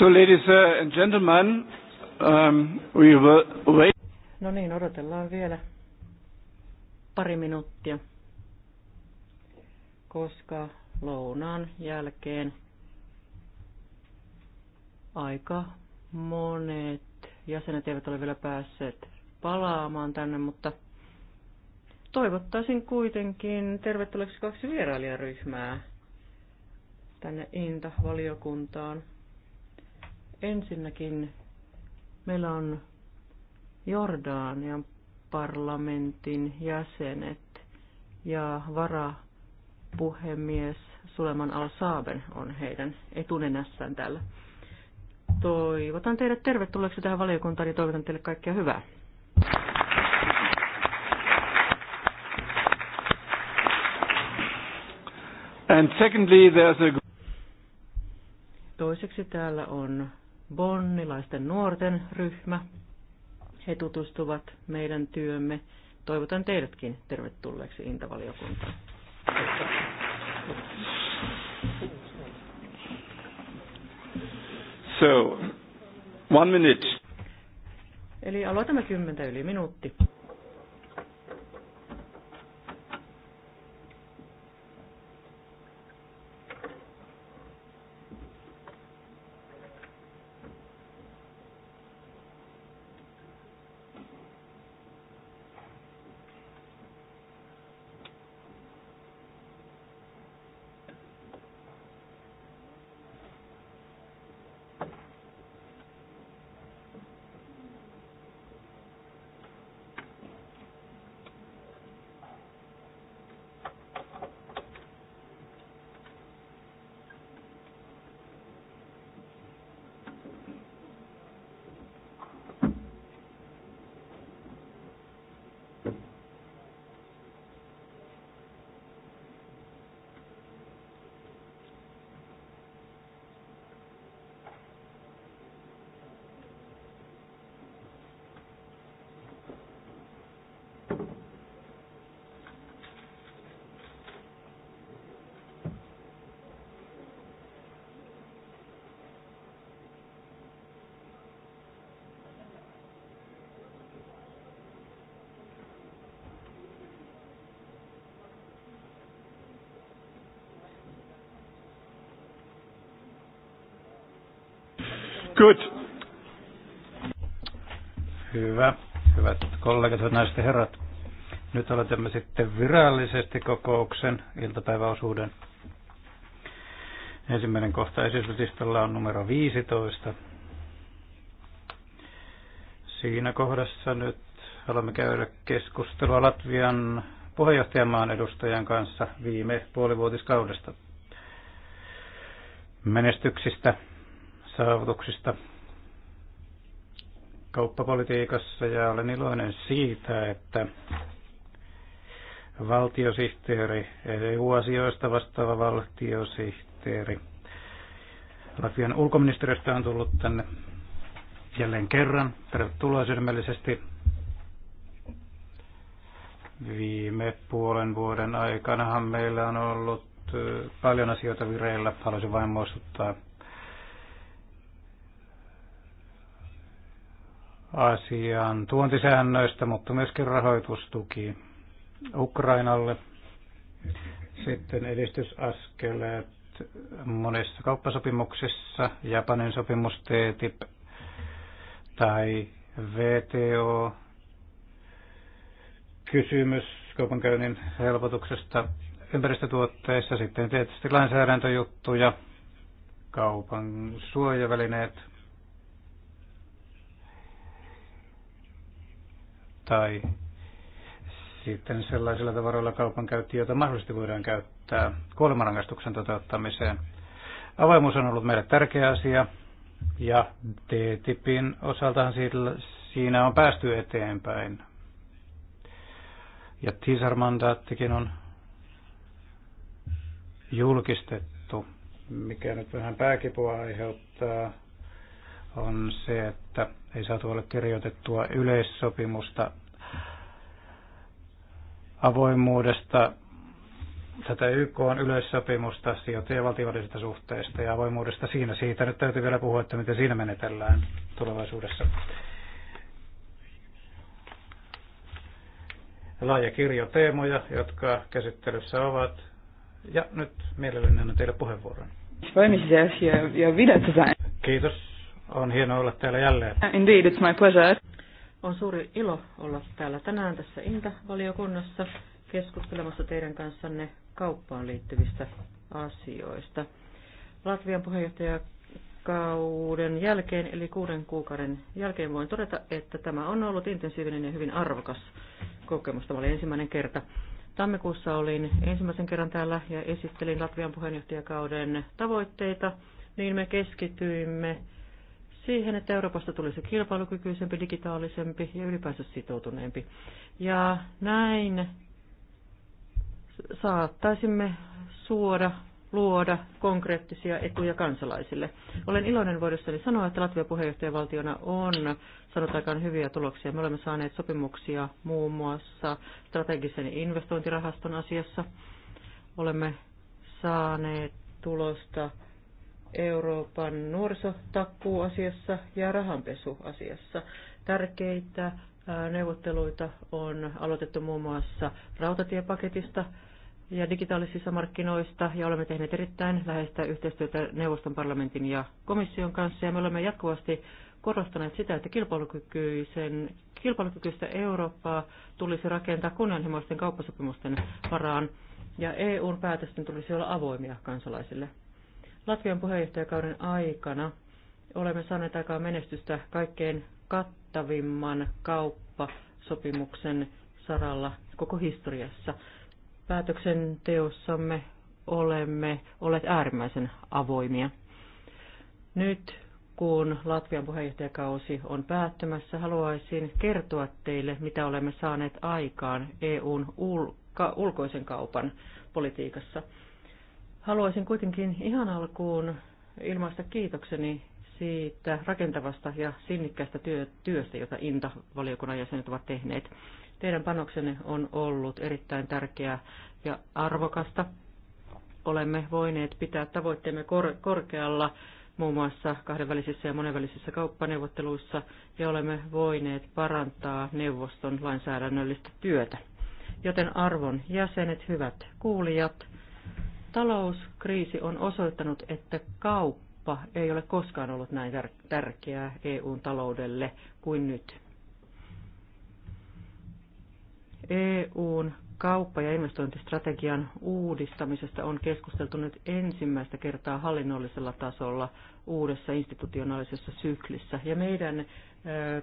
So ladies uh, and gentlemen, um, we will wait. No niin, odotellaan vielä pari minuuttia, koska lounaan jälkeen aika monet jäsenet eivät ole vielä päässeet palaamaan tänne, mutta toivottaisin kuitenkin tervetulleeksi kaksi vierailijaryhmää tänne Inta-valiokuntaan. Ensinnäkin meillä on Jordanian parlamentin jäsenet ja varapuhemies Suleman Al-Saaben on heidän etunenässään täällä. Toivotan teidät tervetulleeksi tähän valiokuntaan ja toivotan teille kaikkea hyvää. And secondly, there's a... Toiseksi täällä on bonnilaisten nuorten ryhmä. He tutustuvat meidän työmme. Toivotan teidätkin tervetulleeksi Intavaliokuntaan. So, one minute. Eli aloitamme kymmentä yli minuutti. Good. Hyvä. Hyvät kollegat, hyvät naiset ja herrat. Nyt aloitamme sitten virallisesti kokouksen iltapäiväosuuden. Ensimmäinen kohta esityslistalla on numero 15. Siinä kohdassa nyt haluamme käydä keskustelua Latvian puheenjohtajamaan edustajan kanssa viime puolivuotiskaudesta menestyksistä saavutuksista kauppapolitiikassa ja olen iloinen siitä, että valtiosihteeri, EU-asioista vastaava valtiosihteeri Latvian ulkoministeriöstä on tullut tänne jälleen kerran. Tervetuloa sydämellisesti viime puolen vuoden aikanahan meillä on ollut paljon asioita vireillä. Haluaisin vain muistuttaa asiaan tuontisäännöistä, mutta myöskin rahoitustuki Ukrainalle. Sitten edistysaskeleet monissa kauppasopimuksissa, Japanin sopimus TTIP tai VTO, kysymys kaupankäynnin helpotuksesta ympäristötuotteissa, sitten tietysti lainsäädäntöjuttuja, kaupan suojavälineet, tai sitten sellaisilla tavaroilla kaupankäyttöä, joita mahdollisesti voidaan käyttää kuolemanrangaistuksen toteuttamiseen. Avoimuus on ollut meille tärkeä asia, ja T-tipin osaltahan siinä on päästy eteenpäin. Ja teaser mandaattikin on julkistettu, mikä nyt vähän pääkipua aiheuttaa on se, että ei saatu olla kirjoitettua yleissopimusta avoimuudesta, tätä YK on yleissopimusta sijoittajien valtiollisista suhteista ja avoimuudesta siinä. Siitä nyt täytyy vielä puhua, että miten siinä menetellään tulevaisuudessa. Laaja kirjo teemoja, jotka käsittelyssä ovat. Ja nyt mielelläni annan teille puheenvuoron. Kiitos on hienoa olla täällä jälleen. Indeed, it's my pleasure. On suuri ilo olla täällä tänään tässä Inta-valiokunnassa keskustelemassa teidän kanssanne kauppaan liittyvistä asioista. Latvian puheenjohtajakauden jälkeen, eli kuuden kuukauden jälkeen, voin todeta, että tämä on ollut intensiivinen ja hyvin arvokas kokemus. Tämä oli ensimmäinen kerta. Tammikuussa olin ensimmäisen kerran täällä ja esittelin Latvian puheenjohtajakauden tavoitteita, niin me keskityimme siihen, että Euroopasta tulisi kilpailukykyisempi, digitaalisempi ja ylipäänsä sitoutuneempi. Ja näin saattaisimme suoda, luoda konkreettisia etuja kansalaisille. Olen iloinen voidessani sanoa, että Latvia puheenjohtajavaltiona on saanut aikaan hyviä tuloksia. Me olemme saaneet sopimuksia muun muassa strategisen investointirahaston asiassa. Olemme saaneet tulosta Euroopan nuorisotakuuasiassa ja rahanpesuasiassa. Tärkeitä neuvotteluita on aloitettu muun muassa rautatiepaketista ja digitaalisista markkinoista, ja olemme tehneet erittäin läheistä yhteistyötä neuvoston parlamentin ja komission kanssa, ja me olemme jatkuvasti korostaneet sitä, että kilpailukykyisen, kilpailukykyistä Eurooppaa tulisi rakentaa kunnianhimoisten kauppasopimusten varaan, ja EUn päätösten tulisi olla avoimia kansalaisille. Latvian puheenjohtajakauden aikana olemme saaneet aikaa menestystä kaikkein kattavimman kauppasopimuksen saralla koko historiassa. Päätöksenteossamme olemme olleet äärimmäisen avoimia. Nyt kun Latvian puheenjohtajakausi on päättymässä, haluaisin kertoa teille, mitä olemme saaneet aikaan EUn ulkoisen kaupan politiikassa. Haluaisin kuitenkin ihan alkuun ilmaista kiitokseni siitä rakentavasta ja sinnikkäästä työ, työstä, jota INTA-valiokunnan jäsenet ovat tehneet. Teidän panoksenne on ollut erittäin tärkeää ja arvokasta. Olemme voineet pitää tavoitteemme kor- korkealla muun muassa kahdenvälisissä ja monenvälisissä kauppaneuvotteluissa ja olemme voineet parantaa neuvoston lainsäädännöllistä työtä. Joten arvon jäsenet, hyvät kuulijat, Talouskriisi on osoittanut, että kauppa ei ole koskaan ollut näin tärkeää EUn taloudelle kuin nyt. EUn kauppa- ja investointistrategian uudistamisesta on keskusteltu nyt ensimmäistä kertaa hallinnollisella tasolla uudessa institutionaalisessa syklissä. Ja meidän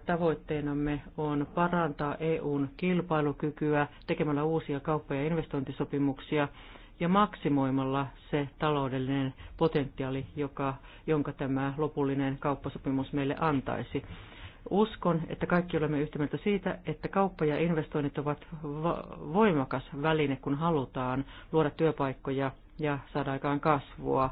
tavoitteenamme on parantaa EUn kilpailukykyä tekemällä uusia kauppa- ja investointisopimuksia ja maksimoimalla se taloudellinen potentiaali, joka, jonka tämä lopullinen kauppasopimus meille antaisi. Uskon, että kaikki olemme yhtä mieltä siitä, että kauppa ja investoinnit ovat voimakas väline, kun halutaan luoda työpaikkoja ja saada aikaan kasvua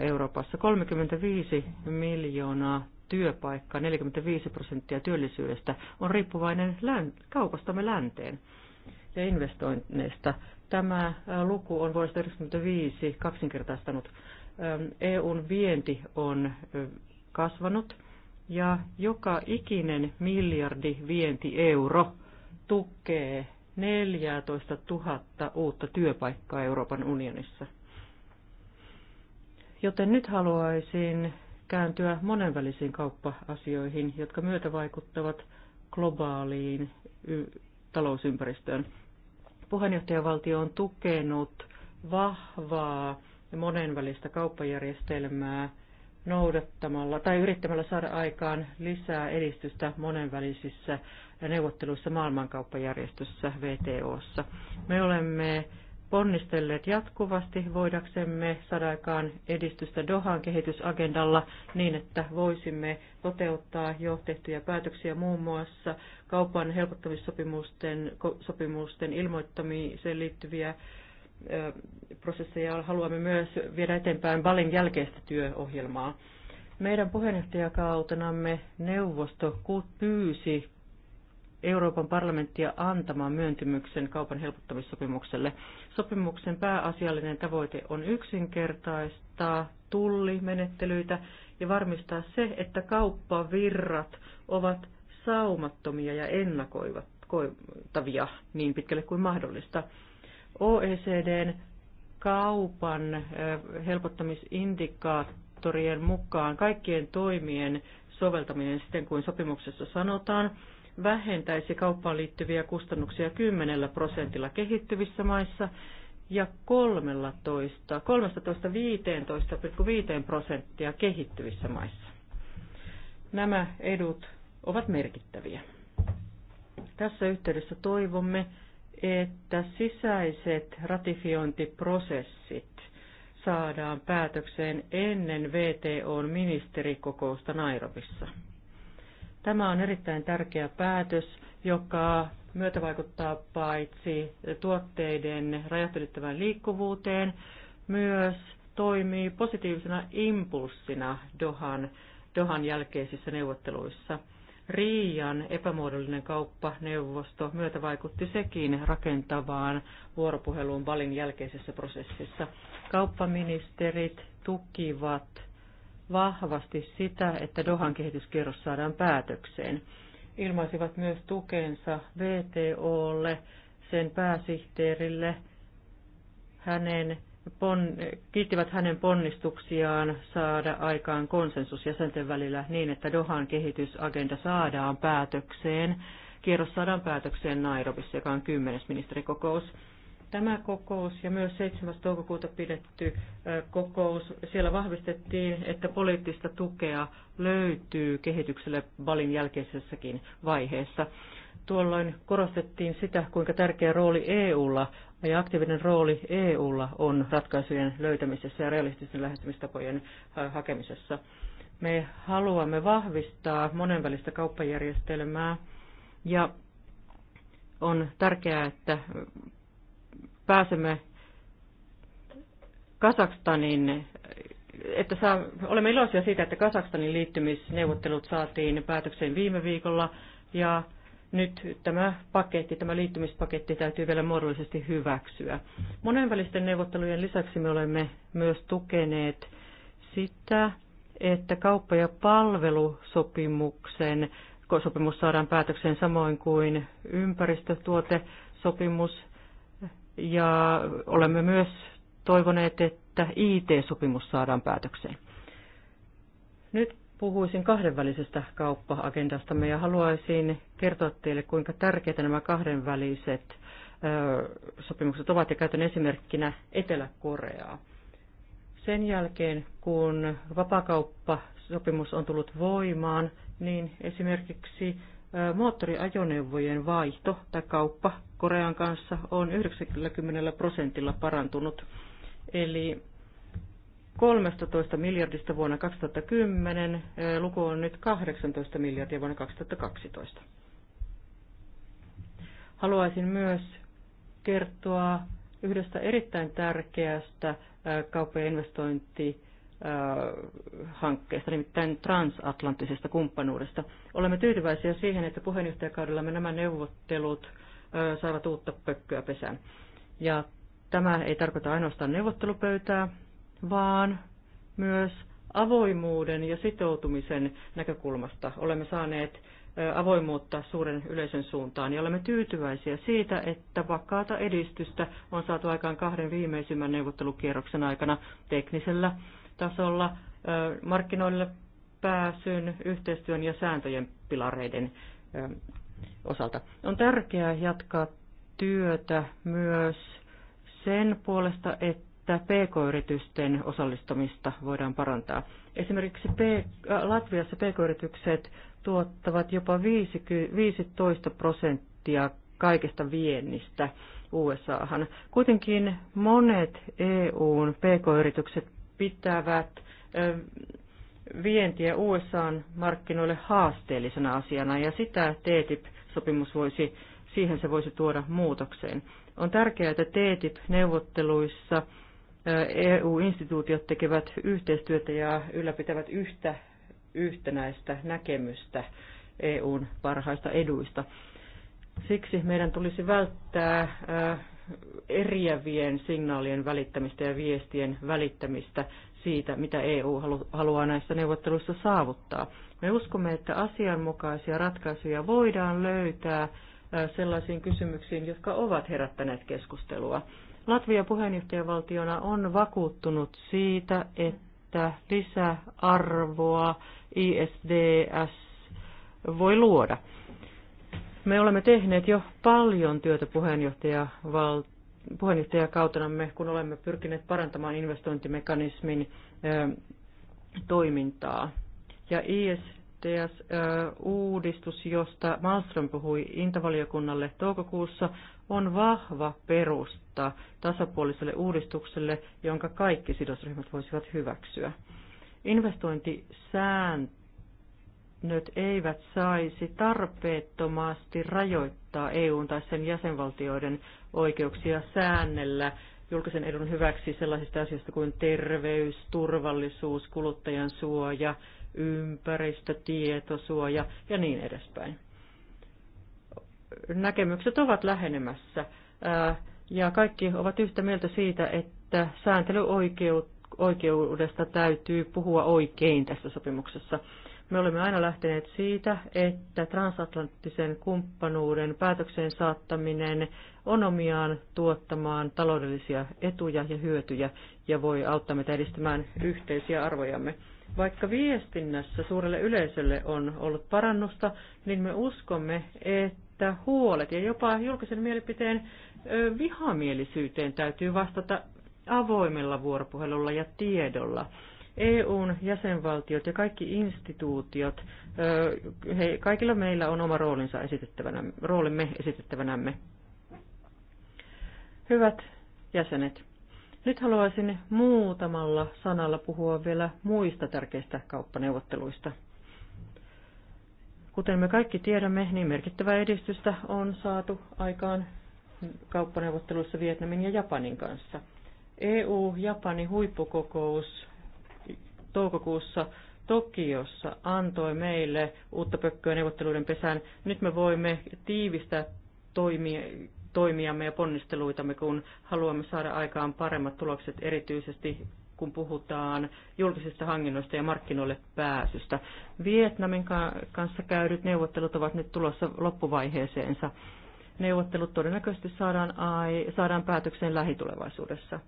Euroopassa. 35 miljoonaa työpaikkaa, 45 prosenttia työllisyydestä on riippuvainen län- kaupastamme länteen ja investoinneista. Tämä äh, luku on vuodesta 1995 kaksinkertaistanut. Ähm, EUn vienti on kasvanut ja joka ikinen miljardi euro tukee 14 000 uutta työpaikkaa Euroopan unionissa. Joten nyt haluaisin kääntyä monenvälisiin kauppa-asioihin, jotka myötävaikuttavat globaaliin talousympäristöön. Puheenjohtajavaltio on tukenut vahvaa monenvälistä kauppajärjestelmää noudattamalla tai yrittämällä saada aikaan lisää edistystä monenvälisissä neuvotteluissa maailmankauppajärjestössä VTOssa. Me olemme ponnistelleet jatkuvasti voidaksemme saada aikaan edistystä Dohan kehitysagendalla niin, että voisimme toteuttaa jo tehtyjä päätöksiä muun muassa kaupan helpottamissopimusten sopimusten ilmoittamiseen liittyviä ö, prosesseja. Haluamme myös viedä eteenpäin Balin jälkeistä työohjelmaa. Meidän puheenjohtajakautenamme neuvosto pyysi Euroopan parlamenttia antamaan myöntymyksen kaupan helpottamissopimukselle. Sopimuksen pääasiallinen tavoite on yksinkertaistaa tullimenettelyitä ja varmistaa se, että kauppavirrat ovat saumattomia ja ennakoivattavia niin pitkälle kuin mahdollista. OECDn kaupan helpottamisindikaattorien mukaan kaikkien toimien soveltaminen siten kuin sopimuksessa sanotaan vähentäisi kauppaan liittyviä kustannuksia 10 prosentilla kehittyvissä maissa ja 13-15,5 prosenttia kehittyvissä maissa. Nämä edut ovat merkittäviä. Tässä yhteydessä toivomme, että sisäiset ratifiointiprosessit saadaan päätökseen ennen VTOn ministerikokousta Nairobissa. Tämä on erittäin tärkeä päätös, joka vaikuttaa paitsi tuotteiden rajat liikkuvuuteen, myös toimii positiivisena impulssina Dohan, Dohan jälkeisissä neuvotteluissa. Riian epämuodollinen kauppaneuvosto vaikutti sekin rakentavaan vuoropuheluun valin jälkeisessä prosessissa. Kauppaministerit tukivat vahvasti sitä, että Dohan kehityskierros saadaan päätökseen. Ilmaisivat myös tukensa VTOlle, sen pääsihteerille, hänen pon, kiittivät hänen ponnistuksiaan saada aikaan konsensus jäsenten välillä niin, että Dohan kehitysagenda saadaan päätökseen. Kierros saadaan päätökseen Nairobissa, joka on kymmenes ministerikokous. Tämä kokous ja myös 7. toukokuuta pidetty kokous, siellä vahvistettiin, että poliittista tukea löytyy kehitykselle valin jälkeisessäkin vaiheessa. Tuolloin korostettiin sitä, kuinka tärkeä rooli EUlla ja aktiivinen rooli EUlla on ratkaisujen löytämisessä ja realististen lähestymistapojen hakemisessa. Me haluamme vahvistaa monenvälistä kauppajärjestelmää ja on tärkeää, että pääsemme Kasakstanin, että saa, olemme iloisia siitä, että Kasakstanin liittymisneuvottelut saatiin päätökseen viime viikolla ja nyt tämä paketti, tämä liittymispaketti täytyy vielä muodollisesti hyväksyä. Monenvälisten neuvottelujen lisäksi me olemme myös tukeneet sitä, että kauppa- ja palvelusopimuksen sopimus saadaan päätökseen samoin kuin ympäristötuotesopimus ja olemme myös toivoneet, että IT-sopimus saadaan päätökseen. Nyt puhuisin kahdenvälisestä kauppa-agendastamme ja haluaisin kertoa teille, kuinka tärkeitä nämä kahdenväliset sopimukset ovat ja käytän esimerkkinä Etelä-Koreaa. Sen jälkeen, kun vapakauppasopimus on tullut voimaan, niin esimerkiksi moottoriajoneuvojen vaihto tai kauppa Korean kanssa on 90 prosentilla parantunut. Eli 13 miljardista vuonna 2010 luku on nyt 18 miljardia vuonna 2012. Haluaisin myös kertoa yhdestä erittäin tärkeästä kauppa- ja investointi- Äh, hankkeesta, nimittäin transatlanttisesta kumppanuudesta. Olemme tyytyväisiä siihen, että puheenjohtajakaudellamme nämä neuvottelut äh, saavat uutta pökköä pesään. Ja tämä ei tarkoita ainoastaan neuvottelupöytää, vaan myös avoimuuden ja sitoutumisen näkökulmasta olemme saaneet äh, avoimuutta suuren yleisön suuntaan ja olemme tyytyväisiä siitä, että vakaata edistystä on saatu aikaan kahden viimeisimmän neuvottelukierroksen aikana teknisellä tasolla markkinoille pääsyn, yhteistyön ja sääntöjen pilareiden osalta. On tärkeää jatkaa työtä myös sen puolesta, että pk-yritysten osallistumista voidaan parantaa. Esimerkiksi P- äh, Latviassa pk-yritykset tuottavat jopa 15 prosenttia kaikesta viennistä USAhan. Kuitenkin monet EUn pk-yritykset pitävät vientiä usa markkinoille haasteellisena asiana ja sitä TTIP-sopimus e voisi, siihen se voisi tuoda muutokseen. On tärkeää, että TTIP-neuvotteluissa e EU-instituutiot tekevät yhteistyötä ja ylläpitävät yhtä yhtenäistä näkemystä EUn parhaista eduista. Siksi meidän tulisi välttää eriävien signaalien välittämistä ja viestien välittämistä siitä, mitä EU haluaa näissä neuvotteluissa saavuttaa. Me uskomme, että asianmukaisia ratkaisuja voidaan löytää sellaisiin kysymyksiin, jotka ovat herättäneet keskustelua. Latvia puheenjohtajavaltiona on vakuuttunut siitä, että lisäarvoa ISDS voi luoda. Me olemme tehneet jo paljon työtä val- puheenjohtajakautenamme, kun olemme pyrkineet parantamaan investointimekanismin toimintaa. Ja ISTS-uudistus, josta Malmström puhui intavaliokunnalle toukokuussa, on vahva perusta tasapuoliselle uudistukselle, jonka kaikki sidosryhmät voisivat hyväksyä. Investointisääntö säännöt eivät saisi tarpeettomasti rajoittaa EUn tai sen jäsenvaltioiden oikeuksia säännellä julkisen edun hyväksi sellaisista asioista kuin terveys, turvallisuus, kuluttajan suoja, ympäristö, tietosuoja ja niin edespäin. Näkemykset ovat lähenemässä ja kaikki ovat yhtä mieltä siitä, että sääntelyoikeudesta täytyy puhua oikein tässä sopimuksessa. Me olemme aina lähteneet siitä, että transatlanttisen kumppanuuden päätökseen saattaminen on omiaan tuottamaan taloudellisia etuja ja hyötyjä ja voi auttaa meitä edistämään yhteisiä arvojamme. Vaikka viestinnässä suurelle yleisölle on ollut parannusta, niin me uskomme, että huolet ja jopa julkisen mielipiteen vihamielisyyteen täytyy vastata avoimella vuoropuhelulla ja tiedolla. EUn jäsenvaltiot ja kaikki instituutiot, he, kaikilla meillä on oma roolinsa esitettävänä, roolimme esitettävänämme. Hyvät jäsenet, nyt haluaisin muutamalla sanalla puhua vielä muista tärkeistä kauppaneuvotteluista. Kuten me kaikki tiedämme, niin merkittävää edistystä on saatu aikaan kauppaneuvotteluissa Vietnamin ja Japanin kanssa. EU-Japani huippukokous toukokuussa Tokiossa antoi meille uutta pökköä neuvotteluiden pesään. Nyt me voimme tiivistää toimia, toimiamme ja ponnisteluitamme, kun haluamme saada aikaan paremmat tulokset, erityisesti kun puhutaan julkisista hankinnoista ja markkinoille pääsystä. Vietnamin kanssa käydyt neuvottelut ovat nyt tulossa loppuvaiheeseensa. Neuvottelut todennäköisesti saadaan, ai, saadaan päätökseen lähitulevaisuudessa.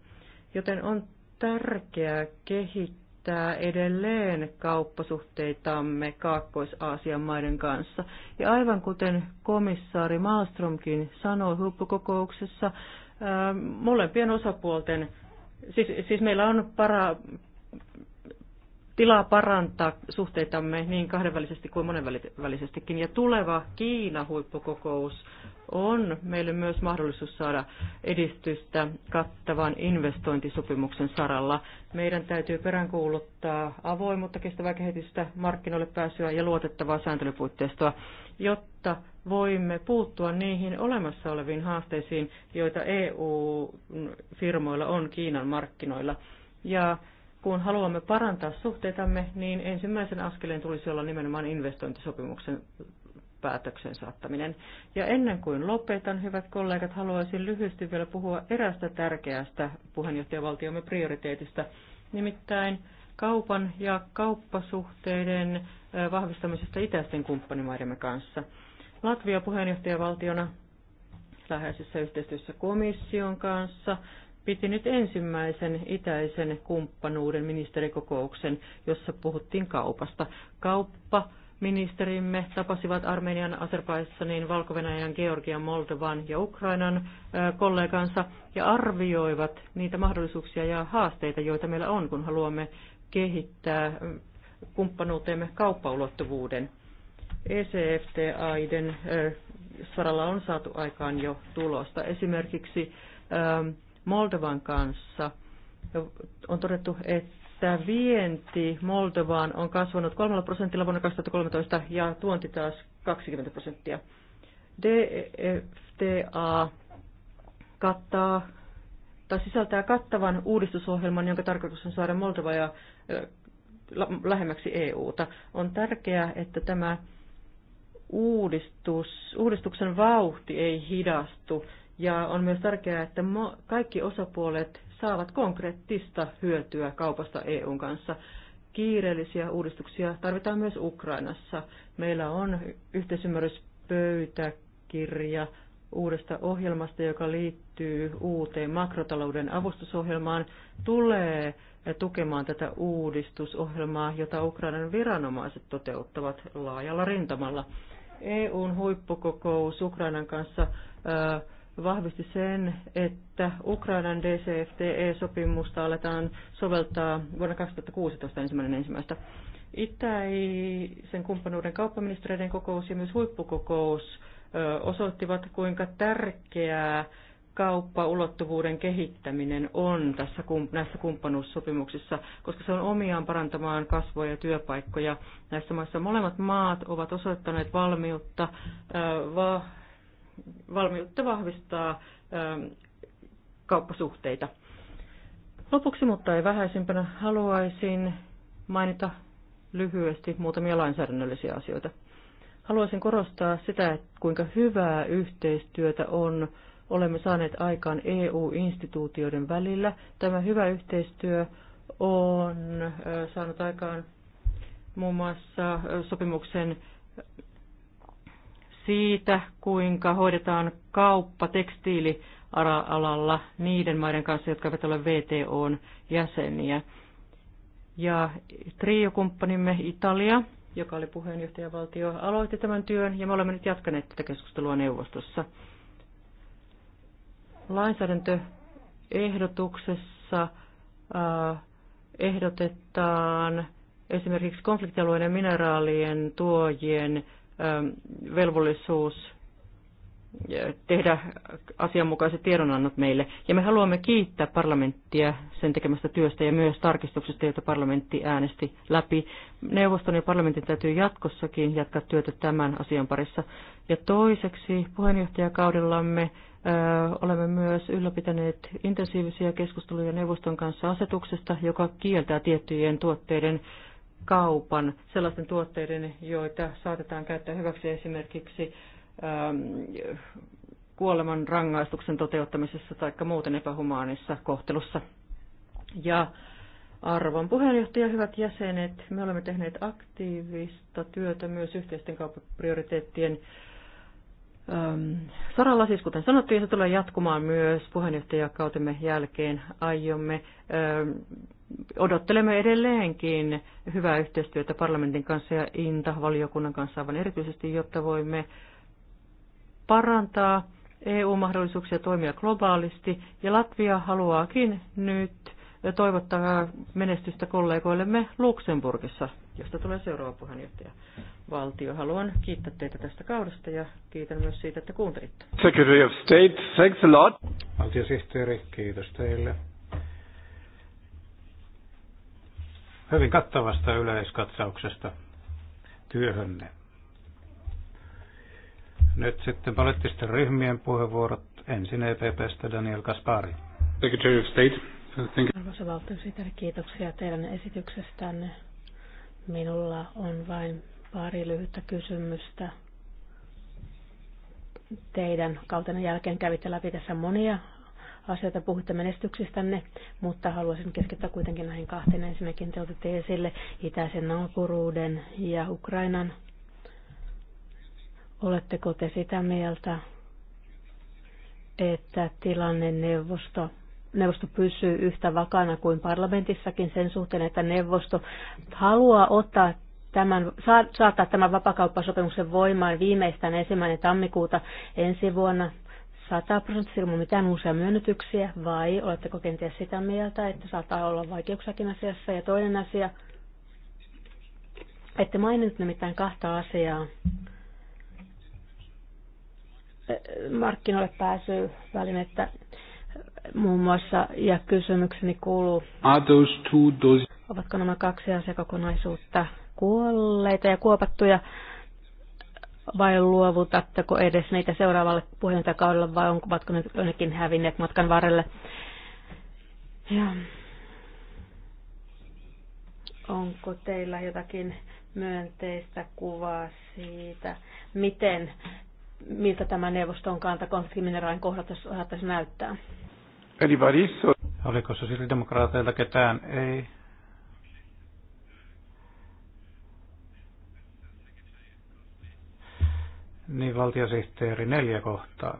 Joten on tärkeää kehittää kehittää edelleen kauppasuhteitamme Kaakkois-Aasian maiden kanssa. Ja aivan kuten komissaari Malmströmkin sanoi huippukokouksessa, ähm, molempien osapuolten, siis, siis meillä on para, tilaa parantaa suhteitamme niin kahdenvälisesti kuin monenvälisestikin. Ja tuleva Kiina-huippukokous on meille myös mahdollisuus saada edistystä kattavan investointisopimuksen saralla. Meidän täytyy peräänkuuluttaa avoimuutta, kestävää kehitystä, markkinoille pääsyä ja luotettavaa sääntelypuitteistoa, jotta voimme puuttua niihin olemassa oleviin haasteisiin, joita EU-firmoilla on Kiinan markkinoilla. Ja kun haluamme parantaa suhteitamme, niin ensimmäisen askeleen tulisi olla nimenomaan investointisopimuksen päätöksen saattaminen. Ja ennen kuin lopetan, hyvät kollegat, haluaisin lyhyesti vielä puhua erästä tärkeästä puheenjohtajavaltiomme prioriteetista, nimittäin kaupan ja kauppasuhteiden vahvistamisesta itäisten kumppanimaidemme kanssa. Latvia puheenjohtajavaltiona läheisessä yhteistyössä komission kanssa piti nyt ensimmäisen itäisen kumppanuuden ministerikokouksen, jossa puhuttiin kaupasta. Kauppa ministerimme tapasivat Armenian, Azerbaidsanin, valko Georgian, Moldovan ja Ukrainan kollegansa ja arvioivat niitä mahdollisuuksia ja haasteita, joita meillä on, kun haluamme kehittää kumppanuuteemme kauppaulottuvuuden. ecfta aiden saralla on saatu aikaan jo tulosta. Esimerkiksi Moldovan kanssa. On todettu, että vienti Moldovaan on kasvanut 3 prosentilla vuonna 2013 ja tuonti taas 20 prosenttia. DFTA e kattaa tai sisältää kattavan uudistusohjelman, jonka tarkoitus on saada Moldova ja lähemmäksi EUta. On tärkeää, että tämä uudistus, uudistuksen vauhti ei hidastu. Ja on myös tärkeää, että kaikki osapuolet saavat konkreettista hyötyä kaupasta EUn kanssa. Kiireellisiä uudistuksia tarvitaan myös Ukrainassa. Meillä on yhteisymmärryspöytäkirja uudesta ohjelmasta, joka liittyy uuteen makrotalouden avustusohjelmaan, tulee tukemaan tätä uudistusohjelmaa, jota Ukrainan viranomaiset toteuttavat laajalla rintamalla. EUn huippukokous Ukrainan kanssa vahvisti sen, että Ukrainan DCFTE-sopimusta aletaan soveltaa vuonna 2016 ensimmäinen ensimmäistä. Itäisen kumppanuuden kauppaministereiden kokous ja myös huippukokous osoittivat, kuinka tärkeää kauppaulottuvuuden kehittäminen on tässä, näissä kumppanuussopimuksissa, koska se on omiaan parantamaan kasvua ja työpaikkoja näissä maissa. Molemmat maat ovat osoittaneet valmiutta valmiutta vahvistaa ähm, kauppasuhteita. Lopuksi, mutta ei vähäisimpänä, haluaisin mainita lyhyesti muutamia lainsäädännöllisiä asioita. Haluaisin korostaa sitä, kuinka hyvää yhteistyötä on olemme saaneet aikaan EU-instituutioiden välillä. Tämä hyvä yhteistyö on äh, saanut aikaan muun muassa äh, sopimuksen siitä, kuinka hoidetaan kauppa tekstiilialalla niiden maiden kanssa, jotka eivät ole VTOn jäseniä. Ja triokumppanimme Italia, joka oli puheenjohtajavaltio, aloitti tämän työn ja me olemme nyt jatkaneet tätä keskustelua neuvostossa. Lainsäädäntöehdotuksessa äh, ehdotetaan esimerkiksi konfliktialueiden mineraalien tuojien velvollisuus tehdä asianmukaiset tiedonannot meille. Ja me haluamme kiittää parlamenttia sen tekemästä työstä ja myös tarkistuksesta, joita parlamentti äänesti läpi. Neuvoston ja parlamentin täytyy jatkossakin jatkaa työtä tämän asian parissa. Ja toiseksi puheenjohtajakaudellamme olemme myös ylläpitäneet intensiivisiä keskusteluja neuvoston kanssa asetuksesta, joka kieltää tiettyjen tuotteiden kaupan sellaisten tuotteiden, joita saatetaan käyttää hyväksi esimerkiksi ähm, kuoleman rangaistuksen toteuttamisessa tai muuten epähumaanissa kohtelussa. Ja arvon puheenjohtaja, hyvät jäsenet, me olemme tehneet aktiivista työtä myös yhteisten kauppaprioriteettien ähm, saralla, siis kuten sanottiin, se tulee jatkumaan myös puheenjohtajakautemme jälkeen. Aiomme ähm, odottelemme edelleenkin hyvää yhteistyötä parlamentin kanssa ja INTA-valiokunnan kanssa aivan erityisesti, jotta voimme parantaa EU-mahdollisuuksia toimia globaalisti. Ja Latvia haluaakin nyt toivottaa menestystä kollegoillemme Luxemburgissa, josta tulee seuraava puheenjohtaja. Valtio. Haluan kiittää teitä tästä kaudesta ja kiitän myös siitä, että kuuntelitte. Secretary of State, thanks a lot. Valtiosihteeri, kiitos teille. hyvin kattavasta yleiskatsauksesta työhönne. Nyt sitten poliittisten ryhmien puheenvuorot. Ensin EPPstä Daniel Kaspari. Secretary of State. Arvoisa valtiosihteeri, kiitoksia teidän esityksestänne. Minulla on vain pari lyhyttä kysymystä. Teidän kautenne jälkeen kävitte läpi tässä monia asioita, puhutte menestyksistänne, mutta haluaisin keskittää kuitenkin näihin kahteen. Ensinnäkin te otitte esille itäisen naapuruuden ja Ukrainan. Oletteko te sitä mieltä, että tilanne neuvosto neuvosto pysyy yhtä vakana kuin parlamentissakin sen suhteen, että neuvosto haluaa ottaa tämän, saattaa tämän vapakauppasopimuksen voimaan viimeistään ensimmäinen tammikuuta ensi vuonna. 100 prosenttia ilman mitään uusia myönnytyksiä, vai oletteko kenties sitä mieltä, että saattaa olla vaikeuksiakin asiassa? Ja toinen asia, ette maininnut nimittäin kahta asiaa. Markkinoille pääsyy välinettä muun muassa, ja kysymykseni kuuluu, Are those two, those... ovatko nämä kaksi asiakokonaisuutta kuolleita ja kuopattuja? vai luovutatteko edes niitä seuraavalle puheenjohtajakaudelle vai ovatko ne jonnekin hävinneet matkan varrelle? Ja. Onko teillä jotakin myönteistä kuvaa siitä, miten, miltä tämä neuvoston kanta konfliktimineraalin kohdalla saattaisi näyttää? Eli Oliko sosiaalidemokraateilta ketään? Ei. niin valtiosihteeri neljä kohtaa.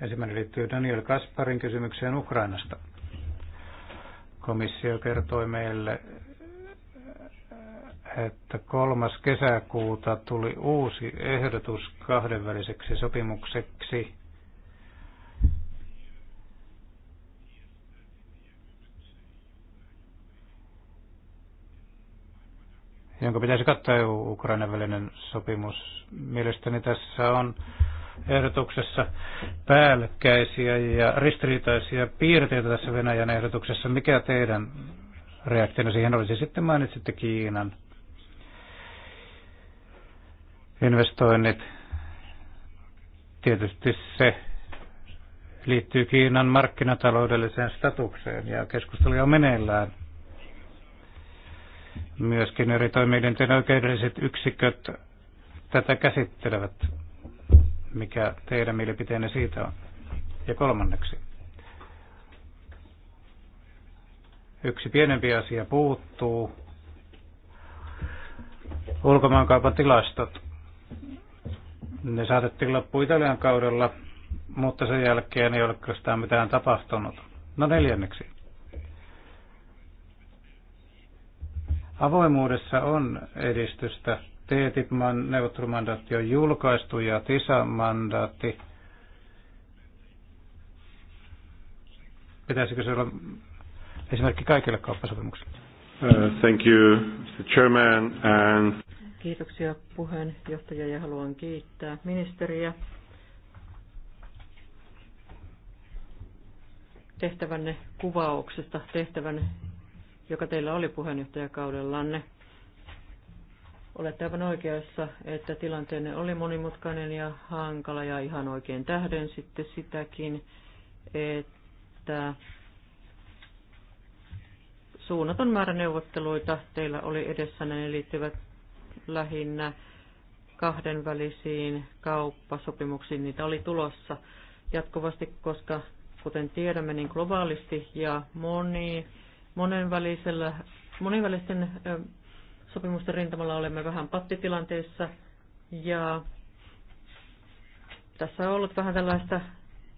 Ensimmäinen liittyy Daniel Kasparin kysymykseen Ukrainasta. Komissio kertoi meille, että kolmas kesäkuuta tuli uusi ehdotus kahdenväliseksi sopimukseksi jonka pitäisi kattaa EU-Ukrainan välinen sopimus. Mielestäni tässä on ehdotuksessa päällekkäisiä ja ristiriitaisia piirteitä tässä Venäjän ehdotuksessa. Mikä teidän reaktionne siihen olisi? Sitten mainitsitte Kiinan investoinnit. Tietysti se liittyy Kiinan markkinataloudelliseen statukseen ja keskustelu on meneillään Myöskin eri toimielinten oikeudelliset yksiköt tätä käsittelevät. Mikä teidän mielipiteenne siitä on? Ja kolmanneksi. Yksi pienempi asia puuttuu. Ulkomaankaupan tilastot. Ne saatettiin loppu Italian kaudella, mutta sen jälkeen ei ole mitään tapahtunut. No neljänneksi. Avoimuudessa on edistystä. ttip neuvottelumandaatti on julkaistu ja TISA-mandaatti. Pitäisikö se olla esimerkki kaikille kauppasopimuksille? Uh, thank you, Mr. Chairman. And... Kiitoksia puheenjohtaja ja haluan kiittää ministeriä tehtävänne kuvauksesta, tehtävän joka teillä oli puheenjohtajakaudellanne. Olette aivan oikeassa, että tilanteenne oli monimutkainen ja hankala ja ihan oikein tähden sitten sitäkin, että suunnaton määrä neuvotteluita teillä oli edessä, ne liittyvät lähinnä kahdenvälisiin kauppasopimuksiin. Niitä oli tulossa jatkuvasti, koska kuten tiedämme, niin globaalisti ja moni monenvälisten sopimusten rintamalla olemme vähän pattitilanteessa ja tässä on ollut vähän tällaista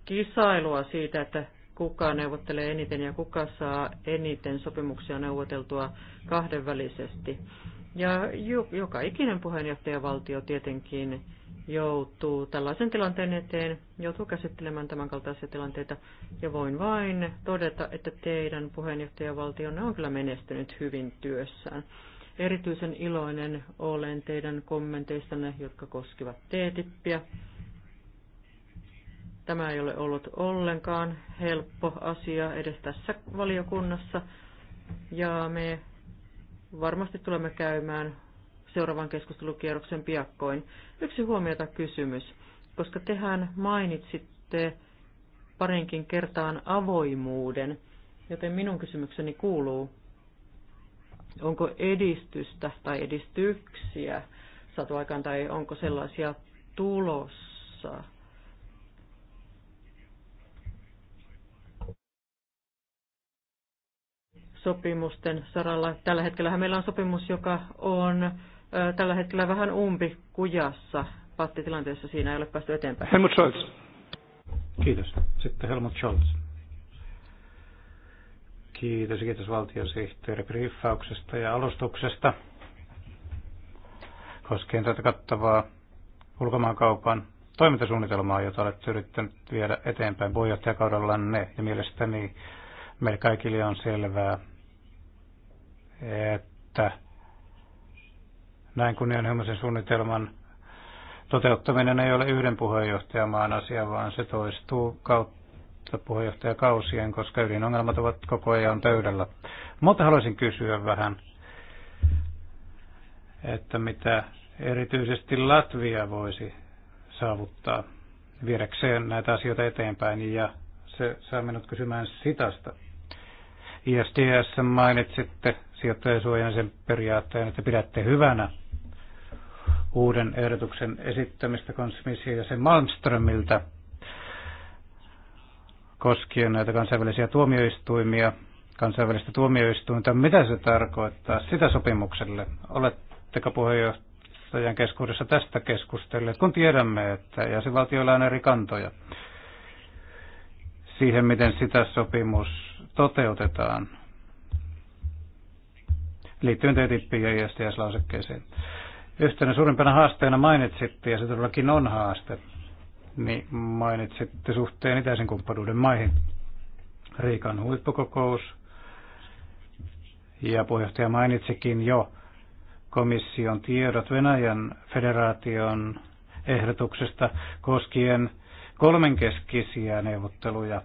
kisailua siitä, että kuka neuvottelee eniten ja kuka saa eniten sopimuksia neuvoteltua kahdenvälisesti. Ja joka ikinen puheenjohtajavaltio tietenkin joutuu tällaisen tilanteen eteen, joutuu käsittelemään tämän kaltaisia tilanteita. Ja voin vain todeta, että teidän puheenjohtajavaltionne on kyllä menestynyt hyvin työssään. Erityisen iloinen olen teidän kommenteistanne, jotka koskivat teetippiä. Tämä ei ole ollut ollenkaan helppo asia edes tässä valiokunnassa, ja me varmasti tulemme käymään seuraavan keskustelukierroksen piakkoin. Yksi huomiota kysymys, koska tehän mainitsitte parinkin kertaan avoimuuden, joten minun kysymykseni kuuluu, onko edistystä tai edistyksiä saatu aikaan tai onko sellaisia tulossa? sopimusten saralla. Tällä hetkellä meillä on sopimus, joka on tällä hetkellä vähän kujassa pattitilanteessa. Siinä ei ole päästy eteenpäin. Helmut Scholz. Kiitos. Sitten Helmut Scholz. Kiitos, kiitos valtiosihteeri briefauksesta ja alustuksesta koskien tätä kattavaa ulkomaankaupan toimintasuunnitelmaa, jota olet yrittänyt viedä eteenpäin puheenjohtajakaudellanne. Ja mielestäni meille kaikille on selvää, että näin kunnianhimoisen suunnitelman toteuttaminen ei ole yhden puheenjohtajamaan asia, vaan se toistuu kautta puheenjohtajakausien, koska ydinongelmat ovat koko ajan pöydällä. Mutta haluaisin kysyä vähän, että mitä erityisesti Latvia voisi saavuttaa viedäkseen näitä asioita eteenpäin, ja se saa minut kysymään sitasta. ISDS mainitsitte sijoittajasuojan sen periaatteen, että pidätte hyvänä uuden ehdotuksen esittämistä komissio ja sen Malmströmiltä koskien näitä kansainvälisiä tuomioistuimia, kansainvälistä tuomioistuinta. Mitä se tarkoittaa sitä sopimukselle? Oletteko puheenjohtajan keskuudessa tästä keskustelleet, kun tiedämme, että jäsenvaltioilla on eri kantoja siihen, miten sitä sopimus toteutetaan liittyen TTIP- ja ISTS-lausekkeeseen? Yhtenä suurimpana haasteena mainitsitte, ja se todellakin on haaste, niin mainitsitte suhteen itäisen kumppanuuden maihin. Riikan huippukokous, ja puheenjohtaja mainitsikin jo komission tiedot Venäjän federaation ehdotuksesta koskien kolmenkeskisiä neuvotteluja.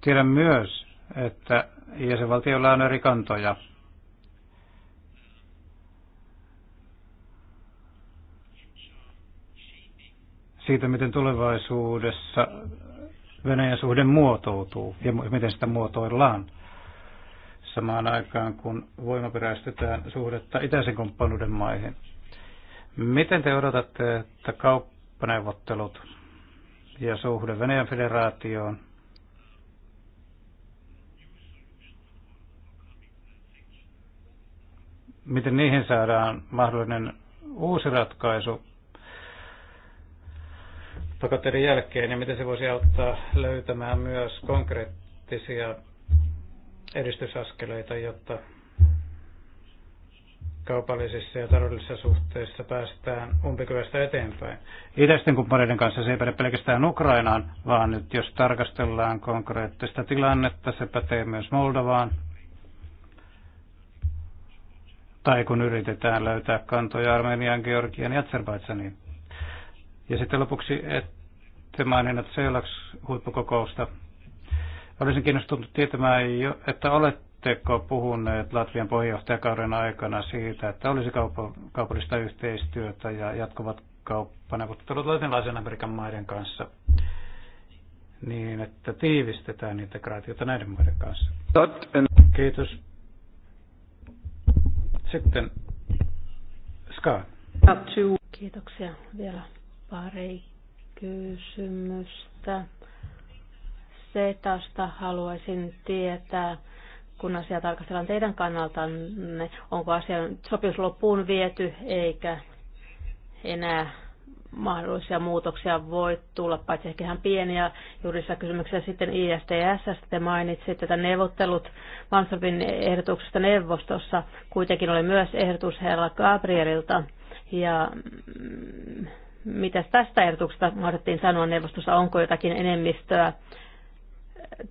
Tiedän myös, että jäsenvaltioilla on eri kantoja siitä, miten tulevaisuudessa Venäjän suhde muotoutuu ja miten sitä muotoillaan samaan aikaan, kun voimaperäistetään suhdetta itäisen kumppanuuden maihin. Miten te odotatte, että kauppaneuvottelut ja suhde Venäjän federaatioon miten niihin saadaan mahdollinen uusi ratkaisu pakotteiden jälkeen ja miten se voisi auttaa löytämään myös konkreettisia edistysaskeleita, jotta kaupallisissa ja taloudellisissa suhteissa päästään umpikyvästä eteenpäin. Itäisten kumppaneiden kanssa se ei päde pelkästään Ukrainaan, vaan nyt jos tarkastellaan konkreettista tilannetta, se pätee myös Moldovaan. Tai kun yritetään löytää kantoja Armenian, Georgian ja Azerbaidsaniin. Ja sitten lopuksi, ette maininnut CELAX-huippukokousta. Olisin kiinnostunut tietämään, että oletteko puhuneet Latvian puheenjohtajakauden aikana siitä, että olisi kaupallista yhteistyötä ja jatkuvat kauppaneuvottelut latinalaisen Amerikan maiden kanssa niin, että tiivistetään integraatiota näiden maiden kanssa. Kiitos. Sitten Ska. Kiitoksia vielä Pari kysymystä. Setasta haluaisin tietää, kun asiaa tarkastellaan teidän kannaltanne, onko asian sopimus loppuun viety eikä enää mahdollisia muutoksia voi tulla, paitsi ehkä ihan pieniä juridisia kysymyksiä. Sitten ISTS, te mainitsitte että neuvottelut Mansorbin ehdotuksesta neuvostossa. Kuitenkin oli myös ehdotus herra Gabrielilta. Ja mm, mitä tästä ehdotuksesta mahdettiin sanoa neuvostossa? Onko jotakin enemmistöä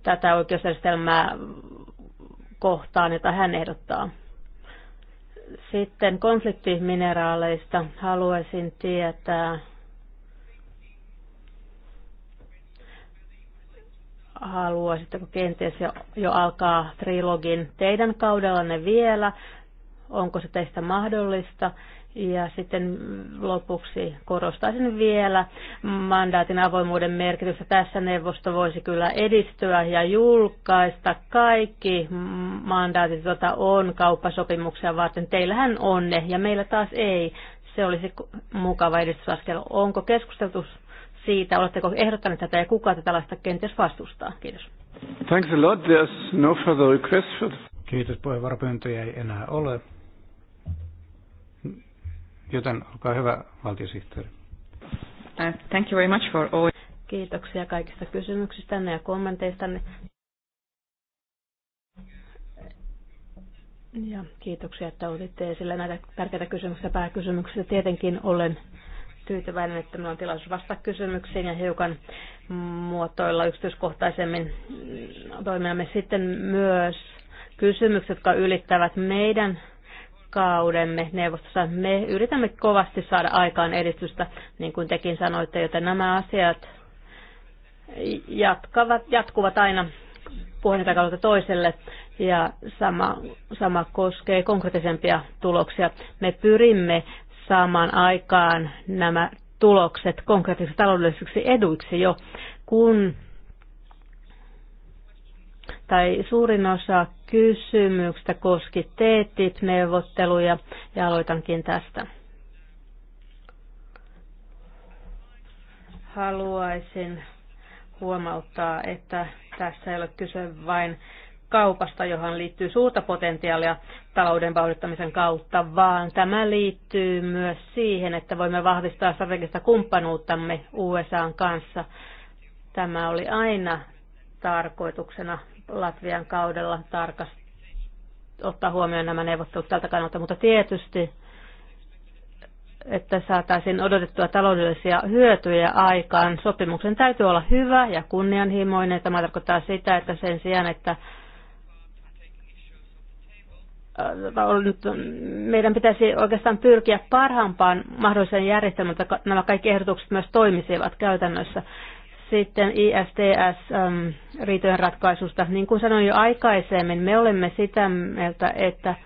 tätä oikeusjärjestelmää kohtaan, jota hän ehdottaa? Sitten konfliktimineraaleista haluaisin tietää, haluaisitteko kenties jo, jo alkaa trilogin teidän kaudellanne vielä? Onko se teistä mahdollista? Ja sitten lopuksi korostaisin vielä mandaatin avoimuuden merkitystä. Tässä neuvosto voisi kyllä edistyä ja julkaista kaikki mandaatit, joita on kauppasopimuksia varten. Teillähän on ne ja meillä taas ei. Se olisi mukava edistysaskel. Onko keskusteltu siitä, oletteko ehdottaneet tätä ja kuka tällaista kenties vastustaa? Kiitos. Thanks a lot. There's no further request for... Kiitos, puheenvuoropyyntöjä ei enää ole. Joten olkaa hyvä, valtiosihteeri. Uh, thank you very much for all. Kiitoksia kaikista kysymyksistänne ja kommenteistanne. Ja kiitoksia, että otitte esille näitä tärkeitä kysymyksiä pääkysymyksiä. Tietenkin olen tyytyväinen, että minulla on tilaisuus vastata kysymyksiin ja hiukan muotoilla yksityiskohtaisemmin toimimme sitten myös kysymykset, jotka ylittävät meidän kaudemme neuvostossa. Me yritämme kovasti saada aikaan edistystä, niin kuin tekin sanoitte, joten nämä asiat jatkavat, jatkuvat aina kautta toiselle ja sama, sama koskee konkreettisempia tuloksia. Me pyrimme saamaan aikaan nämä tulokset konkreettisiksi taloudellisiksi eduiksi jo, kun tai suurin osa kysymyksestä koski TTIP-neuvotteluja ja aloitankin tästä. Haluaisin huomauttaa, että tässä ei ole kyse vain kaupasta, johon liittyy suurta potentiaalia talouden vauhdittamisen kautta, vaan tämä liittyy myös siihen, että voimme vahvistaa strategista kumppanuuttamme USAn kanssa. Tämä oli aina tarkoituksena Latvian kaudella tarkasti ottaa huomioon nämä neuvottelut tältä kannalta, mutta tietysti, että saataisiin odotettua taloudellisia hyötyjä aikaan. Sopimuksen täytyy olla hyvä ja kunnianhimoinen. Tämä tarkoittaa sitä, että sen sijaan, että äh, meidän pitäisi oikeastaan pyrkiä parhaampaan mahdolliseen järjestelmään, että nämä kaikki ehdotukset myös toimisivat käytännössä. Sitten ISTS-riitojen ähm, ratkaisusta. Niin kuin sanoin jo aikaisemmin, me olemme sitä mieltä, että äh,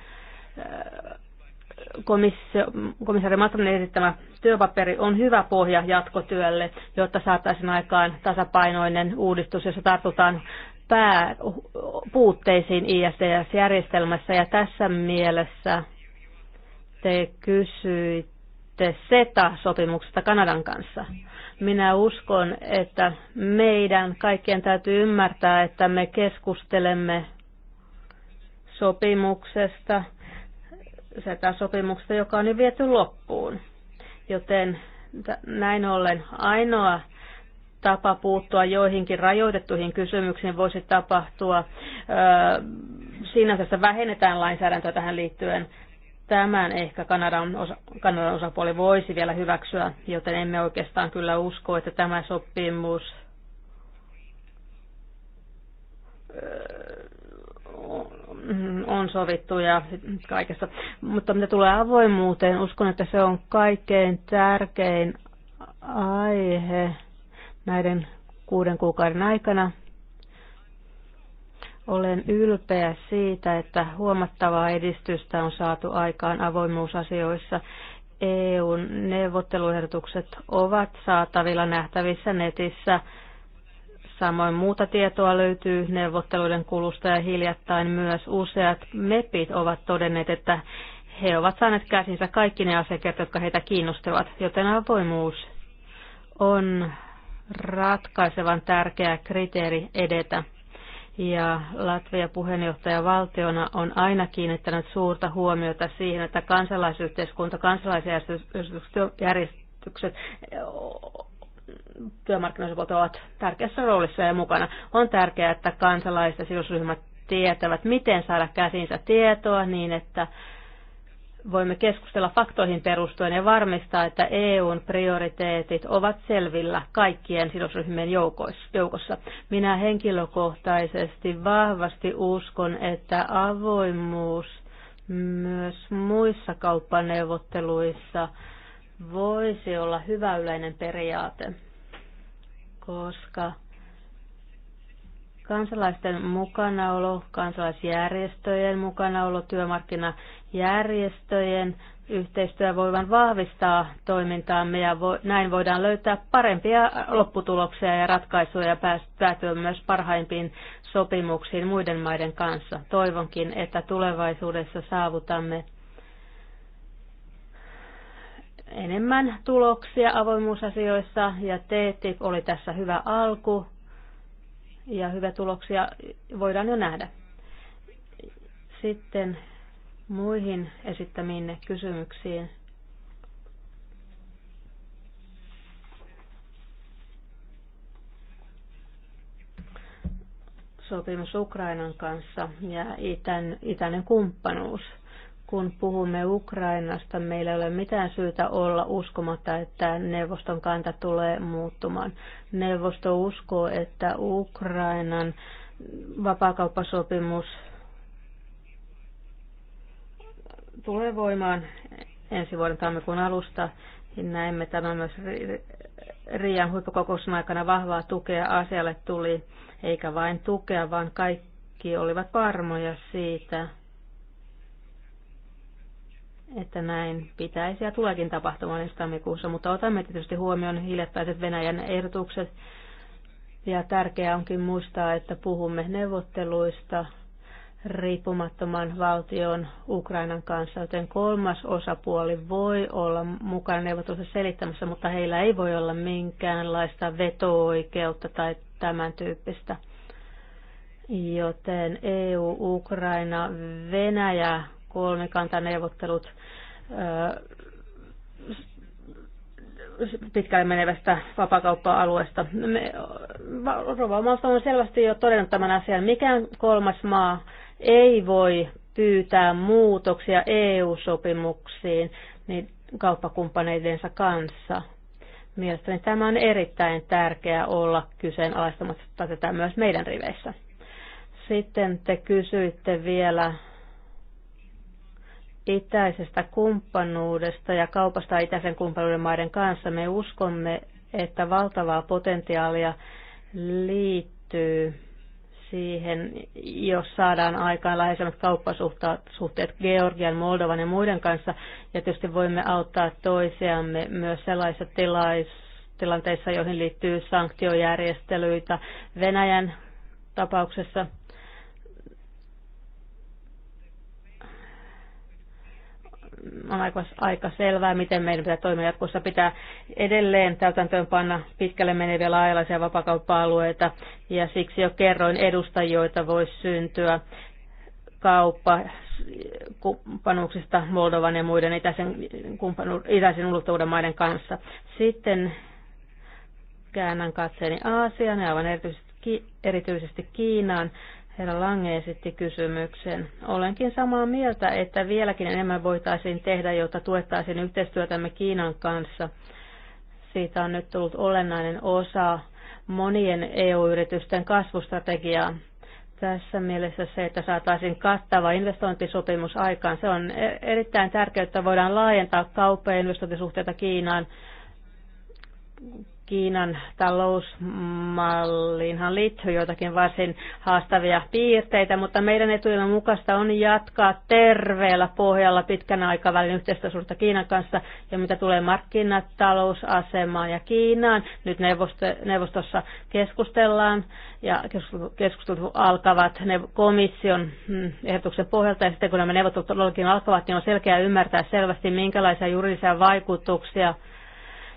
komissio, komissaari Matronin esittämä työpaperi on hyvä pohja jatkotyölle, jotta saataisiin aikaan tasapainoinen uudistus, jossa tartutaan pääpuutteisiin ists järjestelmässä Ja tässä mielessä te kysyitte SETA-sopimuksesta Kanadan kanssa. Minä uskon, että meidän kaikkien täytyy ymmärtää, että me keskustelemme sopimuksesta, sitä sopimuksesta, joka on jo viety loppuun. Joten näin ollen ainoa tapa puuttua joihinkin rajoitettuihin kysymyksiin voisi tapahtua. Siinä tässä vähennetään lainsäädäntöä tähän liittyen Tämän ehkä Kanadan, osa, Kanadan osapuoli voisi vielä hyväksyä, joten emme oikeastaan kyllä usko, että tämä sopimus öö, on sovittu ja kaikesta. Mutta mitä tulee avoimuuteen, uskon, että se on kaikkein tärkein aihe näiden kuuden kuukauden aikana. Olen ylpeä siitä, että huomattavaa edistystä on saatu aikaan avoimuusasioissa. EUn neuvotteluehdotukset ovat saatavilla nähtävissä netissä. Samoin muuta tietoa löytyy neuvotteluiden kulusta ja hiljattain myös useat MEPit ovat todenneet, että he ovat saaneet käsinsä kaikki ne asiakirjat, jotka heitä kiinnostavat, joten avoimuus on ratkaisevan tärkeä kriteeri edetä ja Latvia puheenjohtajavaltiona on aina kiinnittänyt suurta huomiota siihen, että kansalaisyhteiskunta, kansalaisjärjestykset työmarkkinoissa ovat tärkeässä roolissa ja mukana. On tärkeää, että kansalaiset ja sidosryhmät tietävät, miten saada käsinsä tietoa niin, että voimme keskustella faktoihin perustuen ja varmistaa, että EUn prioriteetit ovat selvillä kaikkien sidosryhmien joukossa. Minä henkilökohtaisesti vahvasti uskon, että avoimuus myös muissa kauppaneuvotteluissa voisi olla hyvä yleinen periaate, koska kansalaisten mukanaolo, kansalaisjärjestöjen mukanaolo työmarkkina järjestöjen yhteistyö voivan vahvistaa toimintaamme ja vo, näin voidaan löytää parempia lopputuloksia ja ratkaisuja ja päätyä myös parhaimpiin sopimuksiin muiden maiden kanssa. Toivonkin, että tulevaisuudessa saavutamme enemmän tuloksia avoimuusasioissa ja TTIP oli tässä hyvä alku ja hyviä tuloksia voidaan jo nähdä. Sitten muihin esittämiin kysymyksiin. Sopimus Ukrainan kanssa ja itän, itäinen kumppanuus. Kun puhumme Ukrainasta, meillä ei ole mitään syytä olla uskomatta, että neuvoston kanta tulee muuttumaan. Neuvosto uskoo, että Ukrainan vapaakauppasopimus tulee voimaan ensi vuoden tammikuun alusta. Näemme tämän myös Riian huippukokouksen aikana vahvaa tukea asialle tuli, eikä vain tukea, vaan kaikki olivat varmoja siitä, että näin pitäisi ja tuleekin tapahtumaan ensi tammikuussa, mutta otamme tietysti huomioon hiljattaiset Venäjän ehdotukset. Ja tärkeää onkin muistaa, että puhumme neuvotteluista, riippumattoman valtion Ukrainan kanssa, joten kolmas osapuoli voi olla mukana neuvottelussa selittämässä, mutta heillä ei voi olla minkäänlaista veto-oikeutta tai tämän tyyppistä. Joten EU, Ukraina, Venäjä, kolmikantaneuvottelut pitkälle menevästä vapakauppa-alueesta. Rova Malta on selvästi jo todennut tämän asian. Mikään kolmas maa ei voi pyytää muutoksia EU-sopimuksiin niin kauppakumppaneidensa kanssa. Mielestäni tämä on erittäin tärkeää olla kyseenalaistamatta tätä myös meidän riveissä. Sitten te kysyitte vielä itäisestä kumppanuudesta ja kaupasta itäisen kumppanuuden maiden kanssa. Me uskomme, että valtavaa potentiaalia liittyy siihen, jos saadaan aikaan läheisemmät kauppasuhteet Georgian, Moldovan ja muiden kanssa. Ja tietysti voimme auttaa toisiamme myös sellaisissa tilanteissa, joihin liittyy sanktiojärjestelyitä Venäjän tapauksessa – on aika, aika selvää, miten meidän pitää toimia jatkossa. Pitää edelleen täytäntöön panna pitkälle meneviä laajalaisia vapakauppa-alueita, ja siksi jo kerroin edustajoita voisi syntyä kauppa kumppanuuksista Moldovan ja muiden itäisen, kumppanu, itäisen ulottuvuuden maiden kanssa. Sitten käännän katseeni Aasiaan ja aivan erityisesti, erityisesti Kiinaan. Herra Lange esitti kysymyksen. Olenkin samaa mieltä, että vieläkin enemmän voitaisiin tehdä, jotta tuettaisiin yhteistyötämme Kiinan kanssa. Siitä on nyt tullut olennainen osa monien EU-yritysten kasvustrategiaa. Tässä mielessä se, että saataisiin kattava investointisopimus aikaan, se on e- erittäin tärkeää, että voidaan laajentaa kauppa- ja investointisuhteita Kiinaan Kiinan talousmalliinhan liittyy joitakin varsin haastavia piirteitä, mutta meidän etujemme mukaista on jatkaa terveellä pohjalla pitkän aikavälin yhteistyösuhdetta Kiinan kanssa. Ja mitä tulee markkinatalousasemaan ja Kiinaan, nyt neuvostossa keskustellaan ja keskustelut alkavat komission mm, ehdotuksen pohjalta. Ja sitten kun nämä neuvottelut alkavat, niin on selkeää ymmärtää selvästi, minkälaisia juridisia vaikutuksia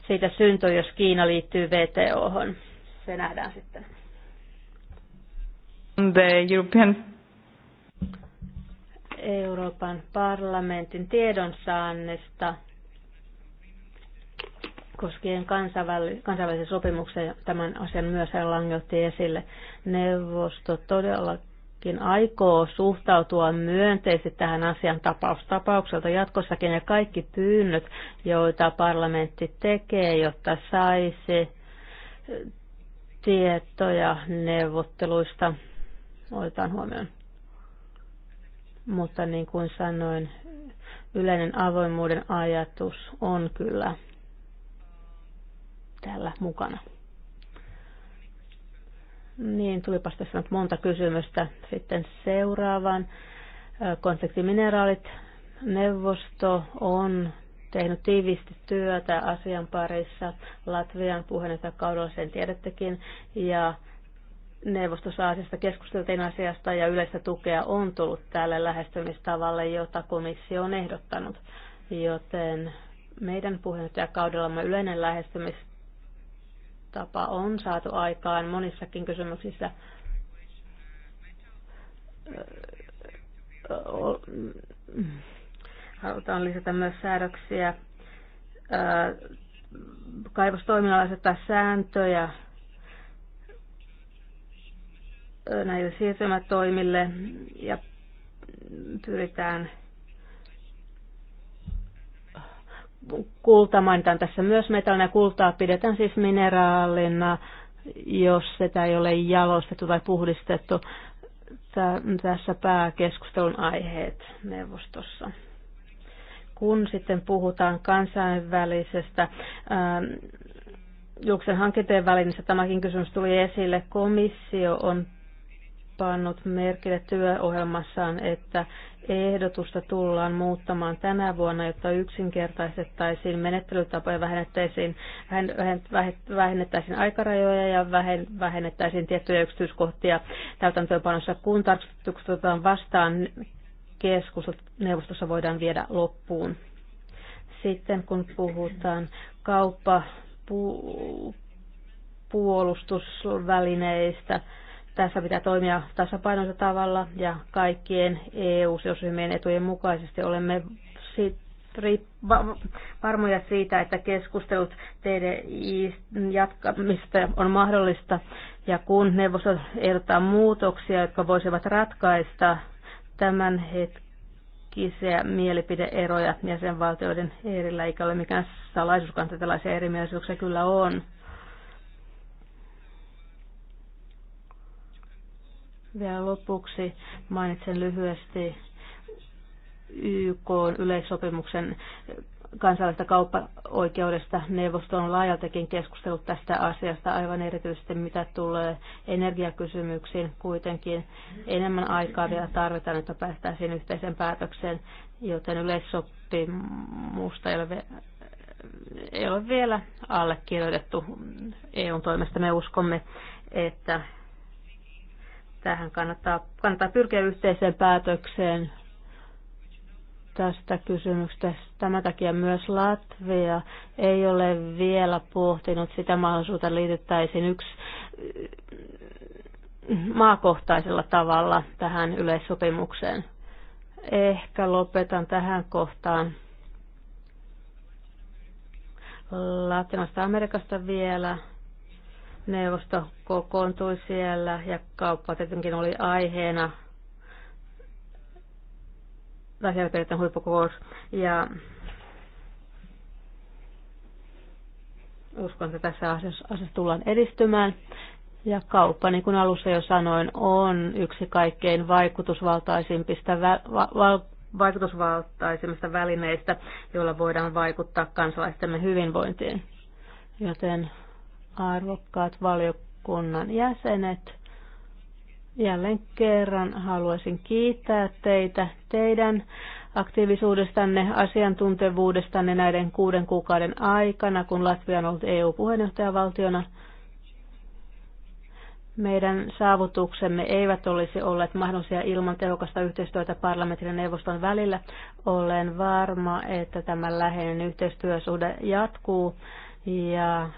siitä syntyy, jos Kiina liittyy VTOhon. Se nähdään sitten. The European Euroopan parlamentin tiedonsaannesta koskien kansainvälisiä sopimuksia. Tämän asian myös hän langeutti esille. Neuvosto todella todellakin aikoo suhtautua myönteisesti tähän asian tapaustapaukselta jatkossakin ja kaikki pyynnöt, joita parlamentti tekee, jotta saisi tietoja neuvotteluista, otetaan huomioon. Mutta niin kuin sanoin, yleinen avoimuuden ajatus on kyllä täällä mukana. Niin, tulipas tässä nyt monta kysymystä. Sitten seuraavan. Konfliktimineraalit. Neuvosto on tehnyt tiiviisti työtä asian parissa Latvian kaudella sen tiedättekin, ja neuvostossa asiasta keskusteltiin asiasta ja yleistä tukea on tullut tälle lähestymistavalle, jota komissio on ehdottanut. Joten meidän puheenjohtajakaudellamme yleinen lähestymistapa tapa on saatu aikaan monissakin kysymyksissä. Halutaan lisätä myös säädöksiä kaivostoiminnalla asettaa sääntöjä näille siirtymätoimille ja pyritään kulta mainitaan tässä myös metallina. Kultaa pidetään siis mineraalina, jos sitä ei ole jalostettu tai puhdistettu. Tässä pääkeskustelun aiheet neuvostossa. Kun sitten puhutaan kansainvälisestä ähm, julkisen hankintojen välineessä, tämäkin kysymys tuli esille, komissio on pannut merkille työohjelmassaan, että ehdotusta tullaan muuttamaan tänä vuonna, jotta yksinkertaistettaisiin menettelytapoja, vähennettäisiin, vähennettäisiin aikarajoja ja vähennettäisiin tiettyjä yksityiskohtia täytäntöönpanossa, kun tarkastukset otetaan vastaan keskustelut neuvostossa voidaan viedä loppuun. Sitten kun puhutaan kauppa, pu, puolustusvälineistä, tässä pitää toimia tasapainoisella tavalla ja kaikkien EU-sidosryhmien etujen mukaisesti olemme varmoja siitä, että keskustelut TDI jatkamista on mahdollista ja kun neuvosto ehdottaa muutoksia, jotka voisivat ratkaista tämän hetkisiä mielipideeroja jäsenvaltioiden erillä, eikä ole mikään salaisuuskaan, että tällaisia erimielisyyksiä kyllä on. Vielä lopuksi mainitsen lyhyesti YK yleissopimuksen kansallista kauppaoikeudesta neuvosto on laajaltakin keskustellut tästä asiasta, aivan erityisesti mitä tulee energiakysymyksiin. Kuitenkin enemmän aikaa vielä tarvitaan, että päästäisiin yhteiseen päätökseen, joten yleissopimusta ei ole, ei ole vielä allekirjoitettu EUn toimesta. Me uskomme, että Tähän kannattaa, kannattaa pyrkiä yhteiseen päätökseen tästä kysymyksestä. Tämän takia myös Latvia ei ole vielä pohtinut sitä mahdollisuutta liitettäisiin yksi maakohtaisella tavalla tähän yleissopimukseen. Ehkä lopetan tähän kohtaan. Latinasta Amerikasta vielä. Neuvosto kokoontui siellä ja kauppa tietenkin oli aiheena vähäpäivän huippukokous. Ja uskon, että tässä asiassa, asiassa tullaan edistymään. Ja kauppa, niin kuin alussa jo sanoin, on yksi kaikkein vaikutusvaltaisimpista, va, va, vaikutusvaltaisimmista välineistä, joilla voidaan vaikuttaa kansalaistemme hyvinvointiin. Joten arvokkaat valiokunnan jäsenet. Jälleen kerran haluaisin kiittää teitä teidän aktiivisuudestanne, asiantuntevuudestanne näiden kuuden kuukauden aikana, kun Latvia on ollut EU-puheenjohtajavaltiona. Meidän saavutuksemme eivät olisi olleet mahdollisia ilman tehokasta yhteistyötä parlamentin ja neuvoston välillä. Olen varma, että tämä läheinen yhteistyösuhde jatkuu ja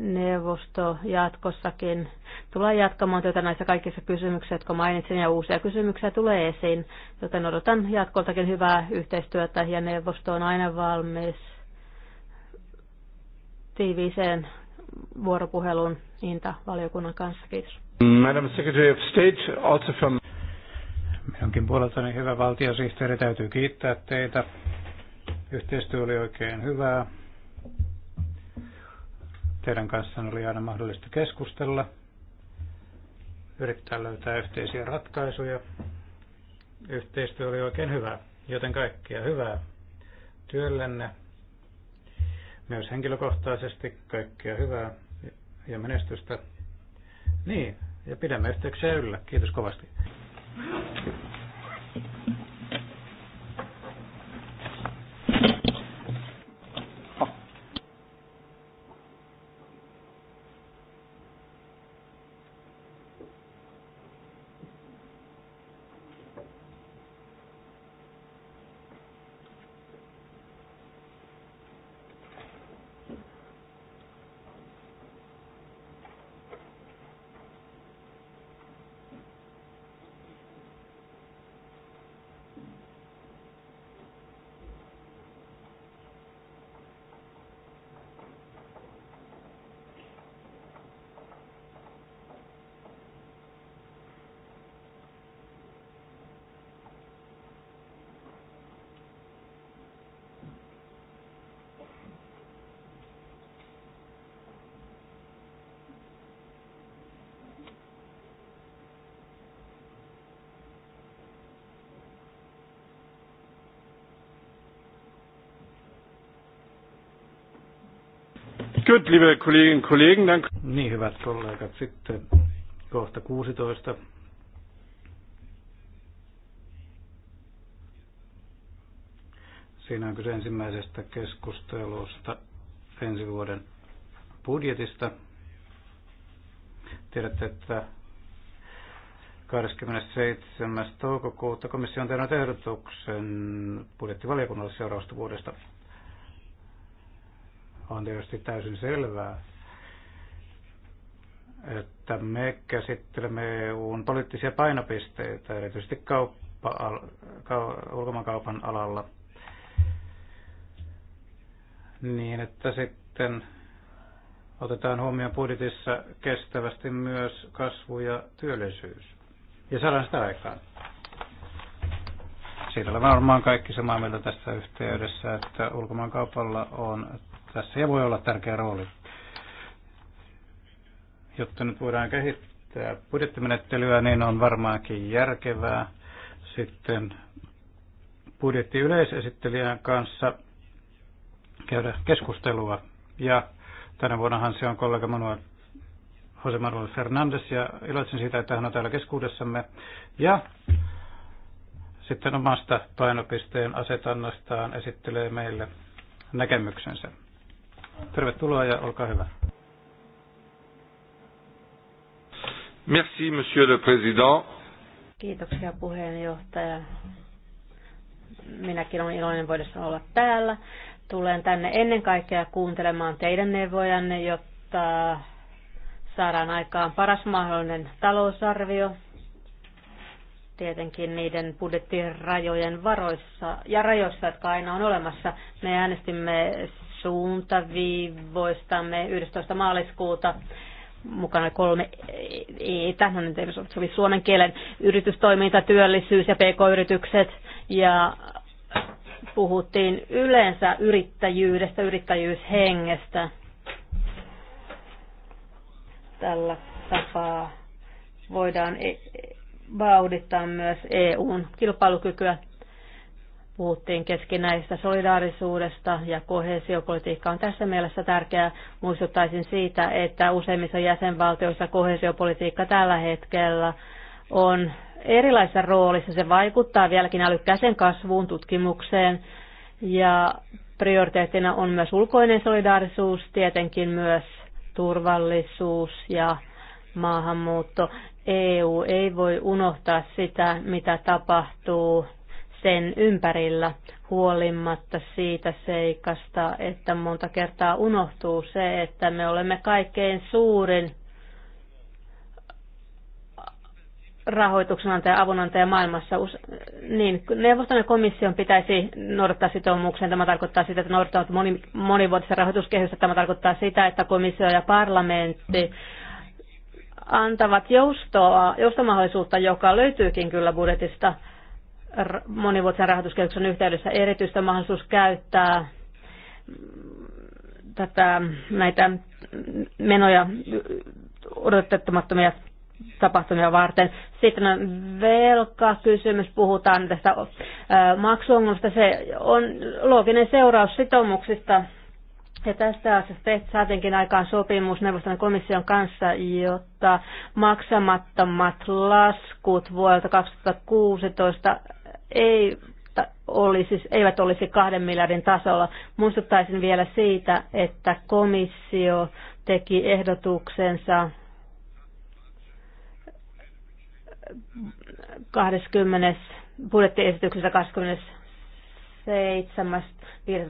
neuvosto jatkossakin tulee jatkamaan työtä näissä kaikissa kysymyksissä, jotka mainitsin, ja uusia kysymyksiä tulee esiin, joten odotan jatkoltakin hyvää yhteistyötä, ja neuvosto on aina valmis tiiviiseen vuoropuheluun, Inta-valiokunnan kanssa. Kiitos. Madam Secretary of State, also from... Minunkin puoleltani niin hyvä valtiosihteeri, täytyy kiittää teitä. Yhteistyö oli oikein hyvää. Teidän kanssa oli aina mahdollista keskustella, yrittää löytää yhteisiä ratkaisuja. Yhteistyö oli oikein hyvä, joten kaikkia hyvää työllenne. Myös henkilökohtaisesti kaikkea hyvää ja menestystä. Niin, ja pidämme yhteyksiä yllä. Kiitos kovasti. Good, liebe Kolleginnen und Kollegen, danke. Niin, hyvät kollegat, sitten kohta 16. Siinä on kyse ensimmäisestä keskustelusta ensi vuoden budjetista. Tiedätte, että 27. toukokuuta komissio on tehnyt ehdotuksen budjettivaliokunnalle seuraavasta vuodesta on tietysti täysin selvää, että me käsittelemme EUn poliittisia painopisteitä, erityisesti kauppa, ka, ulkomaankaupan alalla, niin että sitten otetaan huomioon budjetissa kestävästi myös kasvu ja työllisyys. Ja saadaan sitä aikaan. Siitä olemme varmaan kaikki samaa mieltä tässä yhteydessä, että ulkomaankaupalla on tässä ja voi olla tärkeä rooli, jotta nyt voidaan kehittää budjettimenettelyä, niin on varmaankin järkevää sitten budjettiyleisesittelijän kanssa käydä keskustelua. Ja tänä vuonnahan se on kollega Manuel Jose Manuel Fernandes ja iloitsen siitä, että hän on täällä keskuudessamme. Ja sitten omasta painopisteen asetannastaan esittelee meille näkemyksensä. Tervetuloa ja olkaa hyvä. Merci, monsieur le président. Kiitoksia puheenjohtaja. Minäkin olen iloinen voidessa olla täällä. Tulen tänne ennen kaikkea kuuntelemaan teidän neuvojanne, jotta saadaan aikaan paras mahdollinen talousarvio tietenkin niiden budjettirajojen varoissa ja rajoissa, jotka aina on olemassa. Me äänestimme suuntaviivoistamme 11. maaliskuuta mukana kolme etä, no nyt ei sovi suomen kielen, yritystoiminta, työllisyys ja pk-yritykset ja puhuttiin yleensä yrittäjyydestä, yrittäjyyshengestä tällä tapaa voidaan e-, e-, vauhdittaa myös EUn kilpailukykyä puhuttiin keskinäisestä solidaarisuudesta ja kohesiopolitiikka on tässä mielessä tärkeää. Muistuttaisin siitä, että useimmissa jäsenvaltioissa kohesiopolitiikka tällä hetkellä on erilaisessa roolissa. Se vaikuttaa vieläkin älykkäisen kasvuun, tutkimukseen ja prioriteettina on myös ulkoinen solidaarisuus, tietenkin myös turvallisuus ja maahanmuutto. EU ei voi unohtaa sitä, mitä tapahtuu sen ympärillä huolimatta siitä seikasta, että monta kertaa unohtuu se, että me olemme kaikkein suurin rahoituksenantaja ja avunantaja maailmassa, niin neuvoston ja komission pitäisi noudattaa sitoumukseen. Tämä tarkoittaa sitä, että noudattavat moni, monivuotista rahoituskehystä. Tämä tarkoittaa sitä, että komissio ja parlamentti antavat joustoa, joustomahdollisuutta, joka löytyykin kyllä budjetista – monivuotisen rahoituskehyksen yhteydessä erityistä mahdollisuus käyttää tätä, näitä menoja odottamattomia tapahtumia varten. Sitten on velkakysymys, puhutaan tästä maksuongelmasta. Se on looginen seuraus sitoumuksista. Ja tästä asiasta saatiinkin aikaan sopimus neuvoston komission kanssa, jotta maksamattomat laskut vuodelta 2016 ei olisi, eivät olisi kahden miljardin tasolla. Muistuttaisin vielä siitä, että komissio teki ehdotuksensa 20. budjettiesityksessä 27.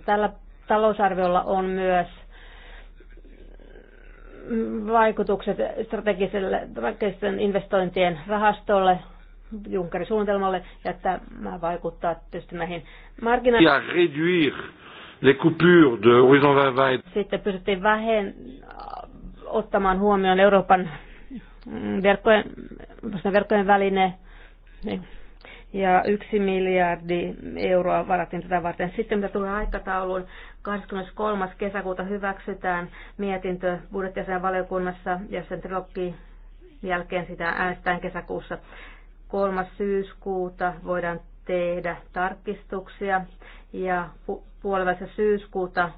Tällä talousarviolla on myös vaikutukset strategisten investointien rahastolle, Junckerin suunnitelmalle, ja tämä vaikuttaa tietysti näihin marginaaleihin. Sitten pystyttiin vähen ottamaan huomioon Euroopan mm, verkkojen, verkkojen väline, niin, ja yksi miljardi euroa varattiin tätä varten. Sitten mitä tulee aikatauluun, 23. kesäkuuta hyväksytään mietintö budjettiasian valiokunnassa ja sen trilogin jälkeen sitä äänestetään kesäkuussa. 3. syyskuuta voidaan tehdä tarkistuksia ja pu- puolivälissä syyskuuta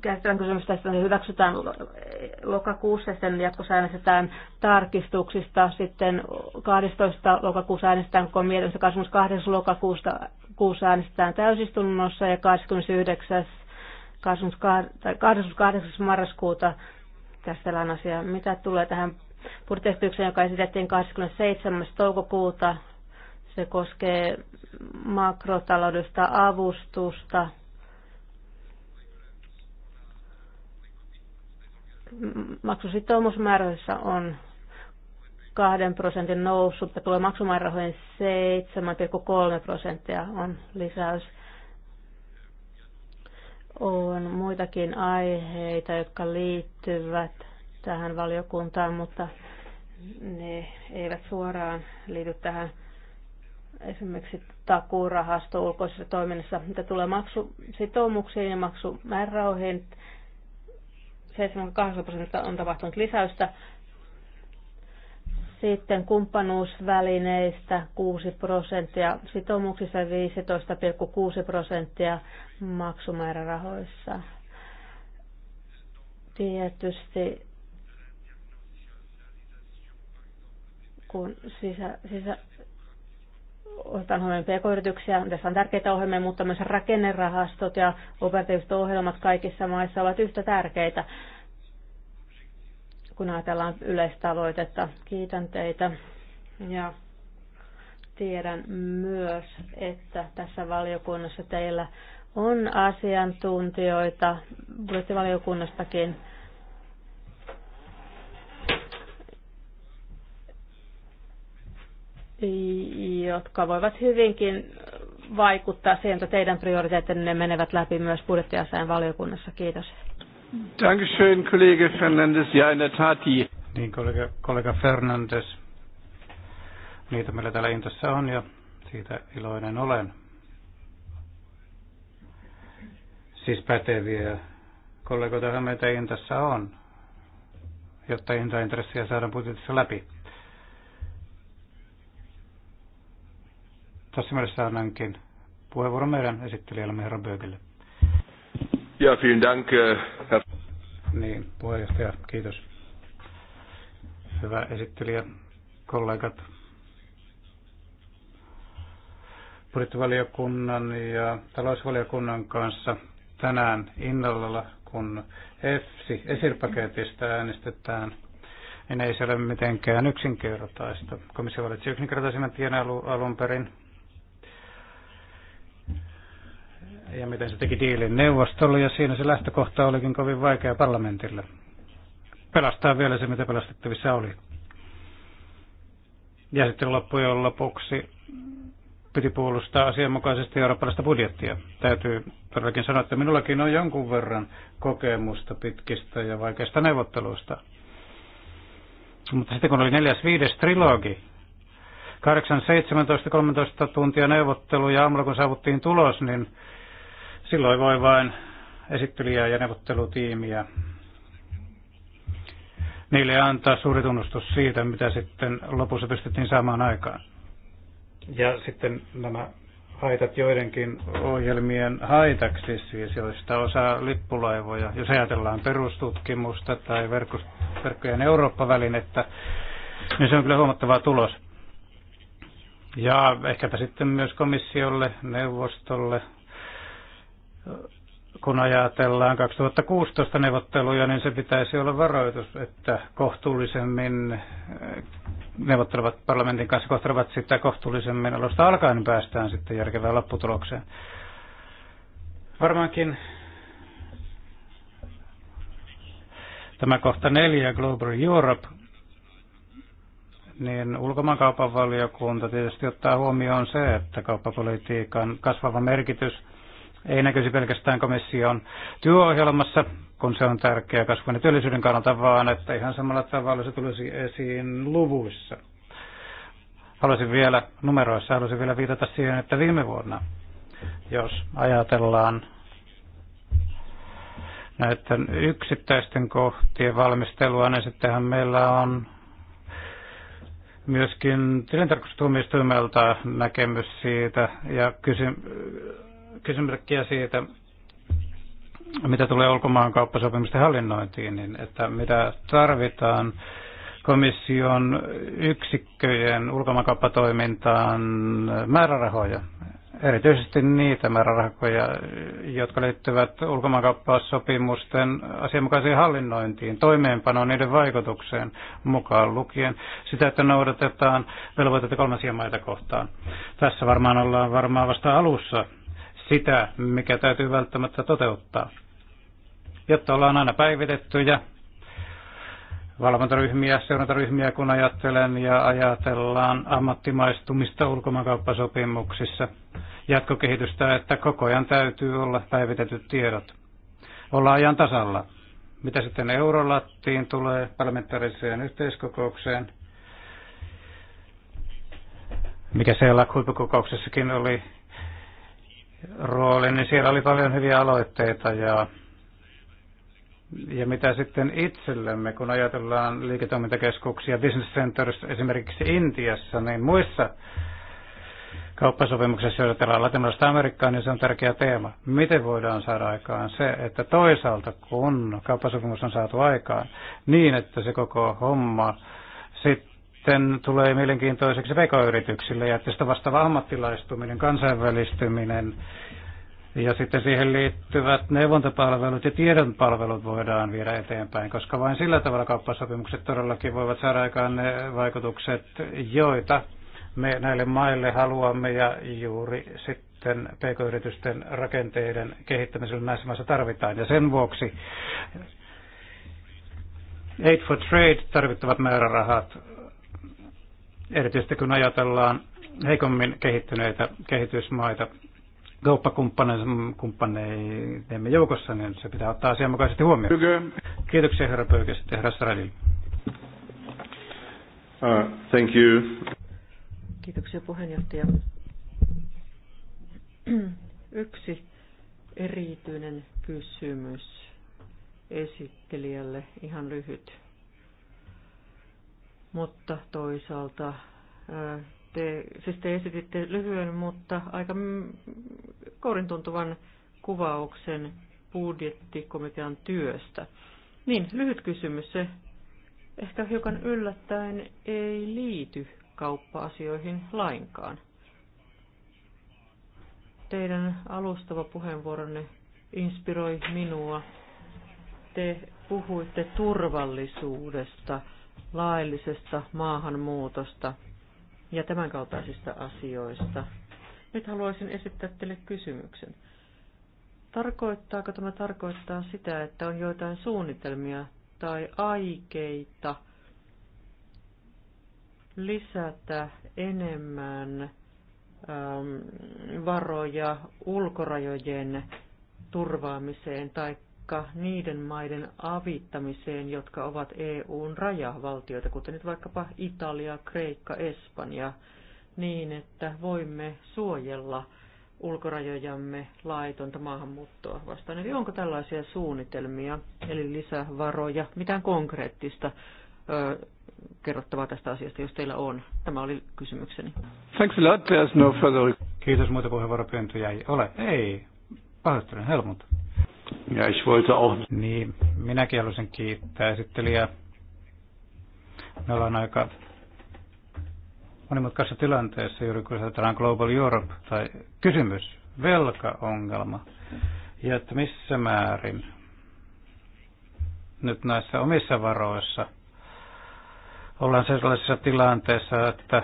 käsitellään kysymys tästä, niin hyväksytään lokakuussa ja sitten jatkossa äänestetään tarkistuksista. Sitten 12. lokakuussa äänestetään, kun on mietinnössä 28. lokakuusta kuussa äänestetään täysistunnossa ja 29. 28. marraskuuta käsitellään asiaa. Mitä tulee tähän budjettiesitykseen, joka esitettiin 27. toukokuuta. Se koskee makrotaloudesta avustusta Maksusitoumusmääräisessä on 2 prosentin nousu, mutta tulee maksumäärärahojen 7,3 prosenttia on lisäys. On muitakin aiheita, jotka liittyvät tähän valiokuntaan, mutta ne eivät suoraan liity tähän esimerkiksi takuurahasto ulkoisessa toiminnassa, mitä tulee maksusitoumuksiin ja maksumäärärahoihin. 78 prosenttia on tapahtunut lisäystä. Sitten kumppanuusvälineistä 6 prosenttia, sitoumuksissa 15,6 prosenttia maksumäärärahoissa. Tietysti kun sisä, sisä, otetaan huomioon pk-yrityksiä. Tässä on tärkeitä ohjelmia, mutta myös rakennerahastot ja operatiiviset ohjelmat kaikissa maissa ovat yhtä tärkeitä, kun ajatellaan yleistavoitetta. Kiitän teitä. Ja tiedän myös, että tässä valiokunnassa teillä on asiantuntijoita budjettivaliokunnastakin. jotka voivat hyvinkin vaikuttaa siihen, että teidän prioriteettinne menevät läpi myös budjettiasain valiokunnassa. Kiitos. Dankeschön, kollega Fernandes. Ja, in der Tat, Niin, kollega, kollega Fernandes. Niitä meillä täällä Intossa on ja siitä iloinen olen. Siis päteviä kollegoita meitä Intossa on, jotta intointressiä saadaan budjetissa läpi. Tässä mielessä annankin puheenvuoron meidän esittelijällemme herra Böökelle. Ja, vielen dank, äh, herr... Niin, puheenjohtaja, kiitos. Hyvä esittelijä, kollegat. Budjettivaliokunnan ja talousvaliokunnan kanssa tänään innolla kun EFSI esirpaketista äänestetään, niin ei se ole mitenkään yksinkertaista. Komissio valitsi yksinkertaisimman tien alun perin, ja miten se teki diilin neuvostolle, ja siinä se lähtökohta olikin kovin vaikea parlamentille. Pelastaa vielä se, mitä pelastettavissa oli. Ja sitten loppujen lopuksi piti puolustaa asianmukaisesti eurooppalaista budjettia. Täytyy todellakin sanoa, että minullakin on jonkun verran kokemusta pitkistä ja vaikeista neuvotteluista. Mutta sitten kun oli neljäs viides trilogi, 8, 17, 13 tuntia neuvotteluja aamulla kun saavuttiin tulos, niin Silloin voi vain esittelijää ja neuvottelutiimiä niille antaa suuri tunnustus siitä, mitä sitten lopussa pystyttiin saamaan aikaan. Ja sitten nämä haitat joidenkin ohjelmien haitaksi, siis joista osa lippulaivoja, jos ajatellaan perustutkimusta tai verkkojen Eurooppa-välinettä, niin se on kyllä huomattava tulos. Ja ehkäpä sitten myös komissiolle, neuvostolle kun ajatellaan 2016 neuvotteluja, niin se pitäisi olla varoitus, että kohtuullisemmin eh, neuvottelevat parlamentin kanssa kohtelevat sitä kohtuullisemmin alusta alkaen niin päästään sitten järkevään lopputulokseen. Varmaankin tämä kohta neljä Global Europe, niin ulkomaankaupan valiokunta tietysti ottaa huomioon se, että kauppapolitiikan kasvava merkitys – ei näkyisi pelkästään komission työohjelmassa, kun se on tärkeä kasvun ja työllisyyden kannalta, vaan että ihan samalla tavalla se tulisi esiin luvuissa. Haluaisin vielä numeroissa, haluaisin vielä viitata siihen, että viime vuonna, jos ajatellaan näiden yksittäisten kohtien valmistelua, niin sittenhän meillä on myöskin tilintarkastustuomioistuimelta näkemys siitä ja kysymys kysymyksiä siitä, mitä tulee ulkomaan kauppasopimusten hallinnointiin, niin että mitä tarvitaan komission yksikköjen ulkomaankauppatoimintaan määrärahoja, erityisesti niitä määrärahoja, jotka liittyvät ulkomaankauppasopimusten asianmukaiseen hallinnointiin, toimeenpanoon niiden vaikutukseen mukaan lukien, sitä, että noudatetaan velvoitetta kolmansia maita kohtaan. Tässä varmaan ollaan varmaan vasta alussa sitä, mikä täytyy välttämättä toteuttaa, jotta ollaan aina päivitettyjä valvontaryhmiä, seurantaryhmiä, kun ajattelen ja ajatellaan ammattimaistumista ulkomaankauppasopimuksissa, jatkokehitystä, että koko ajan täytyy olla päivitetyt tiedot. Ollaan ajan tasalla. Mitä sitten Eurolattiin tulee parlamentaariseen yhteiskokoukseen, mikä siellä huippukokouksessakin oli rooli, niin siellä oli paljon hyviä aloitteita ja, ja mitä sitten itsellemme, kun ajatellaan liiketoimintakeskuksia, business centers esimerkiksi Intiassa, niin muissa kauppasopimuksessa, joita täällä latinalaista Amerikkaa, niin se on tärkeä teema. Miten voidaan saada aikaan se, että toisaalta kun kauppasopimus on saatu aikaan, niin että se koko homma sitten sitten tulee mielenkiintoiseksi vekoyrityksille ja tästä vastaava ammattilaistuminen, kansainvälistyminen ja sitten siihen liittyvät neuvontapalvelut ja tiedonpalvelut voidaan viedä eteenpäin, koska vain sillä tavalla kauppasopimukset todellakin voivat saada aikaan ne vaikutukset, joita me näille maille haluamme ja juuri sitten pk-yritysten rakenteiden kehittämisellä näissä maissa tarvitaan. Ja sen vuoksi Aid for Trade tarvittavat määrärahat erityisesti kun ajatellaan heikommin kehittyneitä kehitysmaita kauppakumppaneidemme joukossa, niin se pitää ottaa asianmukaisesti huomioon. Pyke. Kiitoksia herra Pöykäs, herra Stradil. Uh, thank you. Kiitoksia puheenjohtaja. Yksi erityinen kysymys esittelijälle, ihan lyhyt mutta toisaalta te, siis te esititte lyhyen, mutta aika kourin tuntuvan kuvauksen budjettikomitean työstä. Niin, lyhyt kysymys. Se ehkä hiukan yllättäen ei liity kauppa-asioihin lainkaan. Teidän alustava puheenvuoronne inspiroi minua. Te puhuitte turvallisuudesta laillisesta maahanmuutosta ja tämänkaltaisista asioista. Nyt haluaisin esittää teille kysymyksen. Tarkoittaako tämä tarkoittaa sitä, että on joitain suunnitelmia tai aikeita lisätä enemmän varoja ulkorajojen turvaamiseen tai vaikka niiden maiden avittamiseen, jotka ovat EUn rajavaltioita, kuten nyt vaikkapa Italia, Kreikka, Espanja, niin että voimme suojella ulkorajojamme laitonta maahanmuuttoa vastaan. Eli onko tällaisia suunnitelmia, eli lisävaroja, mitään konkreettista ö, kerrottavaa tästä asiasta, jos teillä on? Tämä oli kysymykseni. Thanks a lot. There's no further... Kiitos, muita puheenvuoropyyntöjä ei ole. Ei. Pahoittelen, Helmut. Ja ich wollte auch... Niin, minäkin haluaisin kiittää esittelijää. Me ollaan aika monimutkaisessa tilanteessa, juuri kun ajatellaan Global Europe, tai kysymys, velkaongelma, ja että missä määrin nyt näissä omissa varoissa ollaan sellaisessa tilanteessa, että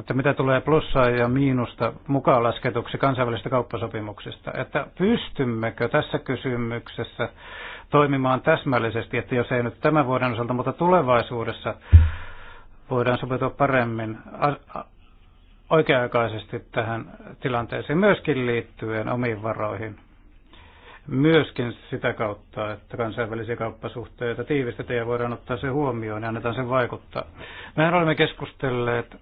että mitä tulee plussaa ja miinusta mukaan lasketuksi kansainvälisestä kauppasopimuksesta, että pystymmekö tässä kysymyksessä toimimaan täsmällisesti, että jos ei nyt tämän vuoden osalta, mutta tulevaisuudessa voidaan sopeutua paremmin oikea-aikaisesti tähän tilanteeseen, myöskin liittyen omiin varoihin. Myöskin sitä kautta, että kansainvälisiä kauppasuhteita tiivistetään ja voidaan ottaa se huomioon ja annetaan sen vaikuttaa. Mehän olemme keskustelleet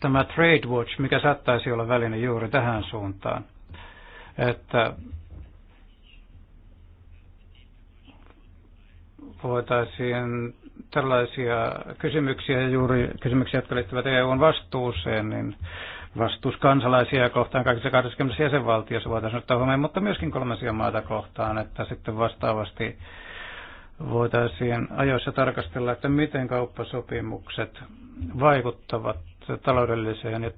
tämä Trade Watch, mikä saattaisi olla väline juuri tähän suuntaan, että voitaisiin tällaisia kysymyksiä juuri kysymyksiä, jotka liittyvät EUn vastuuseen, niin vastuus kansalaisia kohtaan kaikissa 20 jäsenvaltiossa voitaisiin ottaa huomioon, mutta myöskin kolmansia maata kohtaan, että sitten vastaavasti voitaisiin ajoissa tarkastella, että miten kauppasopimukset vaikuttavat taloudelliseen ja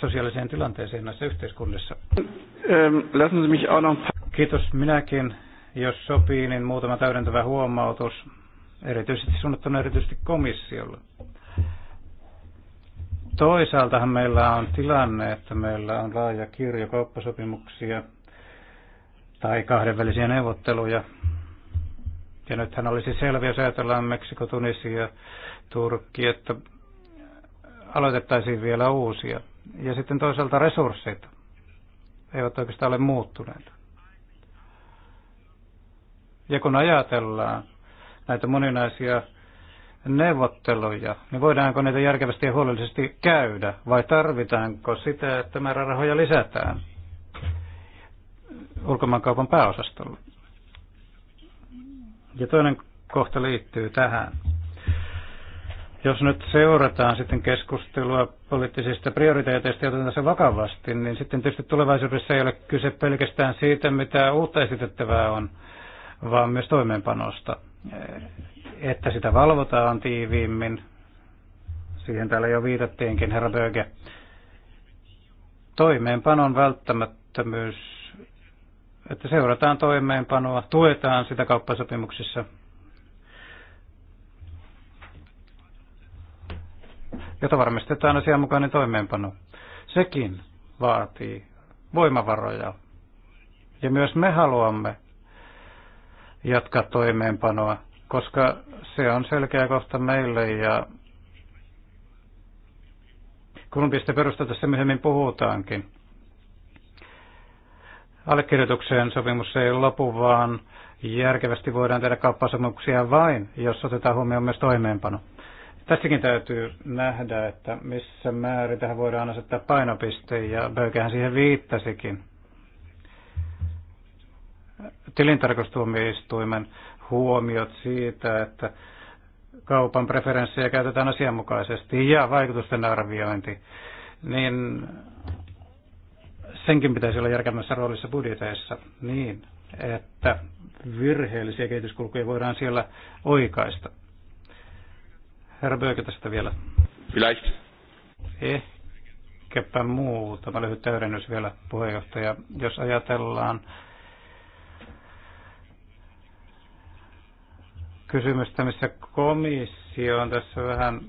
sosiaaliseen tilanteeseen näissä yhteiskunnissa. Ähm, Kiitos minäkin. Jos sopii, niin muutama täydentävä huomautus, erityisesti suunnattuna erityisesti komissiolle. Toisaaltahan meillä on tilanne, että meillä on laaja kirjo kauppasopimuksia tai kahdenvälisiä neuvotteluja. Ja nythän olisi selvä, jos ajatellaan Meksiko, Tunisia, Turkki, että aloitettaisiin vielä uusia. Ja sitten toisaalta resurssit eivät oikeastaan ole muuttuneet. Ja kun ajatellaan näitä moninaisia neuvotteluja, niin voidaanko niitä järkevästi ja huolellisesti käydä vai tarvitaanko sitä, että määrärahoja lisätään ulkomaankaupan pääosastolle? Ja toinen kohta liittyy tähän. Jos nyt seurataan sitten keskustelua poliittisista prioriteeteista ja otetaan se vakavasti, niin sitten tietysti tulevaisuudessa ei ole kyse pelkästään siitä, mitä uutta esitettävää on, vaan myös toimeenpanosta. Että sitä valvotaan tiiviimmin, siihen täällä jo viitattiinkin, herra Böge. Toimeenpanon välttämättömyys, että seurataan toimeenpanoa, tuetaan sitä kauppasopimuksissa – jota varmistetaan asianmukainen toimeenpano. Sekin vaatii voimavaroja. Ja myös me haluamme jatkaa toimeenpanoa, koska se on selkeä kohta meille ja Kolumbiasta perusta tässä myöhemmin puhutaankin. Allekirjoitukseen sopimus ei lopu, vaan järkevästi voidaan tehdä kauppasopimuksia vain, jos otetaan huomioon myös toimeenpano. Tässäkin täytyy nähdä, että missä määrin tähän voidaan asettaa painopiste, ja Bökehän siihen viittasikin. Tilintarkastustuomioistuimen huomiot siitä, että kaupan preferenssejä käytetään asianmukaisesti ja vaikutusten arviointi, niin senkin pitäisi olla järkevässä roolissa budjeteissa niin, että virheellisiä kehityskulkuja voidaan siellä oikaista. Herra Böke tästä vielä. Vielleicht. Ehkäpä muutama lyhyt täydennys vielä puheenjohtaja. Jos ajatellaan kysymystä, missä komissio on tässä vähän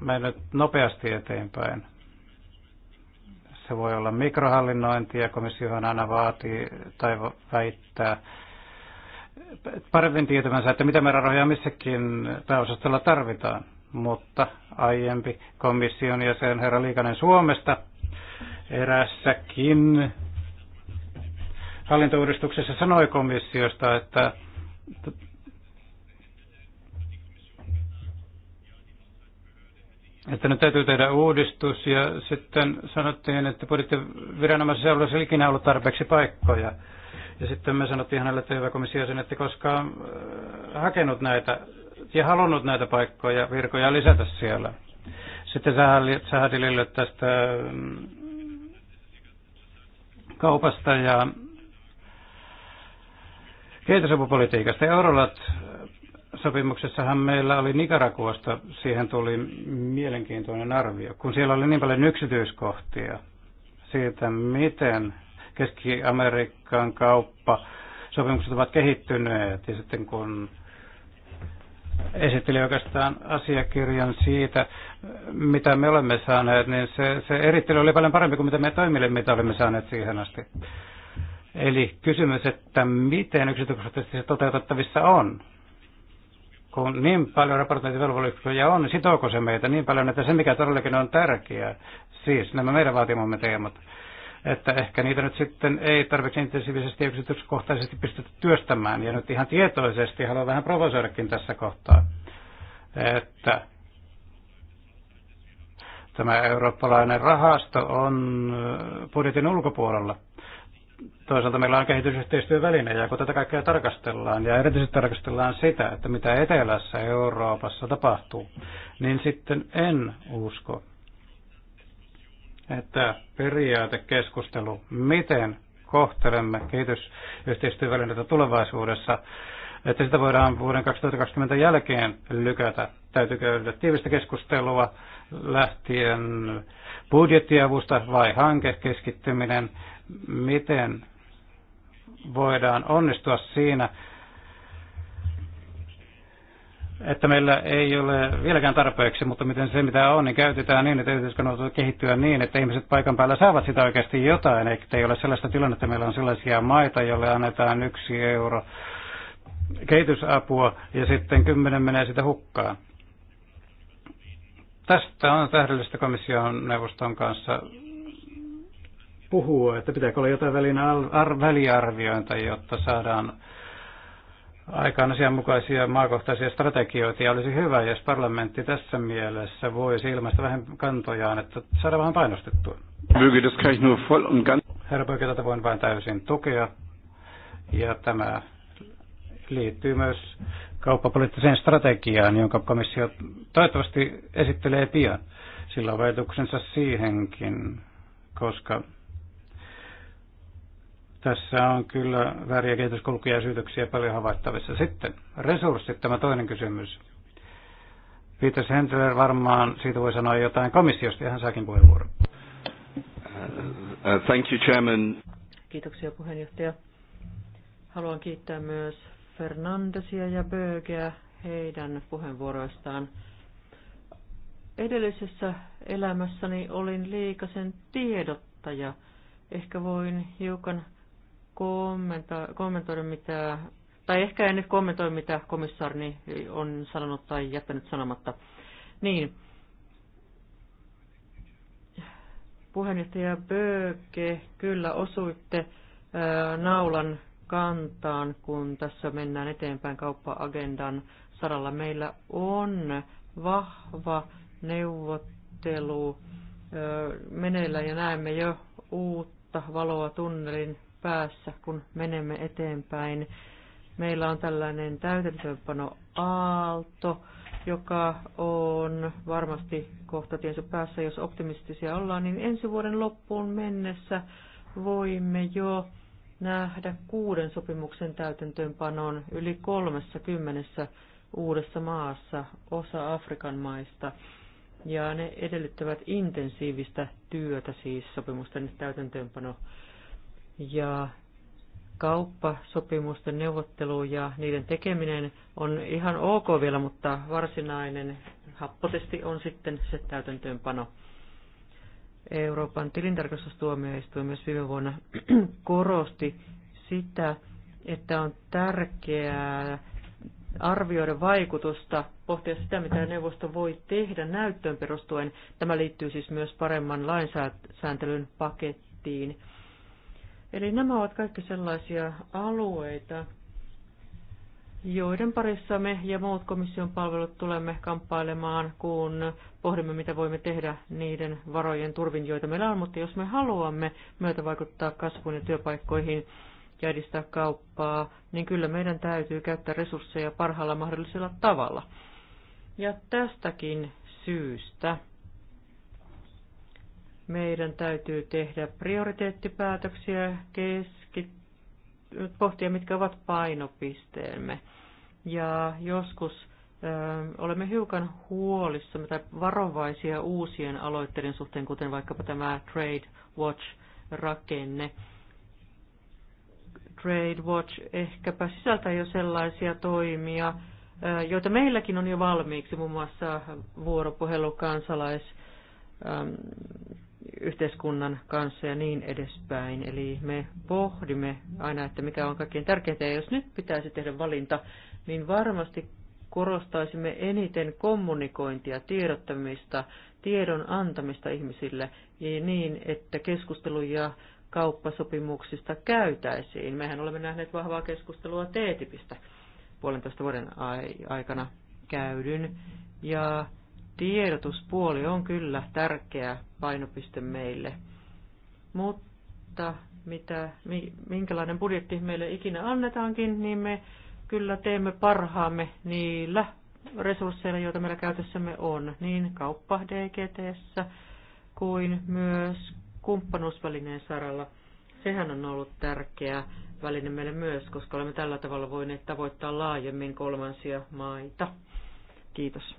mennyt nopeasti eteenpäin. Se voi olla ja komissiohan aina vaatii tai väittää paremmin tietämänsä, että mitä määrärahoja missäkin pääosastolla tarvitaan mutta aiempi komission jäsen herra Liikanen Suomesta erässäkin hallintouudistuksessa sanoi komissiosta, että että nyt täytyy tehdä uudistus ja sitten sanottiin, että budjettiviranomaisessa ei olisi ikinä ollut tarpeeksi paikkoja. Ja sitten me sanottiin hänelle, että hyvä komissio sen, että koskaan äh, hakenut näitä ja halunnut näitä paikkoja, virkoja lisätä siellä. Sitten Sahadilille tästä mm, kaupasta ja kehitysapupolitiikasta. Eurolat äh, sopimuksessahan meillä oli Nicaraguasta, siihen tuli mielenkiintoinen arvio, kun siellä oli niin paljon yksityiskohtia siitä, miten Keski-Amerikan kauppa sopimukset ovat kehittyneet ja sitten kun esitteli oikeastaan asiakirjan siitä, mitä me olemme saaneet, niin se, se erittely oli paljon parempi kuin mitä me toimille, mitä olemme saaneet siihen asti. Eli kysymys, että miten yksityiskohtaisesti se toteutettavissa on, kun niin paljon raportointivelvollisuuksia on, niin sitooko se meitä niin paljon, että se mikä todellakin on tärkeää, siis nämä meidän vaatimamme teemat, että ehkä niitä nyt sitten ei tarvitse intensiivisesti ja yksityiskohtaisesti pystytä työstämään. Ja nyt ihan tietoisesti haluan vähän provosoidakin tässä kohtaa, että tämä eurooppalainen rahasto on äh, budjetin ulkopuolella. Toisaalta meillä on kehitysyhteistyöväline, ja kun tätä kaikkea tarkastellaan, ja erityisesti tarkastellaan sitä, että mitä etelässä Euroopassa tapahtuu, niin sitten en usko, että periaatekeskustelu, miten kohtelemme kehitysyhteistyövälineitä tulevaisuudessa, että sitä voidaan vuoden 2020 jälkeen lykätä. Täytyykö käydä tiivistä keskustelua lähtien budjettiavusta vai hankekeskittyminen, miten voidaan onnistua siinä, että meillä ei ole vieläkään tarpeeksi, mutta miten se mitä on, niin käytetään niin, että yhteiskunnat voi kehittyä niin, että ihmiset paikan päällä saavat sitä oikeasti jotain, eikä ei ole sellaista tilannetta, että meillä on sellaisia maita, joille annetaan yksi euro kehitysapua ja sitten kymmenen menee sitä hukkaan. Tästä on tähdellistä komission neuvoston kanssa puhua, että pitääkö olla jotain väliarviointa, jotta saadaan aikaan asianmukaisia maakohtaisia strategioita ja olisi hyvä, jos parlamentti tässä mielessä voisi ilmaista vähän kantojaan, että saada vähän painostettua. Herra Pöykä, tätä voin vain täysin tukea ja tämä liittyy myös kauppapoliittiseen strategiaan, jonka komissio toivottavasti esittelee pian. Sillä on vaikutuksensa siihenkin, koska tässä on kyllä väriä kehityskulkuja ja syytöksiä paljon havaittavissa. Sitten resurssit, tämä toinen kysymys. Peter Sendler varmaan siitä voi sanoa jotain komissiosta, ihan hän saakin puheenvuoron. Uh, uh, thank you, Chairman. Kiitoksia puheenjohtaja. Haluan kiittää myös Fernandesia ja Bögeä heidän puheenvuoroistaan. Edellisessä elämässäni olin liikasen tiedottaja. Ehkä voin hiukan kommento- kommentoida, mitä, tai ehkä en nyt kommentoi, mitä komissaari on sanonut tai jättänyt sanomatta. Niin, puheenjohtaja Böke, kyllä osuitte naulan kantaan, kun tässä mennään eteenpäin kauppa-agendan saralla. Meillä on vahva neuvottelu meneillä ja näemme jo uutta valoa tunnelin päässä, kun menemme eteenpäin. Meillä on tällainen täytäntöönpanoaalto, joka on varmasti kohta tiensä päässä, jos optimistisia ollaan, niin ensi vuoden loppuun mennessä voimme jo nähdä kuuden sopimuksen täytäntöönpanon yli 30 uudessa maassa, osa Afrikan maista. Ja ne edellyttävät intensiivistä työtä siis sopimusten täytäntöönpano ja kauppasopimusten neuvottelu ja niiden tekeminen on ihan ok vielä, mutta varsinainen happotesti on sitten se täytäntöönpano. Euroopan tilintarkastustuomioistuin myös viime vuonna korosti sitä, että on tärkeää arvioida vaikutusta, pohtia sitä, mitä neuvosto voi tehdä näyttöön perustuen. Tämä liittyy siis myös paremman lainsääntelyn pakettiin. Eli nämä ovat kaikki sellaisia alueita, joiden parissa me ja muut komission palvelut tulemme kamppailemaan, kun pohdimme, mitä voimme tehdä niiden varojen turvin, joita meillä on. Mutta jos me haluamme myötä vaikuttaa kasvuun ja työpaikkoihin ja edistää kauppaa, niin kyllä meidän täytyy käyttää resursseja parhaalla mahdollisella tavalla. Ja tästäkin syystä meidän täytyy tehdä prioriteettipäätöksiä, keskit- pohtia, mitkä ovat painopisteemme. Ja joskus ö, olemme hiukan huolissa tai varovaisia uusien aloitteiden suhteen, kuten vaikkapa tämä Trade Watch-rakenne. Trade Watch ehkäpä sisältää jo sellaisia toimia, joita meilläkin on jo valmiiksi, muun muassa vuoropuhelu kansalais yhteiskunnan kanssa ja niin edespäin. Eli me pohdimme aina, että mikä on kaikkein tärkeintä. Ja jos nyt pitäisi tehdä valinta, niin varmasti korostaisimme eniten kommunikointia, tiedottamista, tiedon antamista ihmisille niin, että keskustelu ja kauppasopimuksista käytäisiin. Mehän olemme nähneet vahvaa keskustelua TTIPistä puolentoista vuoden aikana käydyn. Ja tiedotuspuoli on kyllä tärkeä painopiste meille, mutta mitä, minkälainen budjetti meille ikinä annetaankin, niin me kyllä teemme parhaamme niillä resursseilla, joita meillä käytössämme on, niin kauppa dgt kuin myös kumppanuusvälineen saralla. Sehän on ollut tärkeä väline meille myös, koska olemme tällä tavalla voineet tavoittaa laajemmin kolmansia maita. Kiitos.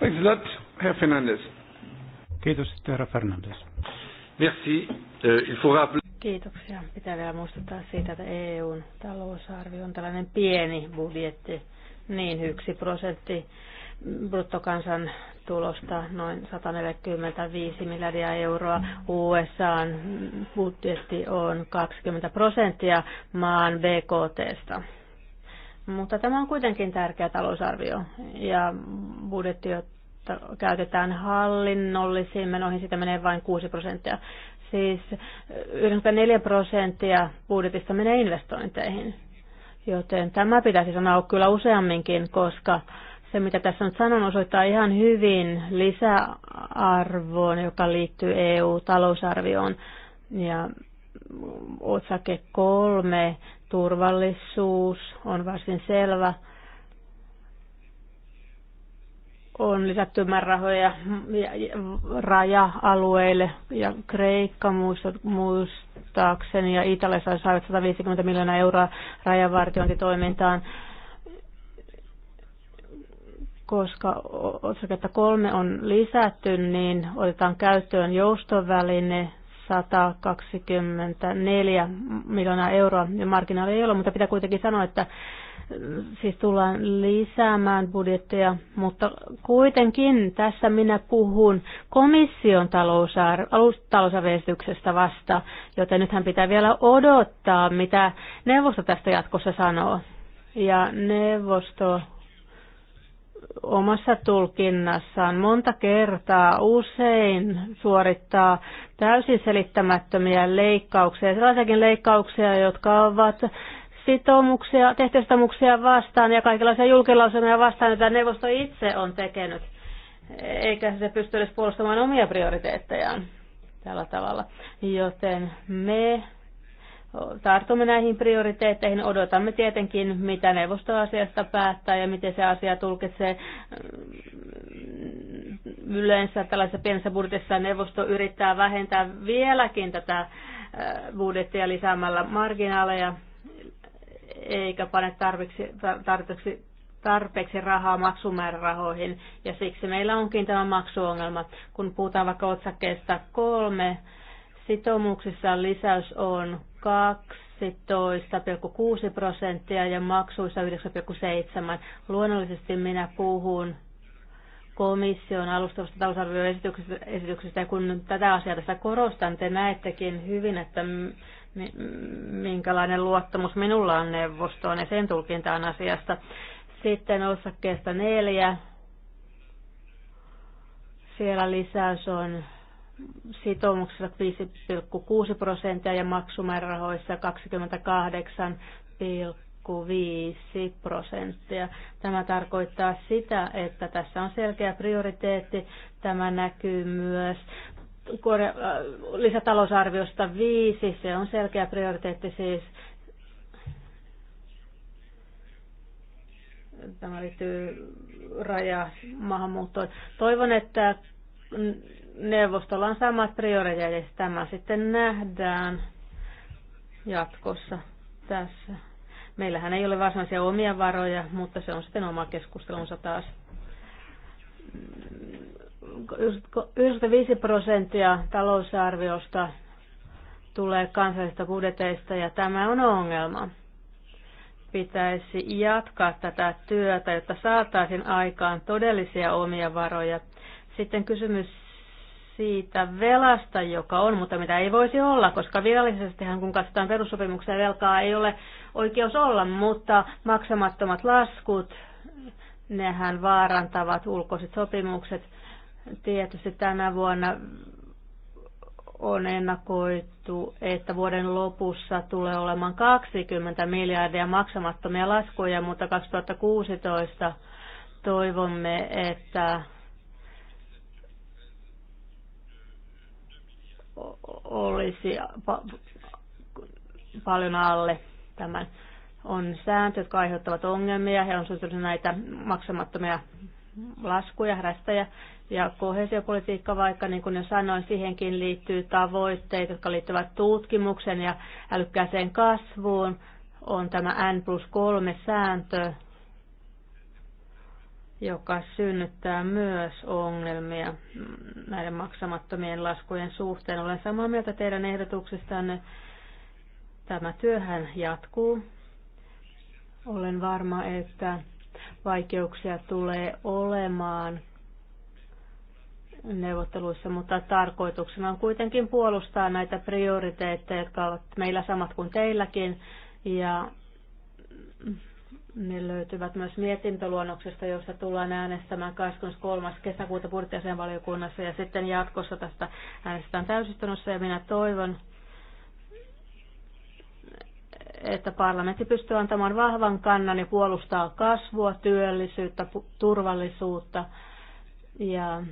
Thanks a lot, Herr Fernandes. Kiitos, herra Fernandes. Merci. Euh, il faut rappeler... Kiitoksia. Pitää vielä muistuttaa siitä, että EUn talousarvio on tällainen pieni budjetti, niin yksi prosentti bruttokansan tulosta noin 145 miljardia euroa. USAn budjetti on 20 prosenttia maan BKTsta. Mutta tämä on kuitenkin tärkeä talousarvio ja budjetti, jota käytetään hallinnollisiin menoihin, sitä menee vain 6 prosenttia. Siis 94 prosenttia budjetista menee investointeihin. Joten tämä pitäisi sanoa kyllä useamminkin, koska se, mitä tässä on sanon, osoittaa ihan hyvin lisäarvoon, joka liittyy EU-talousarvioon. Ja otsake kolme Turvallisuus on varsin selvä. On lisätty määrärahoja raja-alueille ja Kreikka muistaakseni ja Italia saivat 150 miljoonaa euroa rajavartiointitoimintaan koska osaketta kolme on lisätty, niin otetaan käyttöön joustoväline 124 miljoonaa euroa ja marginaali ei ole, mutta pitää kuitenkin sanoa, että äh, siis tullaan lisäämään budjetteja, mutta kuitenkin tässä minä puhun komission talousarvioesityksestä vasta, joten nythän pitää vielä odottaa, mitä neuvosto tästä jatkossa sanoo. Ja neuvosto omassa tulkinnassaan monta kertaa usein suorittaa täysin selittämättömiä leikkauksia, sellaisiakin leikkauksia, jotka ovat sitoumuksia, tehty vastaan ja kaikenlaisia julkilausumia vastaan, joita neuvosto itse on tekenyt, eikä se pysty edes puolustamaan omia prioriteettejaan tällä tavalla. Joten me tartumme näihin prioriteetteihin, odotamme tietenkin, mitä neuvosto asiasta päättää ja miten se asia tulkitsee. Mm, yleensä tällaisessa pienessä budjetissa neuvosto yrittää vähentää vieläkin tätä äh, budjettia lisäämällä marginaaleja, eikä pane tarpeeksi, tarpeeksi, tarpeeksi rahaa maksumäärärahoihin, ja siksi meillä onkin tämä maksuongelma. Kun puhutaan vaikka otsakkeesta kolme, sitoumuksissa lisäys on 12,6 prosenttia ja maksuissa 9,7. Luonnollisesti minä puhun komission alustavasta talousarvioesityksestä, ja kun tätä asiaa tässä korostan, te näettekin hyvin, että minkälainen luottamus minulla on neuvostoon ja sen tulkintaan asiasta. Sitten osakkeesta neljä. Siellä lisäys on sitoumuksessa 5,6 prosenttia ja maksumäärärahoissa 28,5 prosenttia. Tämä tarkoittaa sitä, että tässä on selkeä prioriteetti. Tämä näkyy myös äh, lisätalousarviosta 5. Se on selkeä prioriteetti siis. Tämä liittyy raja maahanmuuttoon. Toivon, että neuvostolla on samat prioriteetit. Tämä sitten nähdään jatkossa tässä. Meillähän ei ole varsinaisia omia varoja, mutta se on sitten oma keskustelunsa taas. 95 prosenttia talousarviosta tulee kansallisista budjeteista ja tämä on ongelma. Pitäisi jatkaa tätä työtä, jotta saataisiin aikaan todellisia omia varoja. Sitten kysymys siitä velasta, joka on, mutta mitä ei voisi olla, koska virallisestihan kun katsotaan perussopimuksia, velkaa ei ole oikeus olla, mutta maksamattomat laskut, nehän vaarantavat ulkoiset sopimukset. Tietysti tänä vuonna on ennakoitu, että vuoden lopussa tulee olemaan 20 miljardia maksamattomia laskuja, mutta 2016 toivomme, että olisi pa- paljon alle tämän. On sääntö, jotka aiheuttavat ongelmia ja on suosittu näitä maksamattomia laskuja, rästejä ja kohesiopolitiikka, vaikka niin kuin jo sanoin, siihenkin liittyy tavoitteita, jotka liittyvät tutkimukseen ja älykkääseen kasvuun. On tämä N plus 3 sääntö, joka synnyttää myös ongelmia näiden maksamattomien laskujen suhteen. Olen samaa mieltä teidän ehdotuksestanne. Tämä työhän jatkuu. Olen varma, että vaikeuksia tulee olemaan neuvotteluissa, mutta tarkoituksena on kuitenkin puolustaa näitä prioriteetteja, jotka ovat meillä samat kuin teilläkin. Ja ne löytyvät myös mietintöluonnoksesta, josta tullaan äänestämään 23. kesäkuuta budjettiasian valiokunnassa ja sitten jatkossa tästä äänestetään täysistunnossa ja minä toivon, että parlamentti pystyy antamaan vahvan kannan ja puolustaa kasvua, työllisyyttä, turvallisuutta ja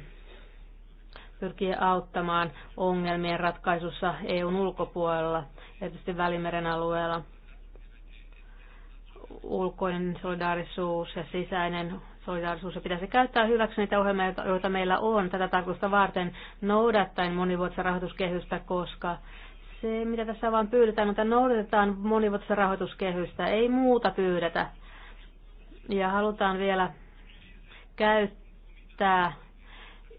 pyrkii auttamaan ongelmien ratkaisussa EUn ulkopuolella, erityisesti Välimeren alueella ulkoinen solidaarisuus ja sisäinen solidaarisuus. Ja pitäisi käyttää hyväksi niitä ohjelmia, joita meillä on tätä tarkoitusta varten noudattaen monivuotista rahoituskehystä, koska se, mitä tässä vaan pyydetään, että noudatetaan monivuotista rahoituskehystä, ei muuta pyydetä. Ja halutaan vielä käyttää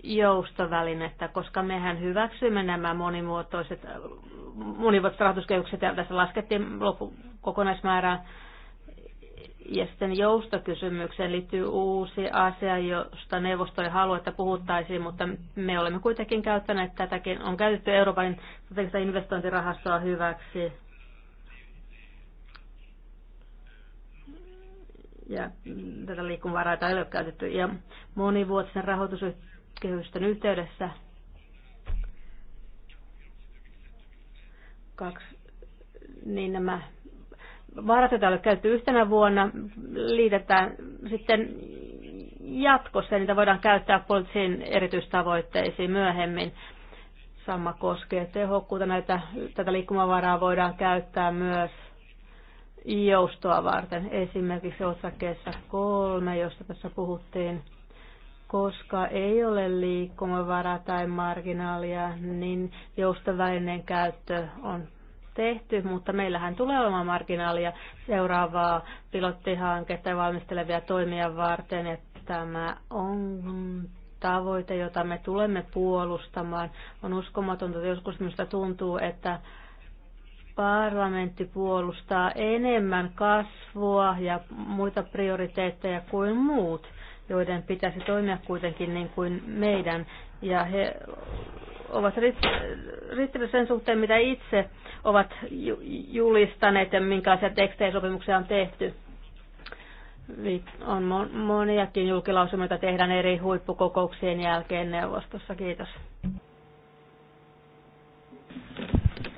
joustovälinettä, koska mehän hyväksymme nämä monimuotoiset, monivuotiset rahoituskehykset ja tässä laskettiin loppu kokonaismäärää ja sitten joustokysymykseen liittyy uusi asia, josta neuvosto ei halua, että puhuttaisiin, mutta me olemme kuitenkin käyttäneet tätäkin. On käytetty Euroopan investointirahastoa hyväksi. Ja tätä liikkumavaraa ei ole käytetty. Ja monivuotisen rahoituskehysten yhteydessä 2, niin nämä varat, joita ei käytetty yhtenä vuonna, liitetään sitten jatkossa, ja niitä voidaan käyttää poliittisiin erityistavoitteisiin myöhemmin. Sama koskee tehokkuutta, näitä, tätä liikkumavaraa voidaan käyttää myös joustoa varten. Esimerkiksi osakkeessa kolme, josta tässä puhuttiin, koska ei ole liikkumavaraa tai marginaalia, niin joustovälineen käyttö on tehty, mutta meillähän tulee olemaan marginaalia seuraavaa pilottihanketta ja valmistelevia toimia varten, että tämä on tavoite, jota me tulemme puolustamaan. On uskomatonta, että joskus minusta tuntuu, että parlamentti puolustaa enemmän kasvua ja muita prioriteetteja kuin muut, joiden pitäisi toimia kuitenkin niin kuin meidän. Ja he ovat riittävät sen suhteen, mitä itse ovat julistaneet ja minkälaisia tekstejä sopimuksia on tehty. On moniakin julkilausumia, joita tehdään eri huippukokouksien jälkeen neuvostossa. Kiitos.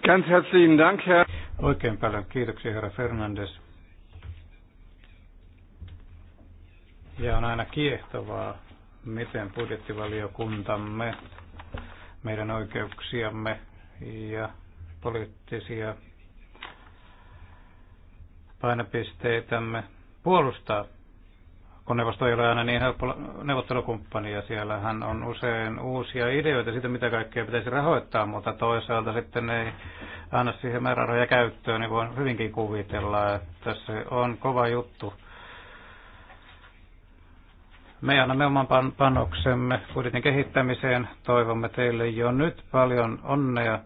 Ganz herzlichen Dank, Herr. Oikein paljon kiitoksia, herra Fernandes. Ja on aina kiehtovaa, miten budjettivaliokuntamme, meidän oikeuksiamme ja poliittisia painopisteitämme puolustaa, kun neuvosto ei ole aina niin helppo neuvottelukumppani ja siellähän on usein uusia ideoita siitä, mitä kaikkea pitäisi rahoittaa, mutta toisaalta sitten ei anna siihen määrärahoja käyttöön, niin voin hyvinkin kuvitella, että se on kova juttu. Me annamme oman panoksemme budjetin kehittämiseen. Toivomme teille jo nyt paljon onnea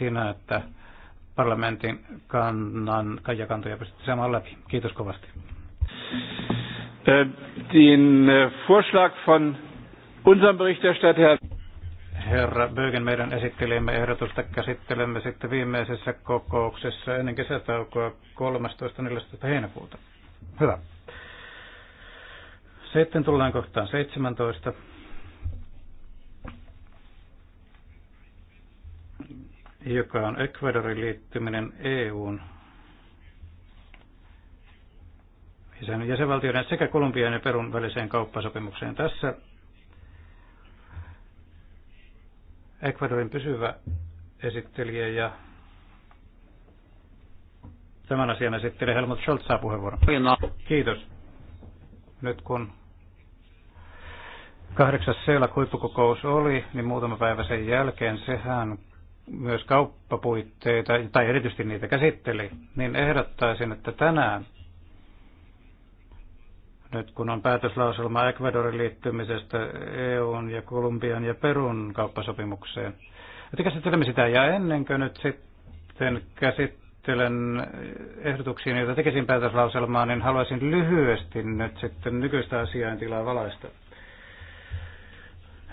siinä, että parlamentin kannan ja kantoja pystyttiin saamaan läpi. Kiitos kovasti. Äh, den äh, Vorschlag von unserem Berichterstatter Herra Bögen, meidän esittelimme ehdotusta käsittelemme sitten viimeisessä kokouksessa ennen kesätaukoa 13.14. heinäkuuta. Hyvä. Sitten tullaan kohtaan 17. joka on Ecuadorin liittyminen EUn ja sen jäsenvaltioiden sekä Kolumbian ja Perun väliseen kauppasopimukseen. Tässä Ecuadorin pysyvä esittelijä ja tämän asian esittelijä Helmut Scholz saa puheenvuoron. Kiitos. Nyt kun kahdeksas seela huippukokous oli, niin muutama päivä sen jälkeen sehän myös kauppapuitteita, tai erityisesti niitä käsitteli, niin ehdottaisin, että tänään, nyt kun on päätöslauselma Ecuadorin liittymisestä EUn ja Kolumbian ja Perun kauppasopimukseen, että käsittelemme sitä, ja ennen kuin nyt sitten käsittelen ehdotuksia, joita tekisin päätöslauselmaa, niin haluaisin lyhyesti nyt sitten nykyistä asiaintilaa valaista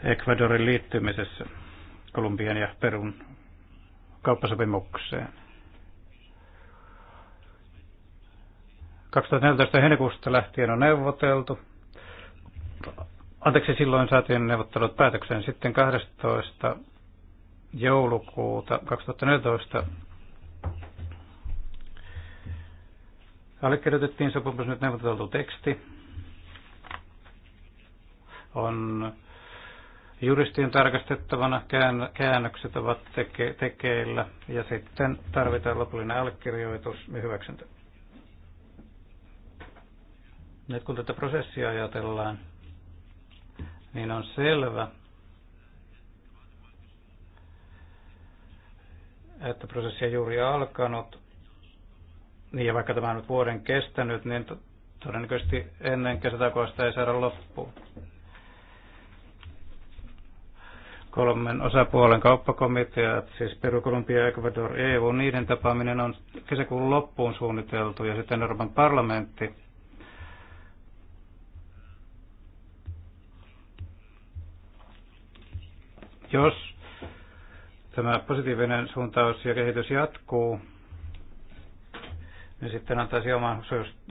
Ecuadorin liittymisessä Kolumbian ja Perun kauppasopimukseen. 2014 heinäkuusta lähtien on neuvoteltu. Anteeksi, silloin saatiin neuvottelut päätökseen sitten 12. joulukuuta 2014 Allekirjoitettiin sopimus nyt neuvoteltu teksti. On juristien tarkastettavana, käännökset ovat teke, tekeillä ja sitten tarvitaan lopullinen allekirjoitus ja hyväksyntä. Nyt kun tätä prosessia ajatellaan, niin on selvä, että prosessi on juuri alkanut. Niin ja vaikka tämä on nyt vuoden kestänyt, niin todennäköisesti ennen kesätakoista ei saada loppuun kolmen osapuolen kauppakomiteat, siis Peru, Kolumbia, Ecuador, EU, niiden tapaaminen on kesäkuun loppuun suunniteltu ja sitten Euroopan parlamentti Jos tämä positiivinen suuntaus ja kehitys jatkuu, niin sitten antaisi oman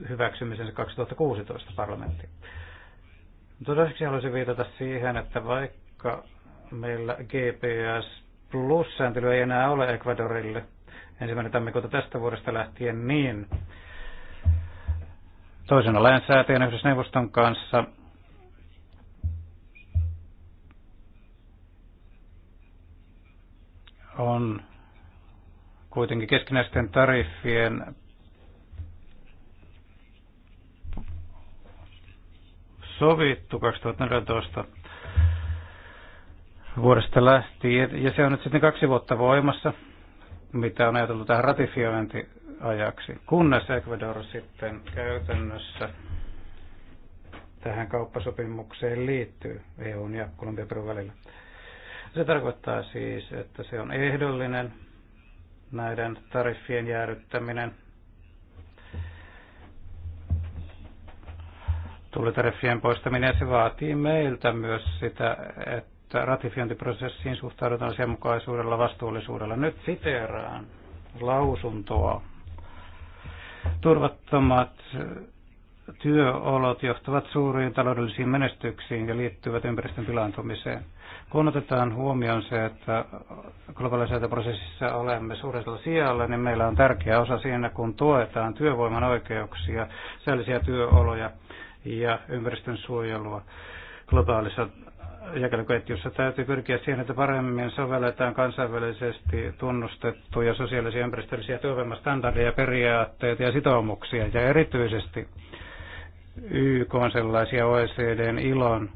hyväksymisensä 2016 parlamentti. Toiseksi haluaisin viitata siihen, että vaikka meillä GPS Plus-sääntely ei enää ole Ecuadorille ensimmäinen tammikuuta tästä vuodesta lähtien niin. Toisena lainsäätäjän yhdessä neuvoston kanssa on kuitenkin keskinäisten tariffien sovittu 2014 vuodesta lähtien. Ja se on nyt sitten kaksi vuotta voimassa, mitä on ajateltu tähän ratifiointiajaksi, kunnes Ecuador sitten käytännössä tähän kauppasopimukseen liittyy EUn ja Kolumbian Perun välillä. Se tarkoittaa siis, että se on ehdollinen näiden tariffien jäädyttäminen, tullitariffien poistaminen, ja se vaatii meiltä myös sitä, että että ratifiointiprosessiin suhtaudutaan mukaisuudella vastuullisuudella. Nyt siteeraan lausuntoa. Turvattomat työolot johtavat suuriin taloudellisiin menestyksiin ja liittyvät ympäristön pilaantumiseen. Kun otetaan huomioon se, että globaalisessa prosessissa olemme suurella sijalla, niin meillä on tärkeä osa siinä, kun tuetaan työvoiman oikeuksia, sellaisia työoloja ja ympäristön suojelua globaalissa jakeluketjussa täytyy pyrkiä siihen, että paremmin sovelletaan kansainvälisesti tunnustettuja sosiaalisia, ympäristöllisiä työvoimastandardeja, periaatteita ja sitoumuksia, ja erityisesti YK on sellaisia OECDn ilon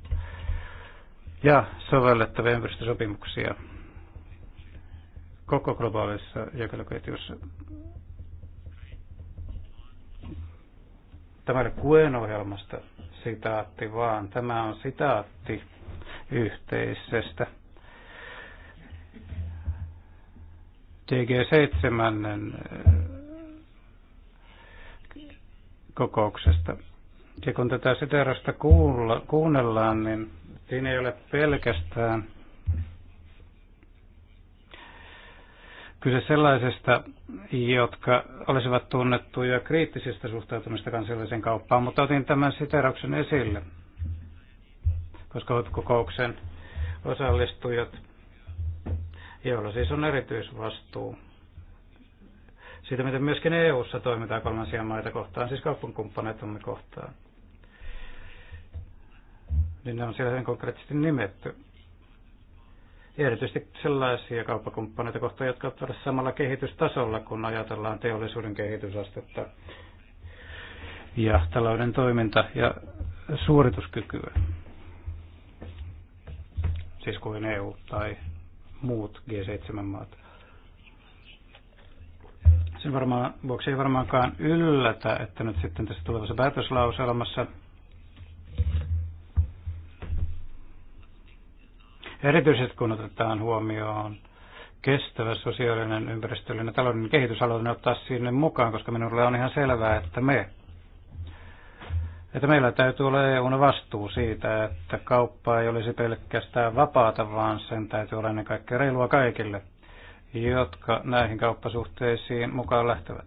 ja sovellettavia ympäristösopimuksia koko globaalissa jakeluketjussa. Tämä ei ole Kuen ohjelmasta sitaatti, vaan tämä on sitaatti yhteisestä. TG7 äh, kokouksesta. Ja kun tätä siterasta kuulla, kuunnellaan, niin siinä ei ole pelkästään kyse sellaisesta, jotka olisivat tunnettuja kriittisistä suhtautumista kansalliseen kauppaan, mutta otin tämän siterauksen esille koska kokouksen osallistujat, joilla siis on erityisvastuu siitä, miten myöskin EU-ssa toimitaan kolmansia maita kohtaan, siis kauppankumppaneitamme kohtaan. Niin ne on siellä hyvin konkreettisesti nimetty. Ja erityisesti sellaisia kauppakumppaneita kohtaan, jotka ovat ole samalla kehitystasolla, kun ajatellaan teollisuuden kehitysastetta ja talouden toiminta ja suorituskykyä siis kuin EU tai muut G7-maat. Sen varmaan, vuoksi ei varmaankaan yllätä, että nyt sitten tässä tulevassa päätöslauselmassa erityisesti kun otetaan huomioon kestävä sosiaalinen, ympäristöllinen, taloudellinen kehitys, haluan ottaa sinne mukaan, koska minulle on ihan selvää, että me että meillä täytyy olla EUn vastuu siitä, että kauppa ei olisi pelkästään vapaata, vaan sen täytyy olla ennen kaikkea reilua kaikille, jotka näihin kauppasuhteisiin mukaan lähtevät.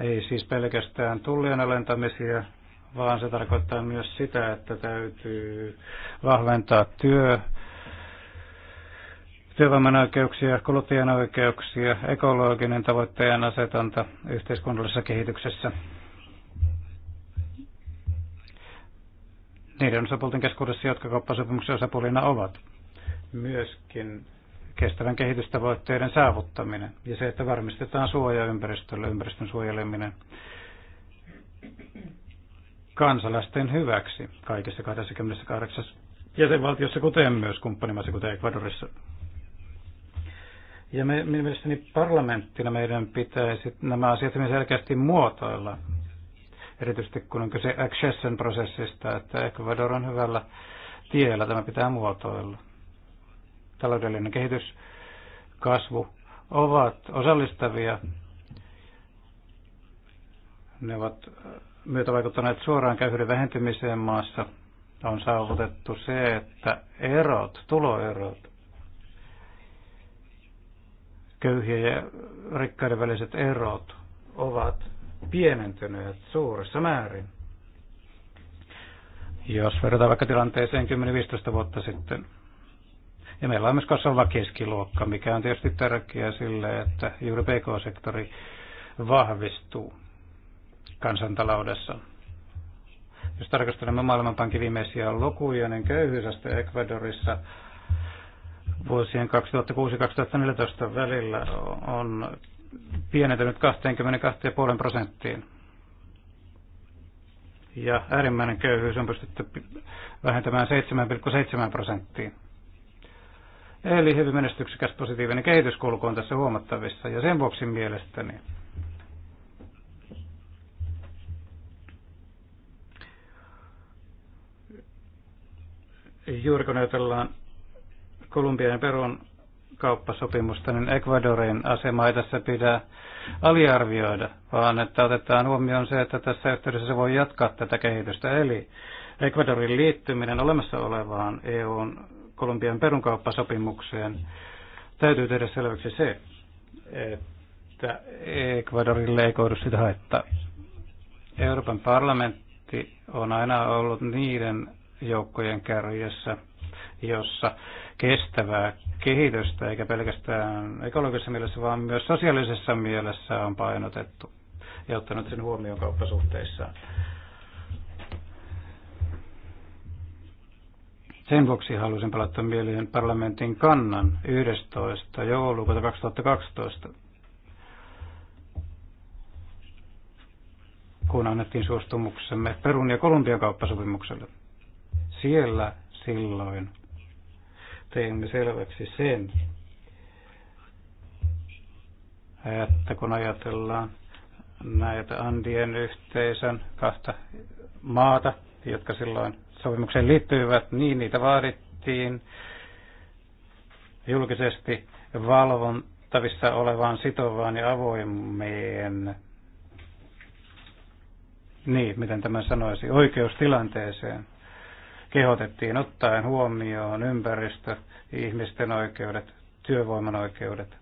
Ei siis pelkästään tullien alentamisia, vaan se tarkoittaa myös sitä, että täytyy vahventaa työ, työvoiman oikeuksia, kuluttajan oikeuksia, ekologinen tavoitteen asetanta yhteiskunnallisessa kehityksessä. niiden osapuolten keskuudessa, jotka kauppasopimuksen osapuolina ovat. Myöskin kestävän kehitystavoitteiden saavuttaminen ja se, että varmistetaan suoja ympäristölle, ympäristön suojeleminen kansalaisten hyväksi kaikissa 28 jäsenvaltiossa, kuten myös kumppanimaissa, kuten Ecuadorissa. Ja me, mielestäni parlamenttina meidän pitäisi nämä asiat hyvin selkeästi muotoilla erityisesti kun on kyse accession prosessista, että Ecuador on hyvällä tiellä, tämä pitää muotoilla. Taloudellinen kehitys, kasvu ovat osallistavia. Ne ovat myötä vaikuttaneet suoraan köyhyyden vähentymiseen maassa. On saavutettu se, että erot, tuloerot, köyhien ja rikkaiden väliset erot ovat pienentyneet suuressa määrin. Jos verrataan vaikka tilanteeseen 10-15 vuotta sitten. Ja meillä on myös kasvava keskiluokka, mikä on tietysti tärkeää sille, että juuri PK-sektori vahvistuu kansantaloudessa. Jos tarkastelemme Maailmanpankin viimeisiä lukuja, niin köyhyysaste Ecuadorissa vuosien 2006-2014 välillä on pienentynyt 22,5 prosenttiin. Ja äärimmäinen köyhyys on pystytty vähentämään 7,7 prosenttiin. Eli hyvin menestyksekäs positiivinen kehityskulku on tässä huomattavissa, ja sen vuoksi mielestäni juuri kun ajatellaan Kolumbian ja Perun kauppasopimusta, niin Ecuadorin asema ei tässä pidä aliarvioida, vaan että otetaan huomioon se, että tässä yhteydessä se voi jatkaa tätä kehitystä. Eli Ecuadorin liittyminen olemassa olevaan EUn Kolumbian perunkauppasopimukseen täytyy tehdä selväksi se, että Ecuadorille ei koidu sitä haittaa. Euroopan parlamentti on aina ollut niiden joukkojen kärjessä, jossa kestävää kehitystä, eikä pelkästään ekologisessa mielessä, vaan myös sosiaalisessa mielessä on painotettu ja ottanut sen huomioon kauppasuhteissaan. Sen vuoksi halusin palata mieleen parlamentin kannan 11. joulukuuta 2012, kun annettiin suostumuksemme Perun ja Kolumbian kauppasopimukselle. Siellä silloin teimme selväksi sen, että kun ajatellaan näitä Andien yhteisön kahta maata, jotka silloin sopimukseen liittyivät, niin niitä vaadittiin julkisesti valvontavissa olevaan sitovaan ja avoimeen, niin, miten tämä sanoisi, oikeustilanteeseen kehotettiin ottaen huomioon ympäristö, ihmisten oikeudet, työvoiman oikeudet.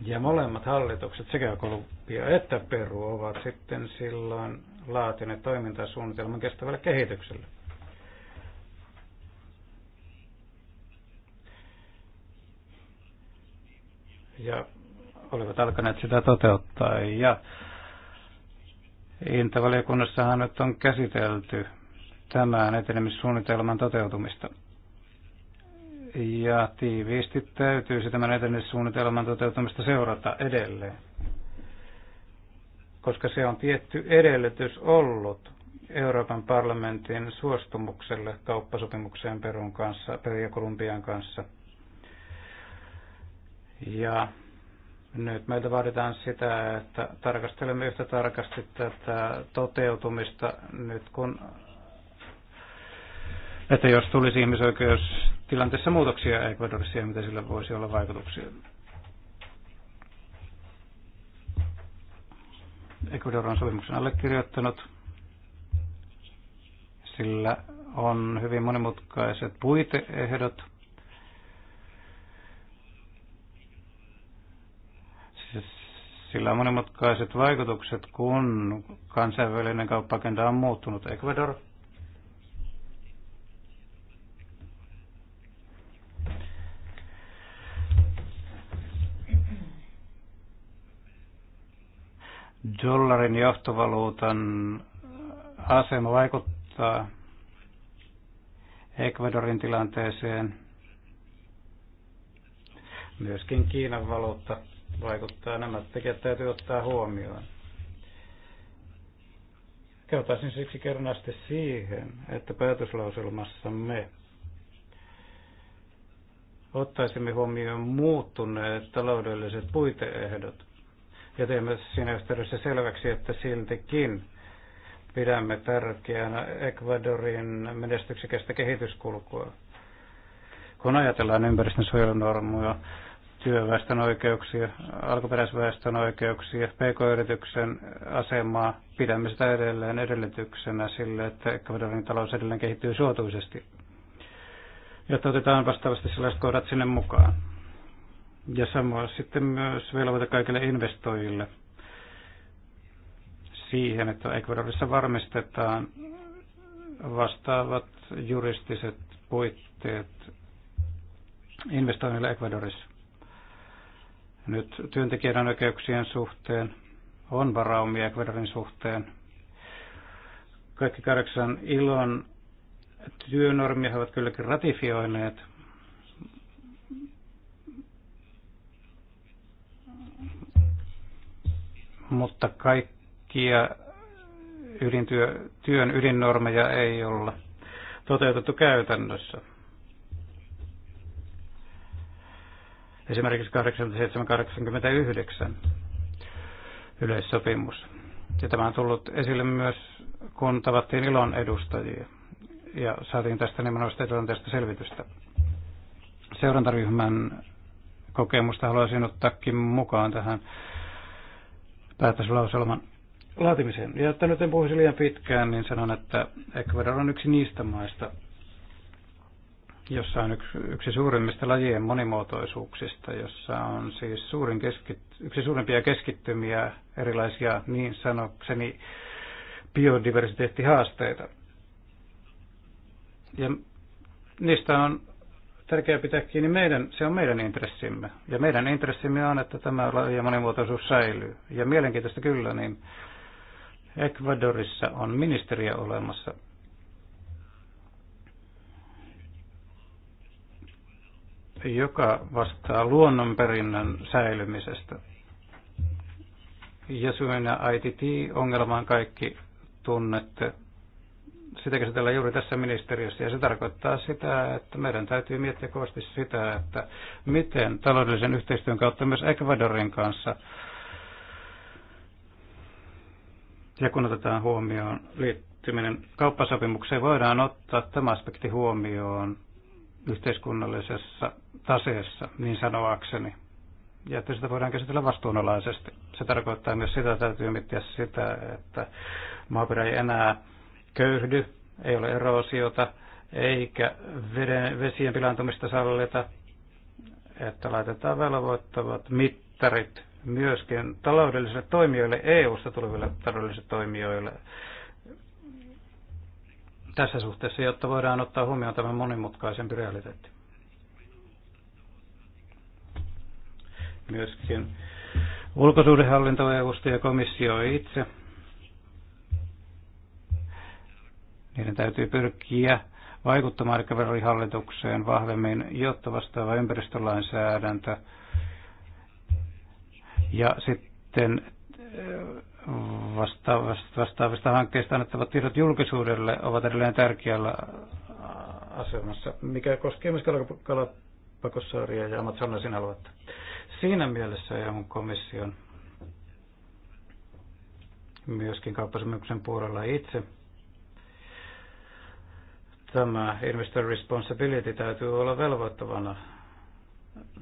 Ja molemmat hallitukset, sekä Kolumbia että Peru, ovat sitten silloin laatineet toimintasuunnitelman kestävälle kehitykselle. Ja olivat alkaneet sitä toteuttaa. Ja Intavaliokunnassahan nyt on käsitelty tämän etenemissuunnitelman toteutumista. Ja tiiviisti se tämän etenemissuunnitelman toteutumista seurata edelleen, koska se on tietty edellytys ollut Euroopan parlamentin suostumukselle kauppasopimukseen Perun kanssa, Peru ja Kolumbian kanssa. Ja nyt meiltä vaaditaan sitä, että tarkastelemme yhtä tarkasti tätä toteutumista nyt kun, että jos tulisi ihmisoikeustilanteessa muutoksia Ecuadorissa ja mitä sillä voisi olla vaikutuksia. Ecuador on sopimuksen allekirjoittanut. Sillä on hyvin monimutkaiset puiteehdot – Sillä on monimutkaiset vaikutukset, kun kansainvälinen kauppagenda on muuttunut. Ecuador dollarin johtovaluutan asema vaikuttaa Ecuadorin tilanteeseen. Myöskin Kiinan valuutta vaikuttaa. Nämä tekijät täytyy ottaa huomioon. Kehotaisin siksi siis asti siihen, että päätöslauselmassamme ottaisimme huomioon muuttuneet taloudelliset puiteehdot ja teemme siinä yhteydessä selväksi, että siltikin pidämme tärkeänä Ecuadorin menestyksekästä kehityskulkua. Kun ajatellaan suojelunormuja, työväestön oikeuksia, alkuperäisväestön oikeuksia, pk-yrityksen asemaa. Pidämme sitä edelleen edellytyksenä sille, että Ecuadorin talous edelleen kehittyy suotuisesti. Jotta otetaan vastaavasti sellaiset kohdat sinne mukaan. Ja samoin sitten myös velvoite kaikille investoijille siihen, että Ecuadorissa varmistetaan vastaavat juristiset puitteet investoinnille Ecuadorissa nyt työntekijän oikeuksien suhteen, on varaumia Ecuadorin suhteen. Kaikki kahdeksan ilon työnormia he ovat kylläkin ratifioineet, mutta kaikkia ydintyö, työn ydinnormeja ei olla toteutettu käytännössä. esimerkiksi 87-89 yleissopimus. Ja tämä on tullut esille myös, kun tavattiin ilon edustajia ja saatiin tästä nimenomaan tilanteesta selvitystä. Seurantaryhmän kokemusta haluaisin ottaakin mukaan tähän päätöslauselman laatimiseen. Ja että nyt en puhuisi liian pitkään, niin sanon, että Ecuador on yksi niistä maista, jossa on yksi, yksi suurimmista lajien monimuotoisuuksista, jossa on siis suurin keskit, yksi suurimpia keskittymiä erilaisia niin sanokseni biodiversiteettihaasteita. Ja niistä on tärkeää pitää kiinni meidän, se on meidän intressimme. Ja meidän intressimme on, että tämä laji monimuotoisuus säilyy. Ja mielenkiintoista kyllä, niin Ecuadorissa on ministeriä olemassa, joka vastaa luonnonperinnön säilymisestä. Jesuin ja ITT-ongelmaan kaikki tunnette. Sitä käsitellään juuri tässä ministeriössä ja se tarkoittaa sitä, että meidän täytyy miettiä kovasti sitä, että miten taloudellisen yhteistyön kautta myös Ecuadorin kanssa ja kun otetaan huomioon liittyminen kauppasopimukseen, voidaan ottaa tämä aspekti huomioon yhteiskunnallisessa taseessa, niin sanoakseni, ja että sitä voidaan käsitellä vastuunalaisesti. Se tarkoittaa myös sitä, että täytyy miettiä sitä, että maaperä ei enää köyhdy, ei ole eroosiota, eikä veden, vesien pilaantumista sallita, että laitetaan velvoittavat mittarit myöskin taloudellisille toimijoille, EU-sta tuleville taloudellisille toimijoille tässä suhteessa, jotta voidaan ottaa huomioon tämä monimutkaisempi realiteetti. myöskin ulkosuudenhallinto EU-sta ja komissio itse. Niiden täytyy pyrkiä vaikuttamaan rikkaverolihallitukseen vahvemmin, jotta vastaava ympäristölainsäädäntö ja sitten eh, vastaavista, vastaavista hankkeista annettavat tiedot julkisuudelle ovat edelleen tärkeällä asemassa, mikä koskee myös Kalapakossaaria ja Amazonasin aluetta. Siinä mielessä EU-komission myöskin kauppasopimuksen puolella itse tämä investor responsibility täytyy olla velvoittavana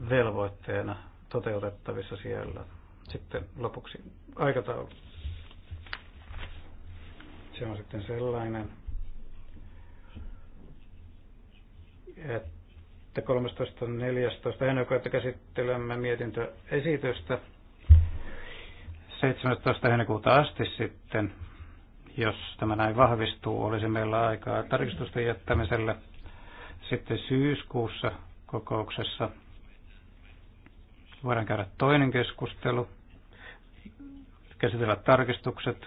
velvoitteena toteutettavissa siellä. Sitten lopuksi aikataulu. Se on sitten sellainen, että 13.14. heinäkuuta käsittelemme mietintöesitystä 17. heinäkuuta asti sitten. Jos tämä näin vahvistuu, olisi meillä aikaa tarkistusten jättämiselle sitten syyskuussa kokouksessa. Voidaan käydä toinen keskustelu, käsitellä tarkistukset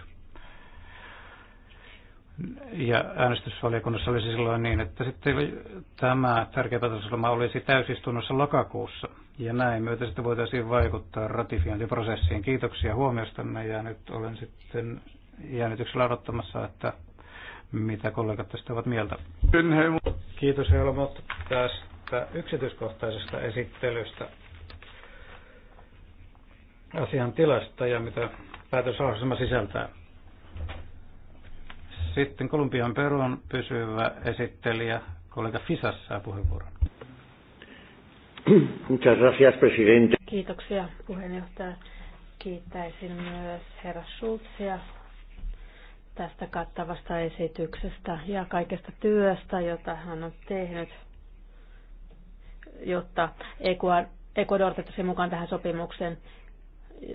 ja äänestysvaliokunnassa olisi silloin niin, että sitten tämä tärkeä päätösloma olisi täysistunnossa lokakuussa. Ja näin myötä sitten voitaisiin vaikuttaa ratifiointiprosessiin. Kiitoksia huomiostanne ja nyt olen sitten jännityksellä odottamassa, että mitä kollegat tästä ovat mieltä. Kiitos Helmo tästä yksityiskohtaisesta esittelystä asian tilasta ja mitä päätösohjelma sisältää. Sitten Kolumbian Perun pysyvä esittelijä, kollega Fisas saa puheenvuoron. Muchas gracias, presidente. Kiitoksia puheenjohtaja. Kiittäisin myös herra Schulzia tästä kattavasta esityksestä ja kaikesta työstä, jota hän on tehnyt, jotta Ecuador otettaisi mukaan tähän sopimukseen.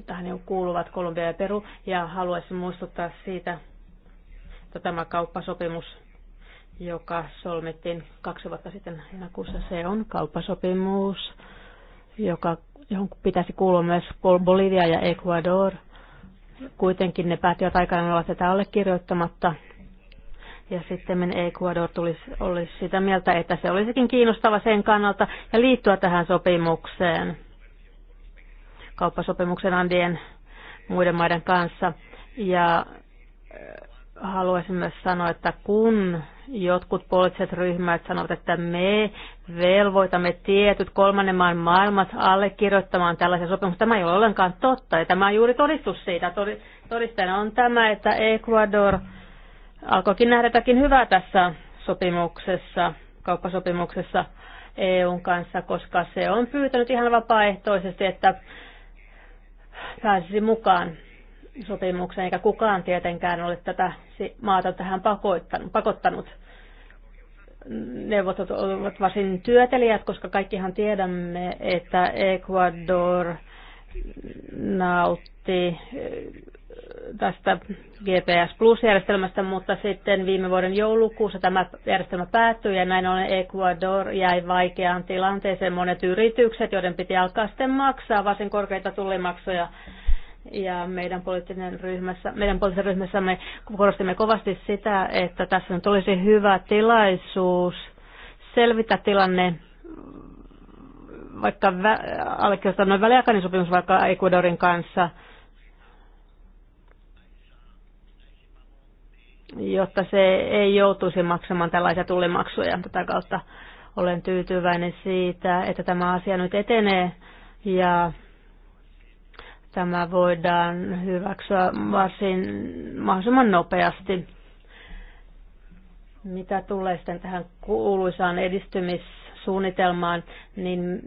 Tähän kuuluvat Kolumbia ja Peru, ja haluaisin muistuttaa siitä, tämä kauppasopimus, joka solmittiin kaksi vuotta sitten heinäkuussa, se on kauppasopimus, joka, johon pitäisi kuulua myös Bolivia ja Ecuador. Kuitenkin ne päättivät aikanaan olla tätä allekirjoittamatta. Ja sitten Ecuador tulisi, olisi sitä mieltä, että se olisikin kiinnostava sen kannalta ja liittyä tähän sopimukseen, kauppasopimuksen Andien muiden maiden kanssa. Ja haluaisin myös sanoa, että kun jotkut poliittiset ryhmät sanovat, että me velvoitamme tietyt kolmannen maan maailmat allekirjoittamaan tällaisia sopimuksia, tämä ei ole ollenkaan totta. Ja tämä on juuri todistus siitä. Todisteena on tämä, että Ecuador alkoikin nähdä jotakin hyvää tässä sopimuksessa, kauppasopimuksessa EUn kanssa, koska se on pyytänyt ihan vapaaehtoisesti, että pääsisi mukaan sopimukseen, eikä kukaan tietenkään ole tätä maata tähän pakottanut. pakottanut. Neuvottelut ovat varsin työtelijät, koska kaikkihan tiedämme, että Ecuador nautti eh, tästä GPS Plus-järjestelmästä, mutta sitten viime vuoden joulukuussa tämä järjestelmä päättyi ja näin ollen Ecuador jäi vaikeaan tilanteeseen. Monet yritykset, joiden piti alkaa sitten maksaa varsin korkeita tullimaksuja ja meidän poliittinen ryhmässä, meidän poliittisessa me korostimme kovasti sitä, että tässä nyt olisi hyvä tilaisuus selvitä tilanne vaikka vä- allekirjoittaa noin väliaikainen sopimus vaikka Ecuadorin kanssa, jotta se ei joutuisi maksamaan tällaisia tullimaksuja. Tätä kautta olen tyytyväinen siitä, että tämä asia nyt etenee ja tämä voidaan hyväksyä varsin mahdollisimman nopeasti. Mitä tulee sitten tähän kuuluisaan edistymissuunnitelmaan, niin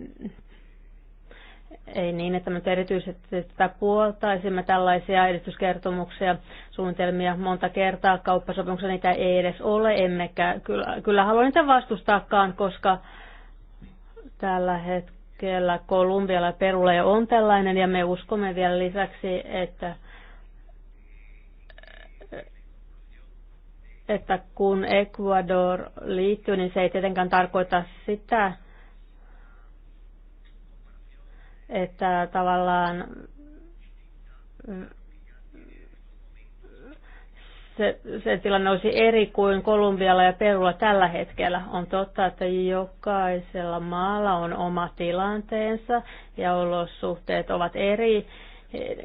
ei niin, että me erityisesti tätä puoltaisimme tällaisia edistyskertomuksia, suunnitelmia monta kertaa. Kauppasopimuksessa niitä ei edes ole, emmekä kyllä, kyllä halua niitä vastustaakaan, koska tällä hetkellä hetkellä Kolumbialla ja Perulla jo on tällainen, ja me uskomme vielä lisäksi, että, että kun Ecuador liittyy, niin se ei tietenkään tarkoita sitä, että tavallaan se, se tilanne olisi eri kuin Kolumbialla ja Perulla tällä hetkellä. On totta, että jokaisella maalla on oma tilanteensa ja olosuhteet ovat eri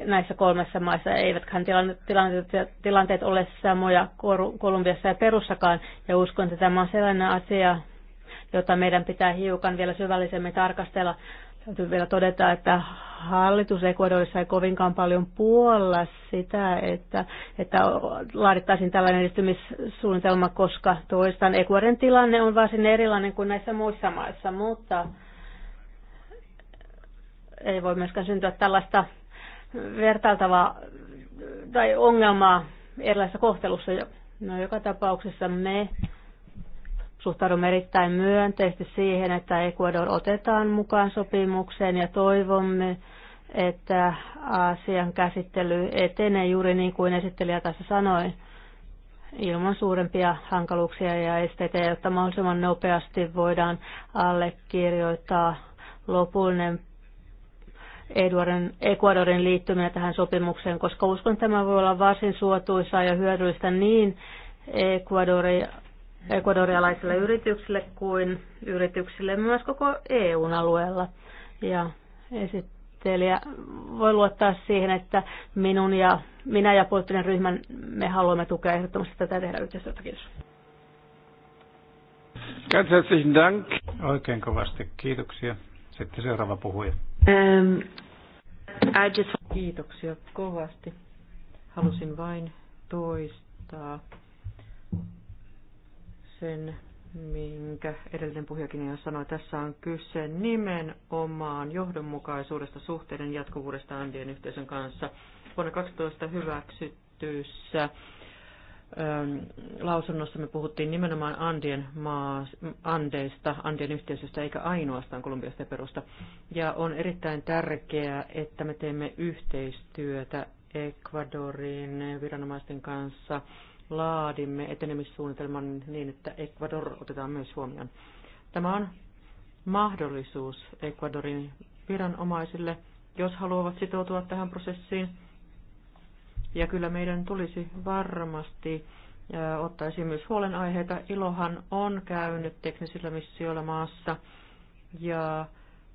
näissä kolmessa maissa, eiväthän tilanteet, tilanteet ole samoja Kolumbiassa ja Perussakaan. Ja uskon, että tämä on sellainen asia, jota meidän pitää hiukan vielä syvällisemmin tarkastella Täytyy vielä todeta, että hallitus Ecuadorissa ei kovinkaan paljon puolla sitä, että, että laadittaisiin tällainen edistymissuunnitelma, koska toistan Ecuadorin tilanne on varsin erilainen kuin näissä muissa maissa, mutta ei voi myöskään syntyä tällaista vertailtavaa tai ongelmaa erilaisessa kohtelussa. No, joka tapauksessa me Suhtaudumme erittäin myönteisesti siihen, että Ecuador otetaan mukaan sopimukseen ja toivomme, että asian käsittely etenee juuri niin kuin esittelijä tässä sanoi, ilman suurempia hankaluuksia ja esteitä, jotta mahdollisimman nopeasti voidaan allekirjoittaa lopullinen Eduarin, Ecuadorin liittyminen tähän sopimukseen, koska uskon, että tämä voi olla varsin suotuisaa ja hyödyllistä niin Ecuadorin ekodorialaisille yrityksille kuin yrityksille myös koko eu alueella. Ja esittelijä voi luottaa siihen, että minun ja, minä ja poliittinen ryhmän me haluamme tukea ehdottomasti tätä tehdä yhteistyötä. Kiitos. Ganz herzlichen Dank. Oikein kovasti. Kiitoksia. Sitten seuraava puhuja. Um, I just... Kiitoksia kovasti. Halusin vain toistaa sen, minkä edellinen puhujakin jo sanoi. Tässä on kyse nimenomaan johdonmukaisuudesta suhteiden jatkuvuudesta Andien yhteisön kanssa. Vuonna 12 hyväksyttyssä ähm, lausunnossa me puhuttiin nimenomaan Andien maa, Andeista, Andien yhteisöstä, eikä ainoastaan Kolumbiasta ja Perusta. Ja on erittäin tärkeää, että me teemme yhteistyötä Ecuadorin viranomaisten kanssa, laadimme etenemissuunnitelman niin, että Ecuador otetaan myös huomioon. Tämä on mahdollisuus Ecuadorin viranomaisille, jos haluavat sitoutua tähän prosessiin. Ja kyllä meidän tulisi varmasti ottaa esiin myös huolenaiheita. Ilohan on käynyt teknisillä missioilla maassa ja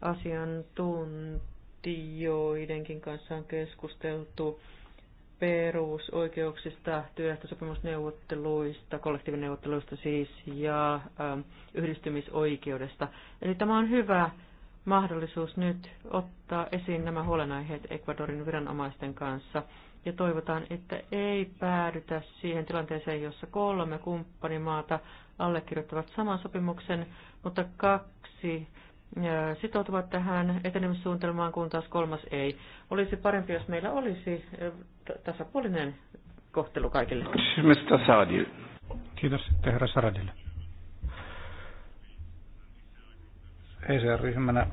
asiantuntijoidenkin kanssa on keskusteltu perusoikeuksista, työehtosopimusneuvotteluista, kollektiivineuvotteluista siis ja ähm, yhdistymisoikeudesta. Eli tämä on hyvä mahdollisuus nyt ottaa esiin nämä huolenaiheet Ecuadorin viranomaisten kanssa ja toivotaan, että ei päädytä siihen tilanteeseen, jossa kolme kumppanimaata allekirjoittavat saman sopimuksen, mutta kaksi äh, sitoutuvat tähän etenemissuunnitelmaan, kun taas kolmas ei. Olisi parempi, jos meillä olisi äh, tasapuolinen kohtelu kaikille. Mr. Saadil. Kiitos sitten herra Saradille. ECR-ryhmänä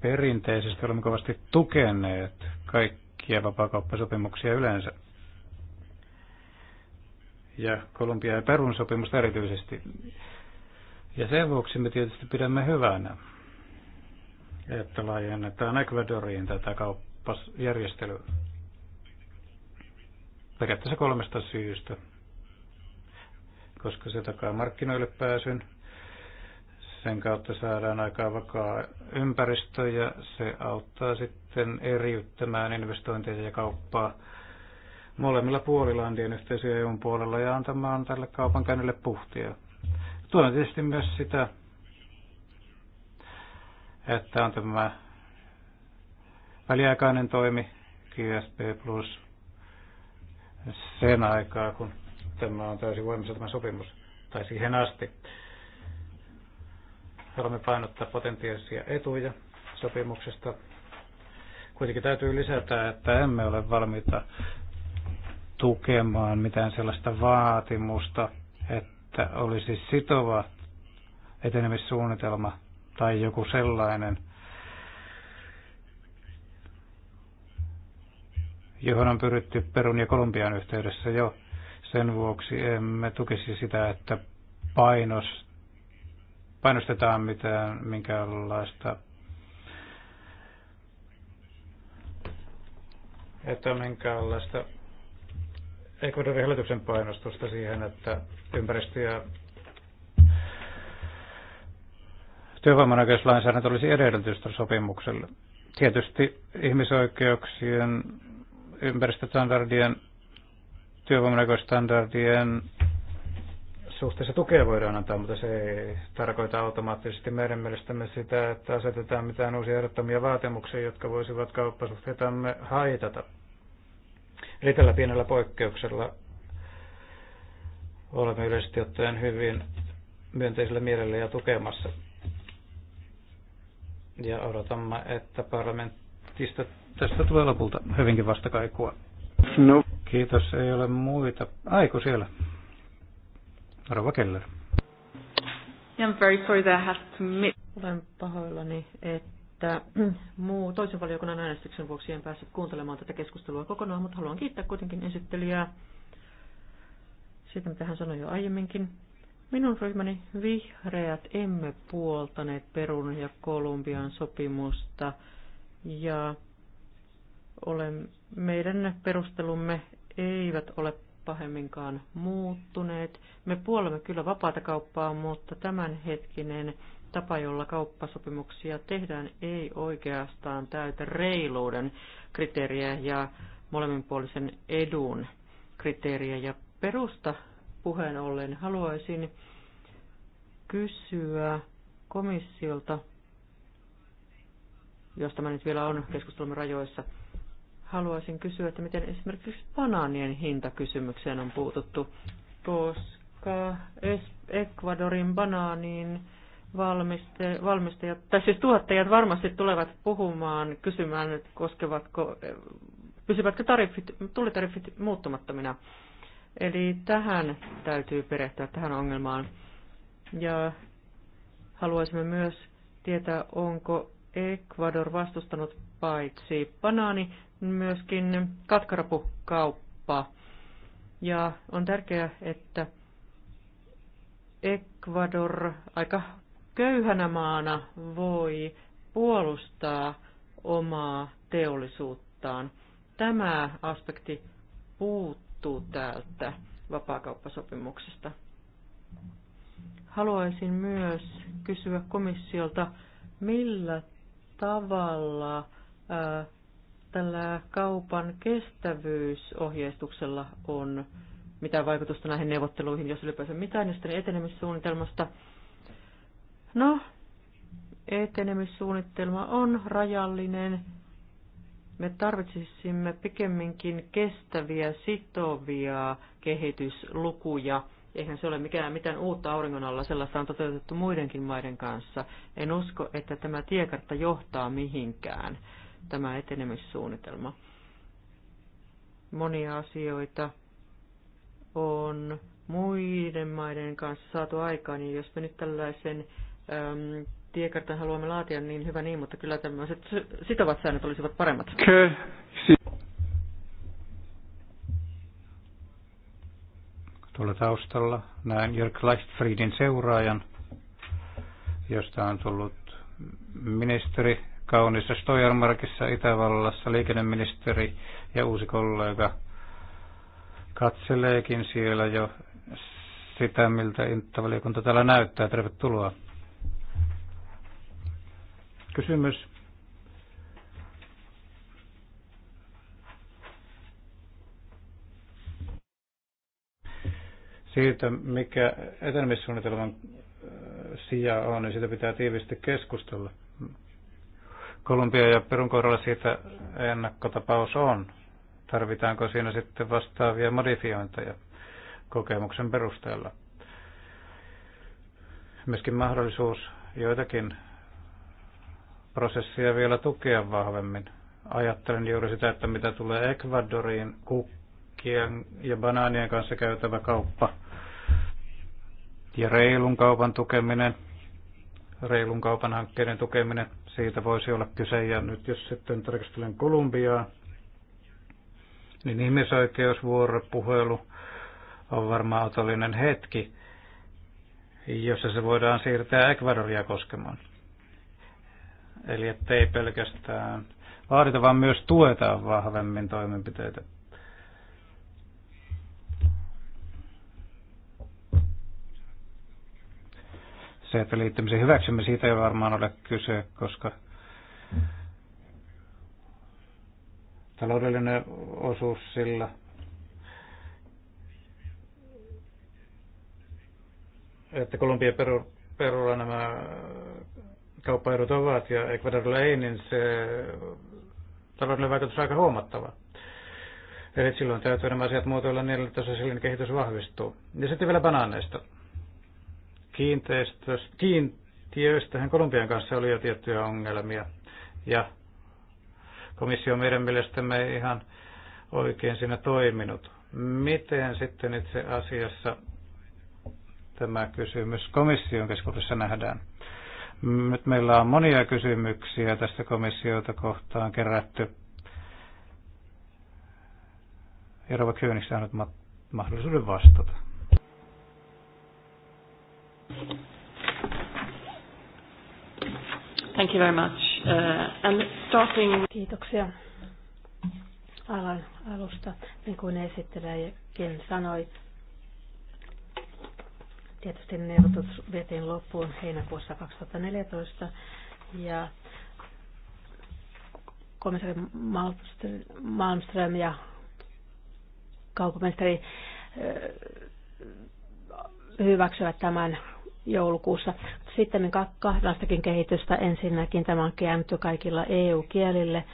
perinteisesti olemme kovasti tukeneet kaikkia vapaakauppasopimuksia yleensä. Ja Kolumbia ja Perun sopimusta erityisesti. Ja sen vuoksi me tietysti pidämme hyvänä, että laajennetaan Ecuadoriin tätä kauppajärjestelyä periaatteessa kolmesta syystä. Koska se takaa markkinoille pääsyn, sen kautta saadaan aika vakaa ympäristö ja se auttaa sitten eriyttämään investointeja ja kauppaa molemmilla puolilla Andien yhteisöjä EUn puolella ja antamaan tälle kaupankäynnille puhtia. on tietysti myös sitä, että on tämä väliaikainen toimi, QSP Plus, sen aikaa, kun tämä on täysin voimassa tämä sopimus, tai siihen asti. Haluamme painottaa potentiaalisia etuja sopimuksesta. Kuitenkin täytyy lisätä, että emme ole valmiita tukemaan mitään sellaista vaatimusta, että olisi sitova etenemissuunnitelma tai joku sellainen – johon on pyritty Perun ja Kolumbian yhteydessä jo. Sen vuoksi emme tukisi sitä, että painos, painostetaan mitään minkäänlaista että minkäänlaista Ecuadorin hallituksen painostusta siihen, että ympäristö- ja työvoiman olisi edellytystä sopimukselle. Tietysti ihmisoikeuksien ympäristöstandardien, työvoimanäköstandardien suhteessa tukea voidaan antaa, mutta se ei tarkoita automaattisesti meidän mielestämme sitä, että asetetaan mitään uusia ehdottomia vaatimuksia, jotka voisivat kauppasuhteitamme haitata. Eli tällä pienellä poikkeuksella olemme yleisesti ottaen hyvin myönteisellä mielellä ja tukemassa. Ja odotamme, että parlamentista Tästä tulee lopulta hyvinkin vastakaikua. No. Kiitos, ei ole muita. Aiku siellä. Rova Keller. I'm very sorry that I have to miss. Olen pahoillani, että muu toisen valiokunnan äänestyksen vuoksi en päässyt kuuntelemaan tätä keskustelua kokonaan, mutta haluan kiittää kuitenkin esittelijää siitä, mitä hän sanoi jo aiemminkin. Minun ryhmäni vihreät emme puoltaneet Perun ja Kolumbian sopimusta ja ole, meidän perustelumme eivät ole pahemminkaan muuttuneet. Me puolemme kyllä vapaata kauppaa, mutta tämänhetkinen tapa, jolla kauppasopimuksia tehdään, ei oikeastaan täytä reiluuden kriteeriä ja molemminpuolisen edun kriteeriä. Ja perusta puheen ollen haluaisin kysyä komissiolta, jos tämä nyt vielä on keskustelun rajoissa, haluaisin kysyä, että miten esimerkiksi banaanien hintakysymykseen on puututtu, koska Ecuadorin banaanin valmiste, valmistajat, tai siis tuottajat varmasti tulevat puhumaan, kysymään, että koskevatko, pysyvätkö tariffit, tulitariffit muuttumattomina. Eli tähän täytyy perehtyä, tähän ongelmaan. Ja haluaisimme myös tietää, onko Ecuador vastustanut paitsi banaani, myöskin katkarapukauppa. Ja on tärkeää, että Ecuador aika köyhänä maana voi puolustaa omaa teollisuuttaan. Tämä aspekti puuttuu täältä vapaakauppasopimuksesta. Haluaisin myös kysyä komissiolta, millä tavalla tällä kaupan kestävyysohjeistuksella on mitään vaikutusta näihin neuvotteluihin, jos ylipäänsä mitään, ja sitten etenemissuunnitelmasta. No, etenemissuunnitelma on rajallinen. Me tarvitsisimme pikemminkin kestäviä, sitovia kehityslukuja. Eihän se ole mikään mitään uutta auringon alla, sellaista on toteutettu muidenkin maiden kanssa. En usko, että tämä tiekartta johtaa mihinkään tämä etenemissuunnitelma. Monia asioita on muiden maiden kanssa saatu aikaan, niin jos me nyt tällaisen äm, tiekartan haluamme laatia, niin hyvä niin, mutta kyllä tämmöiset sitovat säännöt olisivat paremmat. Tuolla taustalla näen Jörg Leichtfriedin seuraajan, josta on tullut ministeri kaunissa Stojarmarkissa Itävallassa liikenneministeri ja uusi kollega katseleekin siellä jo sitä, miltä intavaliokunta täällä näyttää. Tervetuloa. Kysymys. Siitä, mikä etenemissuunnitelman sija on, niin siitä pitää tiivisti keskustella. Kolumbia ja Perun kohdalla siitä ennakkotapaus on. Tarvitaanko siinä sitten vastaavia modifiointeja kokemuksen perusteella? Myöskin mahdollisuus joitakin prosessia vielä tukea vahvemmin. Ajattelen juuri sitä, että mitä tulee Ecuadoriin, kukkien ja banaanien kanssa käytävä kauppa ja reilun kaupan tukeminen, reilun kaupan hankkeiden tukeminen – siitä voisi olla kyse. Ja nyt jos sitten tarkastelen Kolumbiaa, niin ihmisoikeusvuoropuhelu on varmaan otollinen hetki, jossa se voidaan siirtää Ecuadoria koskemaan. Eli ettei pelkästään vaadita, vaan myös tuetaan vahvemmin toimenpiteitä. se, että liittymisen hyväksymme, siitä ei varmaan ole kyse, koska taloudellinen osuus sillä että Kolumbia Peru, Perulla nämä kauppaedut ovat ja Ecuadorilla ei, niin se taloudellinen vaikutus on aika huomattava. Eli silloin täytyy nämä asiat muotoilla niin, että sosiaalinen kehitys vahvistuu. Ja sitten vielä banaaneista kiintiöistähän Kolumbian kanssa oli jo tiettyjä ongelmia. Ja komissio meidän mielestämme ihan oikein siinä toiminut. Miten sitten itse asiassa tämä kysymys komission keskuudessa nähdään? Nyt meillä on monia kysymyksiä tästä komissiota kohtaan kerätty. Jarva kyönissä, on nyt mahdollisuuden vastata. Thank you very much. Uh, and starting... Kiitoksia alan alusta, niin kuin esittelijäkin sanoi. Tietysti neuvotus vietiin loppuun heinäkuussa 2014 ja komissari Malmström ja kaupunkiministeri hyväksyvät tämän joulukuussa. Sitten kahdellastakin kehitystä ensinnäkin tämä on käännetty kaikilla EU-kielille.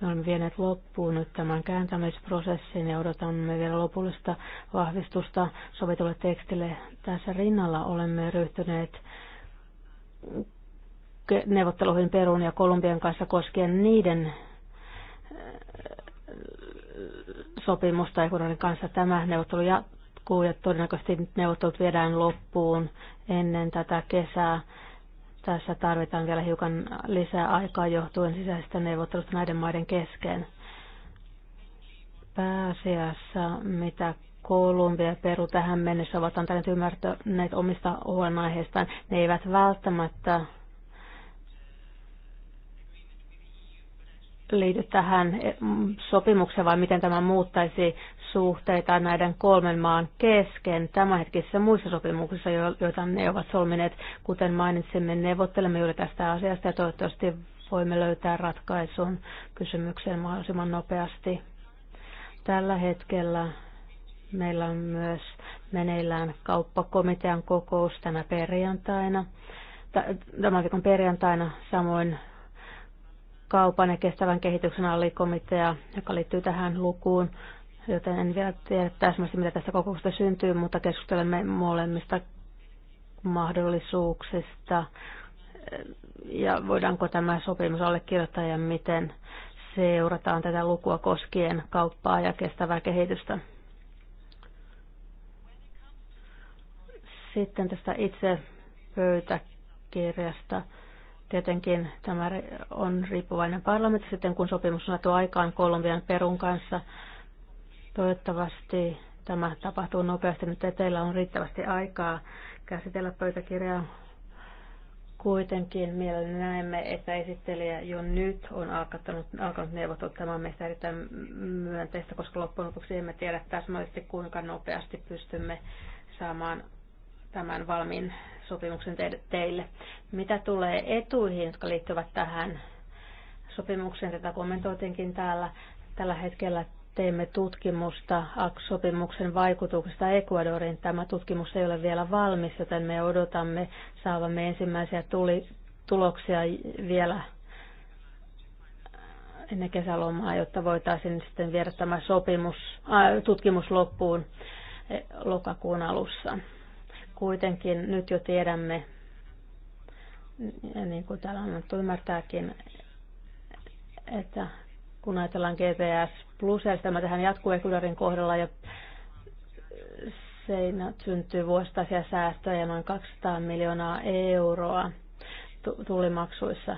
Me olemme vieneet loppuun nyt tämän kääntämisprosessin ja odotamme vielä lopullista vahvistusta sovitulle tekstille. Tässä rinnalla olemme ryhtyneet neuvotteluihin Perun ja Kolumbian kanssa koskien niiden eh, sopimusta Ecuadorin kanssa. Tämä neuvottelu jatkuu ja todennäköisesti neuvottelut viedään loppuun ennen tätä kesää. Tässä tarvitaan vielä hiukan lisää aikaa johtuen sisäisestä neuvottelusta näiden maiden kesken. Pääasiassa, mitä Kolumbia ja Peru tähän mennessä ovat antaneet ymmärtäneet omista huolenaiheistaan, ne eivät välttämättä liity tähän eh, mm, sopimukseen vai miten tämä muuttaisi suhteita näiden kolmen maan kesken tämänhetkisissä muissa sopimuksissa, joita ne ovat solmineet. Kuten mainitsimme, neuvottelemme juuri tästä asiasta ja toivottavasti voimme löytää ratkaisun kysymykseen mahdollisimman nopeasti. Tällä hetkellä meillä on myös meneillään kauppakomitean kokous tänä perjantaina, tämän viikon perjantaina, samoin kaupan ja kestävän kehityksen allikomitea, joka liittyy tähän lukuun. Joten en vielä tiedä täsmästi, mitä tästä kokouksesta syntyy, mutta keskustelemme molemmista mahdollisuuksista ja voidaanko tämä sopimus allekirjoittaa ja miten seurataan tätä lukua koskien kauppaa ja kestävää kehitystä. Sitten tästä itse pöytäkirjasta. Tietenkin tämä on riippuvainen parlamentti sitten, kun sopimus on saatu aikaan Kolumbian Perun kanssa. Toivottavasti tämä tapahtuu nopeasti, mutta teillä on riittävästi aikaa käsitellä pöytäkirjaa. Kuitenkin mielelläni näemme, että esittelijä jo nyt on alkanut, alkanut neuvotella. Tämä on meistä erittäin myönteistä, koska loppujen lopuksi emme tiedä täsmällisesti, kuinka nopeasti pystymme saamaan tämän valmiin sopimuksen teille. Mitä tulee etuihin, jotka liittyvät tähän sopimukseen, tätä kommentoitinkin täällä. Tällä hetkellä teemme tutkimusta sopimuksen vaikutuksesta Ecuadorin. Tämä tutkimus ei ole vielä valmis, joten me odotamme saavamme ensimmäisiä tuli, tuloksia vielä ennen kesälomaa, jotta voitaisiin sitten viedä tämä sopimus, äh, tutkimus loppuun eh, lokakuun alussa. Kuitenkin nyt jo tiedämme, niin kuin täällä on annettu ymmärtääkin, että kun ajatellaan GPS Plus-järjestelmä tähän jatkuu Ecuadorin kohdalla ja seinä syntyy vuosittaisia säästöjä noin 200 miljoonaa euroa tullimaksuissa.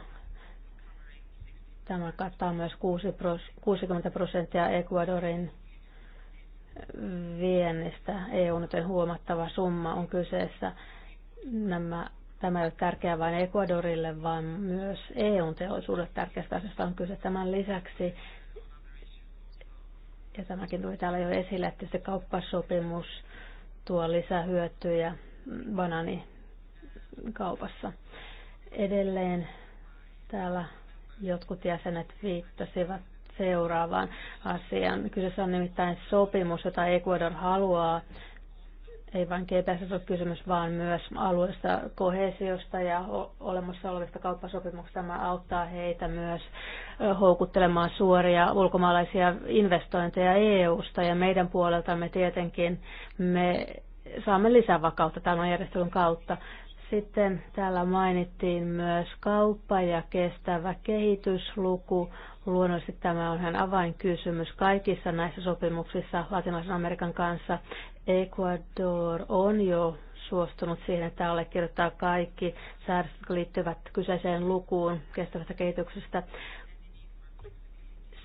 Tämä kattaa myös 60 prosenttia Ecuadorin viennistä EU nyt on huomattava summa on kyseessä. Nämä, tämä ei ole tärkeää vain Ecuadorille, vaan myös EUn teollisuudelle tärkeästä asiasta on kyse tämän lisäksi. Ja tämäkin tuli täällä jo esille, että se kauppasopimus tuo lisähyötyjä banani kaupassa. Edelleen täällä jotkut jäsenet viittasivat seuraavaan asiaan. Kyseessä on nimittäin sopimus, jota Ecuador haluaa. Ei vain GPS ole kysymys, vaan myös alueesta kohesiosta ja olemassa olevista kauppasopimuksista. Tämä auttaa heitä myös houkuttelemaan suoria ulkomaalaisia investointeja EU-sta ja meidän puoleltamme tietenkin me saamme lisävakautta tämän järjestelyn kautta. Sitten täällä mainittiin myös kauppa ja kestävä kehitysluku. Luonnollisesti tämä on ihan avainkysymys kaikissa näissä sopimuksissa Latinalaisen Amerikan kanssa. Ecuador on jo suostunut siihen, että allekirjoittaa kaikki säädökset, jotka liittyvät kyseiseen lukuun kestävästä kehityksestä.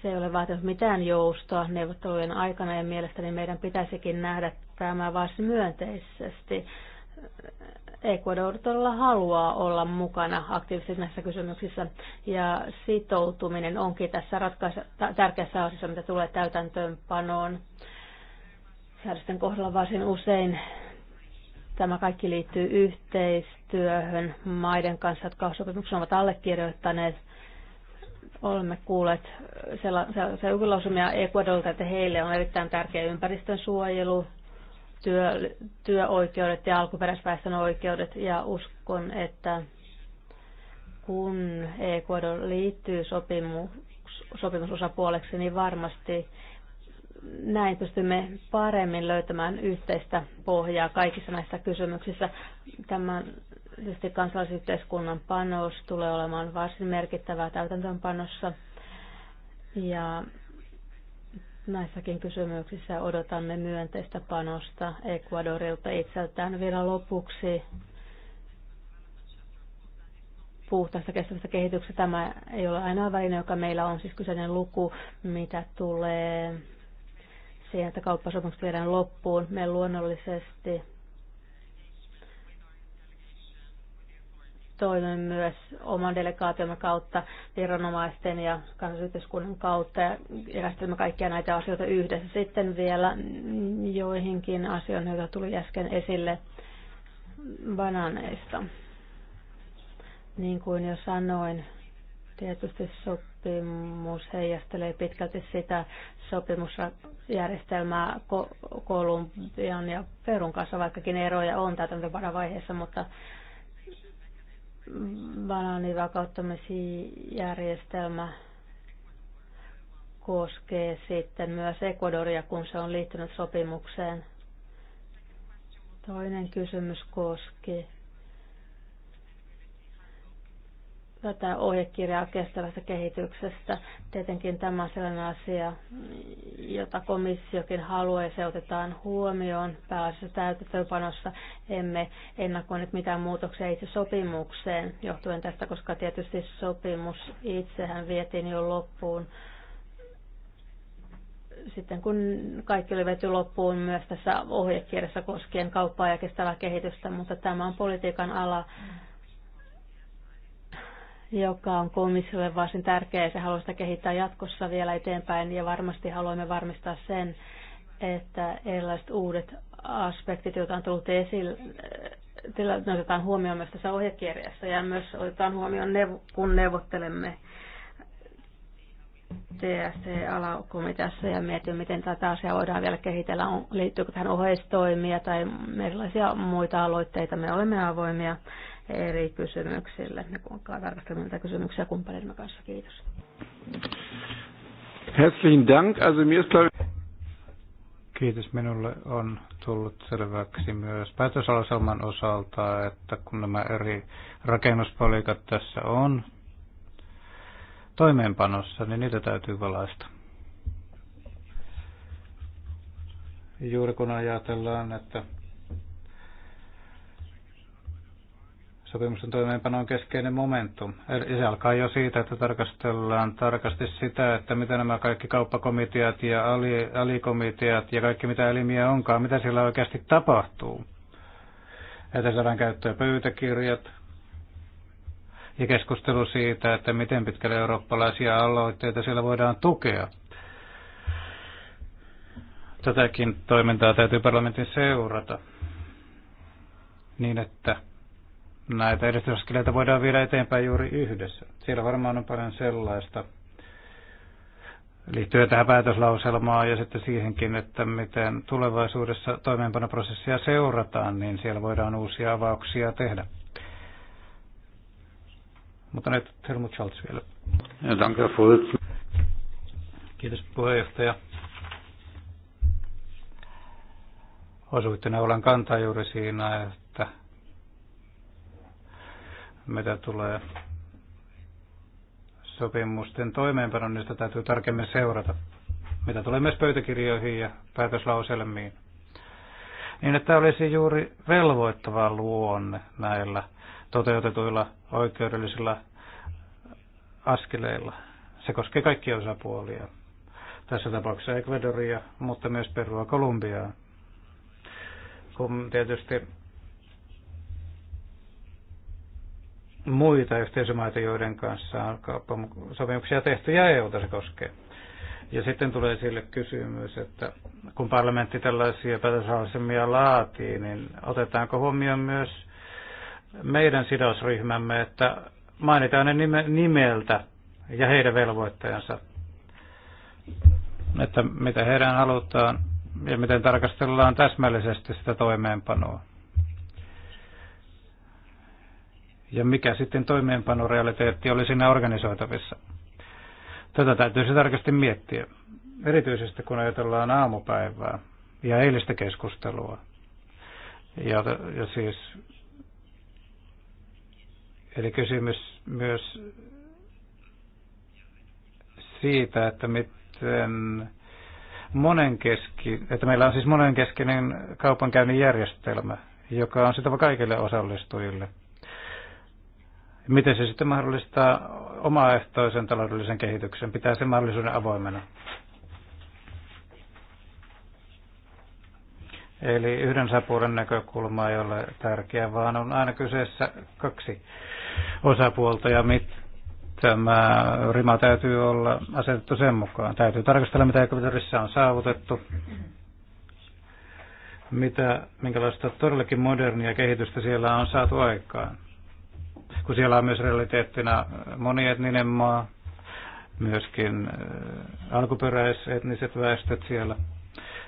Se ei ole vaatinut mitään joustoa neuvottelujen aikana ja mielestäni meidän pitäisikin nähdä tämä varsin myönteisesti Ecuador todella haluaa olla mukana aktiivisesti näissä kysymyksissä ja sitoutuminen onkin tässä ratkaisa, tärkeässä osassa, mitä tulee täytäntöönpanoon. Säädösten kohdalla varsin usein tämä kaikki liittyy yhteistyöhön maiden kanssa, jotka sopimuksen ovat allekirjoittaneet. Olemme kuulleet sellaisia lausumia Ecuadorilta, että heille on erittäin tärkeä ympäristön suojelu, työ, työoikeudet ja alkuperäisväestön oikeudet ja uskon, että kun Ecuador liittyy sopimus, sopimusosapuoleksi, niin varmasti näin pystymme paremmin löytämään yhteistä pohjaa kaikissa näissä kysymyksissä. Tämän tietysti kansalaisyhteiskunnan panos tulee olemaan varsin merkittävää täytäntöönpanossa. Ja Näissäkin kysymyksissä odotamme myönteistä panosta Ecuadorilta itseltään. Vielä lopuksi puhtaasta kestävästä kehityksestä. Tämä ei ole ainoa väline, joka meillä on siis kyseinen luku, mitä tulee siihen, että kauppasopimukset viedään loppuun. Me luonnollisesti toimin myös oman delegaatiomme kautta, viranomaisten ja kansallisyhteiskunnan kautta ja järjestelmä kaikkia näitä asioita yhdessä. Sitten vielä joihinkin asioihin, joita tuli äsken esille bananeista. Niin kuin jo sanoin, tietysti sopimus heijastelee pitkälti sitä sopimusjärjestelmää Kolumbian ja Perun kanssa, vaikkakin eroja on täytäntöpanovaiheessa, mutta banaanivakauttamisjärjestelmä koskee sitten myös Ecuadoria, kun se on liittynyt sopimukseen. Toinen kysymys koski tätä ohjekirjaa kestävästä kehityksestä. Tietenkin tämä on sellainen asia, jota komissiokin haluaa ja se otetaan huomioon pääasiassa täytäntöönpanossa. Emme ennakoineet mitään muutoksia itse sopimukseen johtuen tästä, koska tietysti sopimus itsehän vietiin jo loppuun sitten kun kaikki oli vety loppuun myös tässä ohjekirjassa koskien kauppaa ja kestävää kehitystä, mutta tämä on politiikan ala, mm joka on komissiolle varsin tärkeä ja se haluaa sitä kehittää jatkossa vielä eteenpäin ja varmasti haluamme varmistaa sen, että erilaiset uudet aspektit, joita on tullut esille, ne otetaan huomioon myös tässä ohjekirjassa ja myös otetaan huomioon, kun neuvottelemme TSC-alakomiteassa ja mietin, miten tätä asiaa voidaan vielä kehitellä, on, liittyykö tähän oheistoimia tai erilaisia muita aloitteita. Me olemme avoimia eri kysymyksille. Me tarkastelemme niitä kysymyksiä kumppaneidemme kanssa. Kiitos. Herzlichen Dank. Also mir ist klar... Kiitos. Minulle on tullut selväksi myös päätösalaselman osalta, että kun nämä eri rakennuspalikat tässä on toimeenpanossa, niin niitä täytyy valaista. Juuri kun ajatellaan, että Sopimuksen toimeenpano on keskeinen momentum. Se alkaa jo siitä, että tarkastellaan tarkasti sitä, että mitä nämä kaikki kauppakomiteat ja ali, alikomiteat ja kaikki mitä elimiä onkaan, mitä siellä oikeasti tapahtuu. Että saadaan käyttöön pöytäkirjat ja keskustelu siitä, että miten pitkälle eurooppalaisia aloitteita siellä voidaan tukea. Tätäkin toimintaa täytyy parlamentin seurata niin, että näitä edistysaskeleita voidaan viedä eteenpäin juuri yhdessä. Siellä varmaan on paljon sellaista liittyen tähän päätöslauselmaan ja sitten siihenkin, että miten tulevaisuudessa toimeenpanoprosessia seurataan, niin siellä voidaan uusia avauksia tehdä. Mutta nyt Helmut Schultz vielä. Kiitos puheenjohtaja. Osuitte neulan kantaa juuri siinä, että mitä tulee sopimusten toimeenpanon, sitä täytyy tarkemmin seurata, mitä tulee myös pöytäkirjoihin ja päätöslauselmiin. Niin, että olisi juuri velvoittava luonne näillä toteutetuilla oikeudellisilla askeleilla. Se koskee kaikkia osapuolia. Tässä tapauksessa Ecuadoria, mutta myös Perua Kolumbiaa. Kun tietysti muita yhteisömaita, joiden kanssa on kauppasopimuksia tehty ja EUta se koskee. Ja sitten tulee sille kysymys, että kun parlamentti tällaisia päätösasemia laatii, niin otetaanko huomioon myös meidän sidosryhmämme, että mainitaan ne nimeltä ja heidän velvoittajansa, että mitä heidän halutaan ja miten tarkastellaan täsmällisesti sitä toimeenpanoa. ja mikä sitten toimeenpanorealiteetti oli siinä organisoitavissa. Tätä täytyisi tarkasti miettiä, erityisesti kun ajatellaan aamupäivää ja eilistä keskustelua. Ja, ja siis, eli kysymys myös siitä, että miten monenkeski, että meillä on siis monenkeskinen kaupankäynnin järjestelmä, joka on sitä kaikille osallistujille – Miten se sitten mahdollistaa omaehtoisen taloudellisen kehityksen? Pitää se mahdollisuuden avoimena. Eli yhden sapuuden näkökulma ei ole tärkeä, vaan on aina kyseessä kaksi osapuolta ja mit, tämä rima täytyy olla asetettu sen mukaan. Täytyy tarkastella, mitä ekvatorissa on saavutettu, mitä, minkälaista todellakin modernia kehitystä siellä on saatu aikaan kun siellä on myös realiteettina monietninen maa, myöskin äh, alkuperäisetniset väestöt siellä,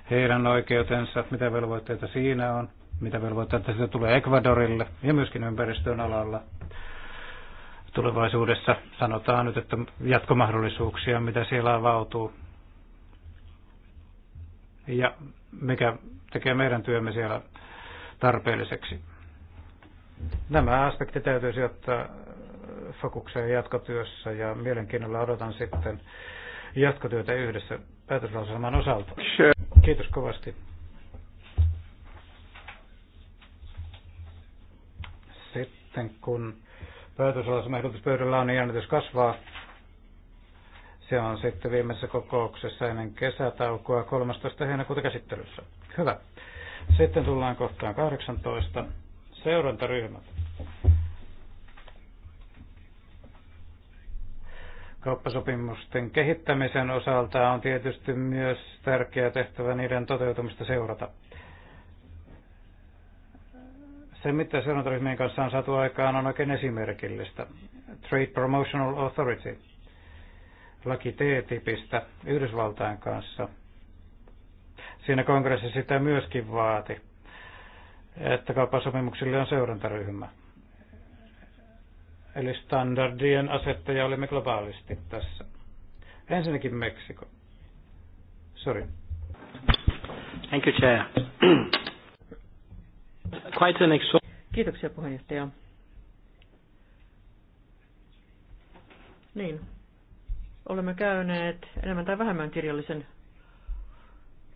heidän oikeutensa, mitä velvoitteita siinä on, mitä velvoitteita sitä tulee Ecuadorille ja myöskin ympäristön alalla tulevaisuudessa. Sanotaan nyt, että jatkomahdollisuuksia, mitä siellä avautuu. Ja mikä tekee meidän työmme siellä tarpeelliseksi. Nämä aspektit täytyisi ottaa äh, fokukseen jatkotyössä ja mielenkiinnolla odotan sitten jatkotyötä yhdessä päätöslauselman osalta. Kiitos kovasti. Sitten kun päätöslauselman ehdotus pöydällä on, niin jännitys kasvaa. Se on sitten viimeisessä kokouksessa ennen kesätaukoa 13. heinäkuuta käsittelyssä. Hyvä. Sitten tullaan kohtaan 18 seurantaryhmät. Kauppasopimusten kehittämisen osalta on tietysti myös tärkeä tehtävä niiden toteutumista seurata. Se, mitä seurantaryhmien kanssa on saatu aikaan, on oikein esimerkillistä. Trade Promotional Authority, laki T-tipistä Yhdysvaltain kanssa. Siinä kongressi sitä myöskin vaati että kauppasopimuksille on seurantaryhmä. Eli standardien asettaja olemme globaalisti tässä. Ensinnäkin Meksiko. Sorry. Thank you, Chair. Quite an ex- Kiitoksia puheenjohtaja. Niin. Olemme käyneet enemmän tai vähemmän kirjallisen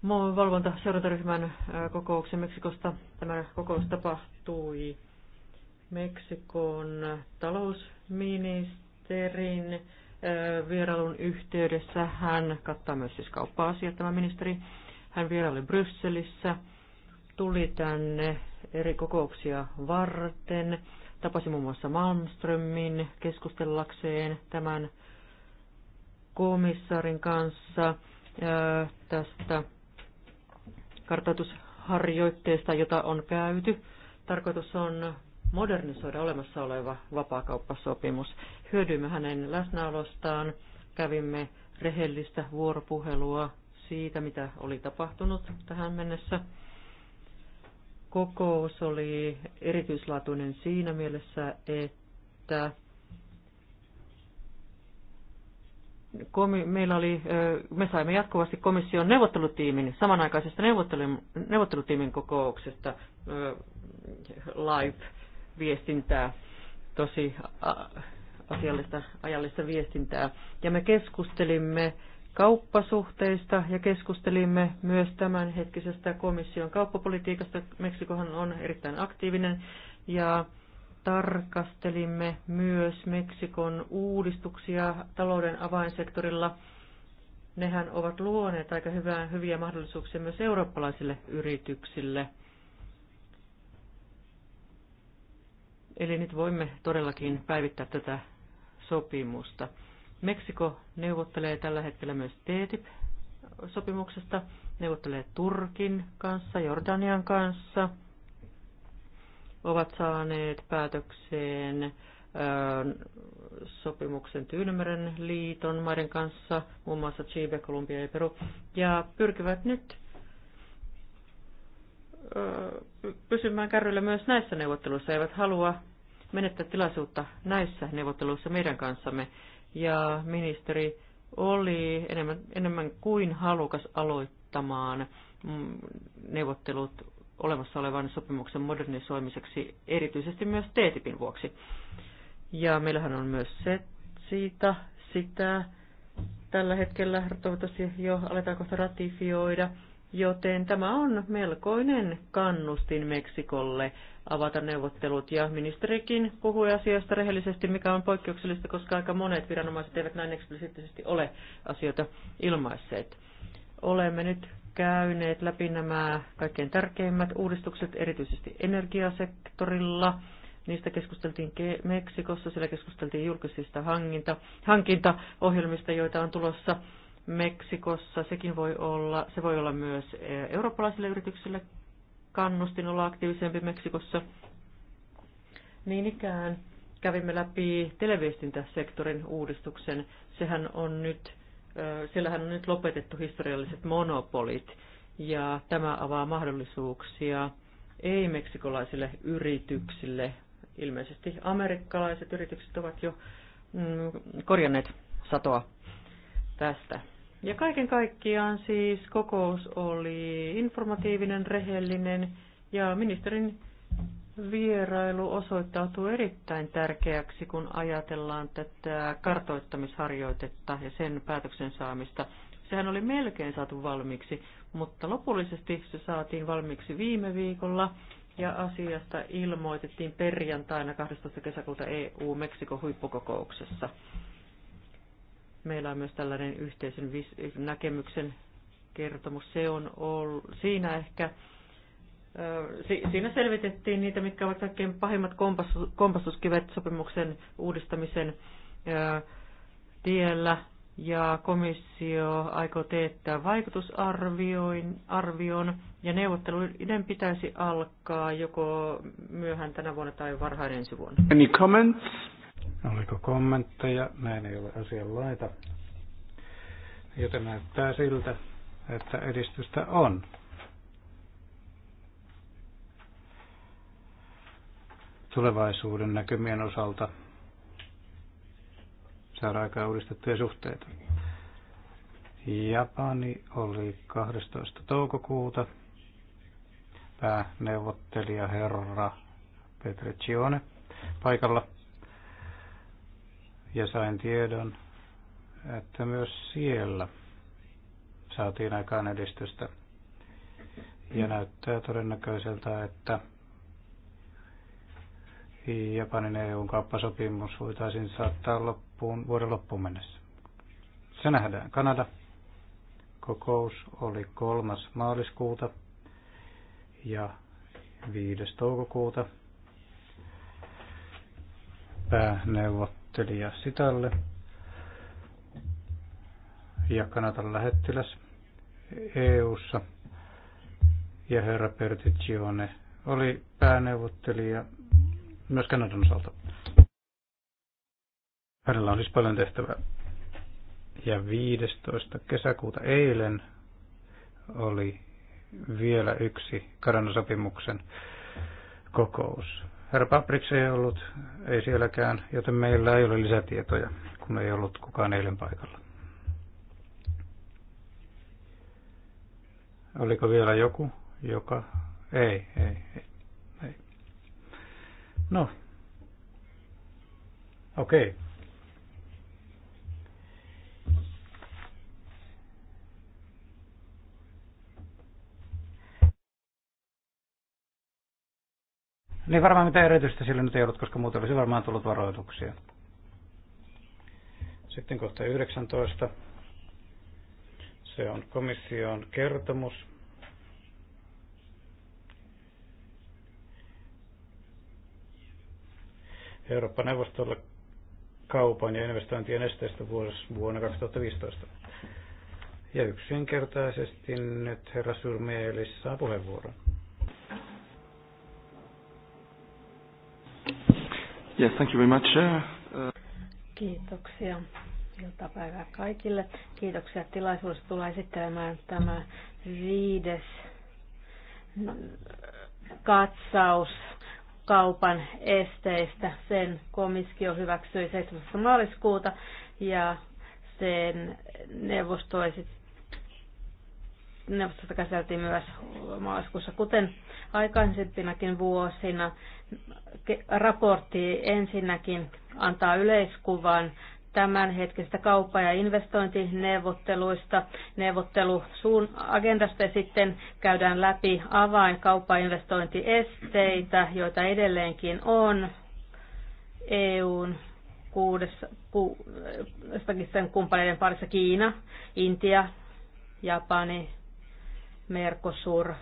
valvonta seurantaryhmän kokouksen Meksikosta. Tämä kokous tapahtui Meksikon talousministerin vierailun yhteydessä. Hän kattaa myös siis kauppa-asiat, tämä ministeri. Hän vieraili Brysselissä, tuli tänne eri kokouksia varten, tapasi muun muassa Malmströmin keskustellakseen tämän komissaarin kanssa tästä kartoitusharjoitteesta, jota on käyty. Tarkoitus on modernisoida olemassa oleva vapaakauppasopimus. Hyödyimme hänen läsnäolostaan, kävimme rehellistä vuoropuhelua siitä, mitä oli tapahtunut tähän mennessä. Kokous oli erityislaatuinen siinä mielessä, että meillä oli, me saimme jatkuvasti komission neuvottelutiimin, samanaikaisesta neuvottelutiimin kokouksesta live-viestintää, tosi asiallista ajallista viestintää. Ja me keskustelimme kauppasuhteista ja keskustelimme myös tämänhetkisestä komission kauppapolitiikasta. Meksikohan on erittäin aktiivinen ja tarkastelimme myös Meksikon uudistuksia talouden avainsektorilla. Nehän ovat luoneet aika hyvää, hyviä mahdollisuuksia myös eurooppalaisille yrityksille. Eli nyt voimme todellakin päivittää tätä sopimusta. Meksiko neuvottelee tällä hetkellä myös TTIP-sopimuksesta, neuvottelee Turkin kanssa, Jordanian kanssa – ovat saaneet päätökseen sopimuksen Tyynemeren liiton maiden kanssa, muun muassa Chile, Kolumbia ja Peru, ja pyrkivät nyt pysymään kärryillä myös näissä neuvotteluissa, eivät halua menettää tilaisuutta näissä neuvotteluissa meidän kanssamme. Ja ministeri oli enemmän, enemmän kuin halukas aloittamaan mm, neuvottelut olemassa olevan sopimuksen modernisoimiseksi, erityisesti myös TTIPin vuoksi. Ja meillähän on myös se siitä, sitä, tällä hetkellä toivottavasti jo aletaan kohta ratifioida, joten tämä on melkoinen kannustin Meksikolle avata neuvottelut ja ministerikin puhui asioista rehellisesti, mikä on poikkeuksellista, koska aika monet viranomaiset eivät näin eksplisiittisesti ole asioita ilmaisseet. Olemme nyt käyneet läpi nämä kaikkein tärkeimmät uudistukset, erityisesti energiasektorilla. Niistä keskusteltiin Meksikossa, siellä keskusteltiin julkisista hankinta, hankintaohjelmista, joita on tulossa Meksikossa. Sekin voi olla, se voi olla myös eh, eurooppalaisille yrityksille kannustin olla aktiivisempi Meksikossa. Niin ikään kävimme läpi televiestintäsektorin uudistuksen. Sehän on nyt siellähän on nyt lopetettu historialliset monopolit ja tämä avaa mahdollisuuksia ei-meksikolaisille yrityksille. Ilmeisesti amerikkalaiset yritykset ovat jo mm, korjanneet satoa tästä. Ja kaiken kaikkiaan siis kokous oli informatiivinen, rehellinen ja ministerin vierailu osoittautuu erittäin tärkeäksi, kun ajatellaan tätä kartoittamisharjoitetta ja sen päätöksen saamista. Sehän oli melkein saatu valmiiksi, mutta lopullisesti se saatiin valmiiksi viime viikolla ja asiasta ilmoitettiin perjantaina 12. kesäkuuta EU-Meksikon huippukokouksessa. Meillä on myös tällainen yhteisen näkemyksen kertomus. Se on ollut, siinä ehkä Siinä selvitettiin niitä, mitkä ovat kaikkein pahimmat kompastuskivet sopimuksen uudistamisen tiellä ja komissio aikoo teettää vaikutusarvion ja neuvotteluiden pitäisi alkaa joko myöhään tänä vuonna tai varhain ensi vuonna. Any comments? Oliko kommentteja? Näin ei ole asian laita. Joten näyttää siltä, että edistystä on. tulevaisuuden näkymien osalta saada aikaa uudistettuja suhteita. Japani oli 12. toukokuuta pääneuvottelija herra Petri Cione paikalla. Ja sain tiedon, että myös siellä saatiin aikaan edistystä. Ja näyttää todennäköiseltä, että Japanin EUn kauppasopimus voitaisiin saattaa loppuun, vuoden loppuun mennessä. Se nähdään. Kanada. Kokous oli 3. maaliskuuta ja 5. toukokuuta pääneuvottelija Sitalle ja Kanadan lähettiläs EUssa ja herra Pertigione oli pääneuvottelija myös Kanadan osalta. Hänellä on siis paljon tehtävää. Ja 15. kesäkuuta eilen oli vielä yksi Kanadan sopimuksen kokous. Herra Papriks ei ollut, ei sielläkään, joten meillä ei ole lisätietoja, kun ei ollut kukaan eilen paikalla. Oliko vielä joku, joka... Ei, ei, ei. No. Okei. Okay. Niin varmaan mitä erityistä sillä nyt ei ollut, koska muuten olisi varmaan tullut varoituksia. Sitten kohta 19. Se on komission kertomus Eurooppa-neuvostolla kaupan ja investointien esteistä vuonna 2015. Ja yksinkertaisesti nyt herra Surmielis saa puheenvuoron. Yes, thank you very much. Kiitoksia iltapäivää kaikille. Kiitoksia tilaisuudesta tulla esittelemään tämä viides katsaus kaupan esteistä. Sen komissio hyväksyi 7. maaliskuuta ja sen neuvosto neuvostosta käsiteltiin myös maaliskuussa, kuten aikaisempinakin vuosina. Raportti ensinnäkin antaa yleiskuvan tämänhetkisestä kauppa- ja investointineuvotteluista, neuvottelusuun agendasta ja sitten käydään läpi avain kauppa- ja investointiesteitä, joita edelleenkin on EUn kuudessa, ku, sen kumppaneiden parissa Kiina, Intia, Japani, Mercosur,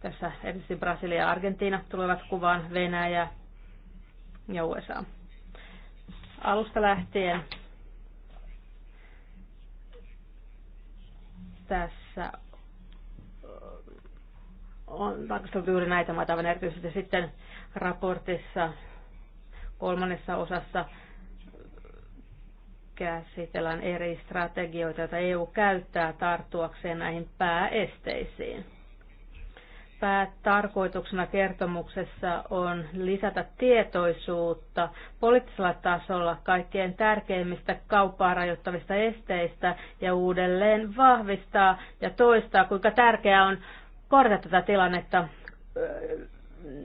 tässä erityisesti Brasilia ja Argentiina tulevat kuvaan, Venäjä ja USA alusta lähtien. Tässä on tarkasteltu juuri näitä maita, aivan erityisesti sitten raportissa kolmannessa osassa käsitellään eri strategioita, joita EU käyttää tarttuakseen näihin pääesteisiin päätarkoituksena kertomuksessa on lisätä tietoisuutta poliittisella tasolla kaikkein tärkeimmistä kauppaa rajoittavista esteistä ja uudelleen vahvistaa ja toistaa, kuinka tärkeää on korjata tätä tilannetta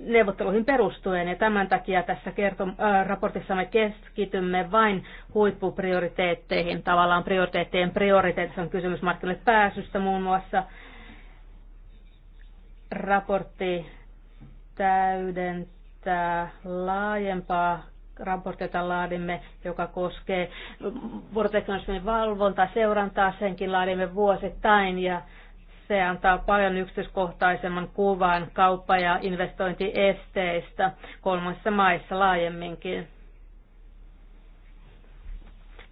neuvotteluihin perustuen ja tämän takia tässä kertom- raportissa me keskitymme vain huippuprioriteetteihin. Tavallaan prioriteettien prioriteetissa on kysymys markkinoille pääsystä muun muassa raportti täydentää laajempaa raporttia, jota laadimme, joka koskee vuoroteknologisen valvontaa, seurantaa, senkin laadimme vuosittain ja se antaa paljon yksityiskohtaisemman kuvan kauppa- ja investointiesteistä kolmansissa maissa laajemminkin.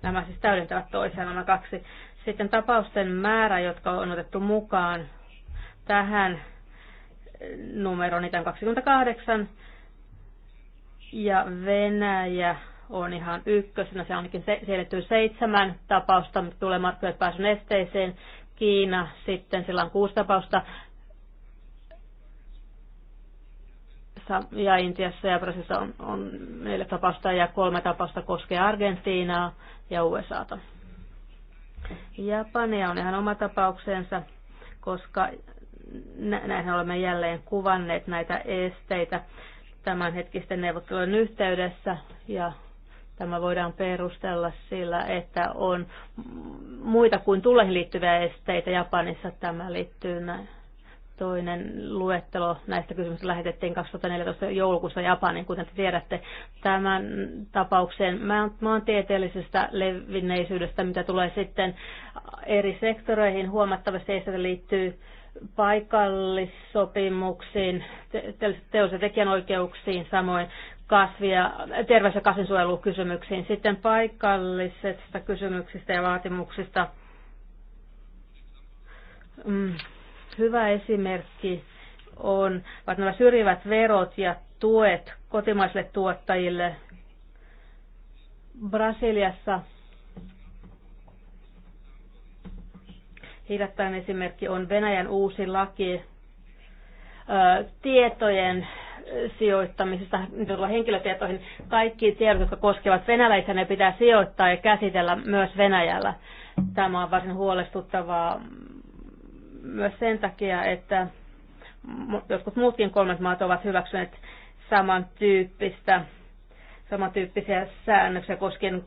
Nämä siis täydentävät toisiaan nämä kaksi. Sitten tapausten määrä, jotka on otettu mukaan tähän numero, niitä on 28. Ja Venäjä on ihan ykkösenä, se onkin se, siirrettyy seitsemän tapausta, mutta tulee markkinoille pääsyn esteeseen. Kiina sitten, sillä on kuusi tapausta. Ja Intiassa ja Brasilissa on, on neljä tapausta ja kolme tapausta koskee Argentiinaa ja USAta. Japania on ihan oma tapauksensa, koska näinhän olemme jälleen kuvanneet näitä esteitä tämänhetkisten neuvottelujen yhteydessä ja tämä voidaan perustella sillä, että on muita kuin tuleihin liittyviä esteitä. Japanissa tämä liittyy näin. Toinen luettelo näistä kysymyksistä lähetettiin 2014 joulukuussa Japaniin, kuten te tiedätte. Tämän tapauksen maantieteellisestä levinneisyydestä, mitä tulee sitten eri sektoreihin, huomattavasti esteitä liittyy paikallissopimuksiin, teos- ja tekijänoikeuksiin, samoin kasvia, terveys- ja kasvinsuojelukysymyksiin. Sitten paikallisista kysymyksistä ja vaatimuksista. Mm, hyvä esimerkki on vaikka nämä syrjivät verot ja tuet kotimaisille tuottajille. Brasiliassa Hiljattain esimerkki on Venäjän uusi laki tietojen sijoittamisesta, henkilötietoihin. Kaikki tiedot, jotka koskevat venäläisiä, ne pitää sijoittaa ja käsitellä myös Venäjällä. Tämä on varsin huolestuttavaa myös sen takia, että jotkut muutkin kolmet maat ovat hyväksyneet samantyyppistä samantyyppisiä säännöksiä koskien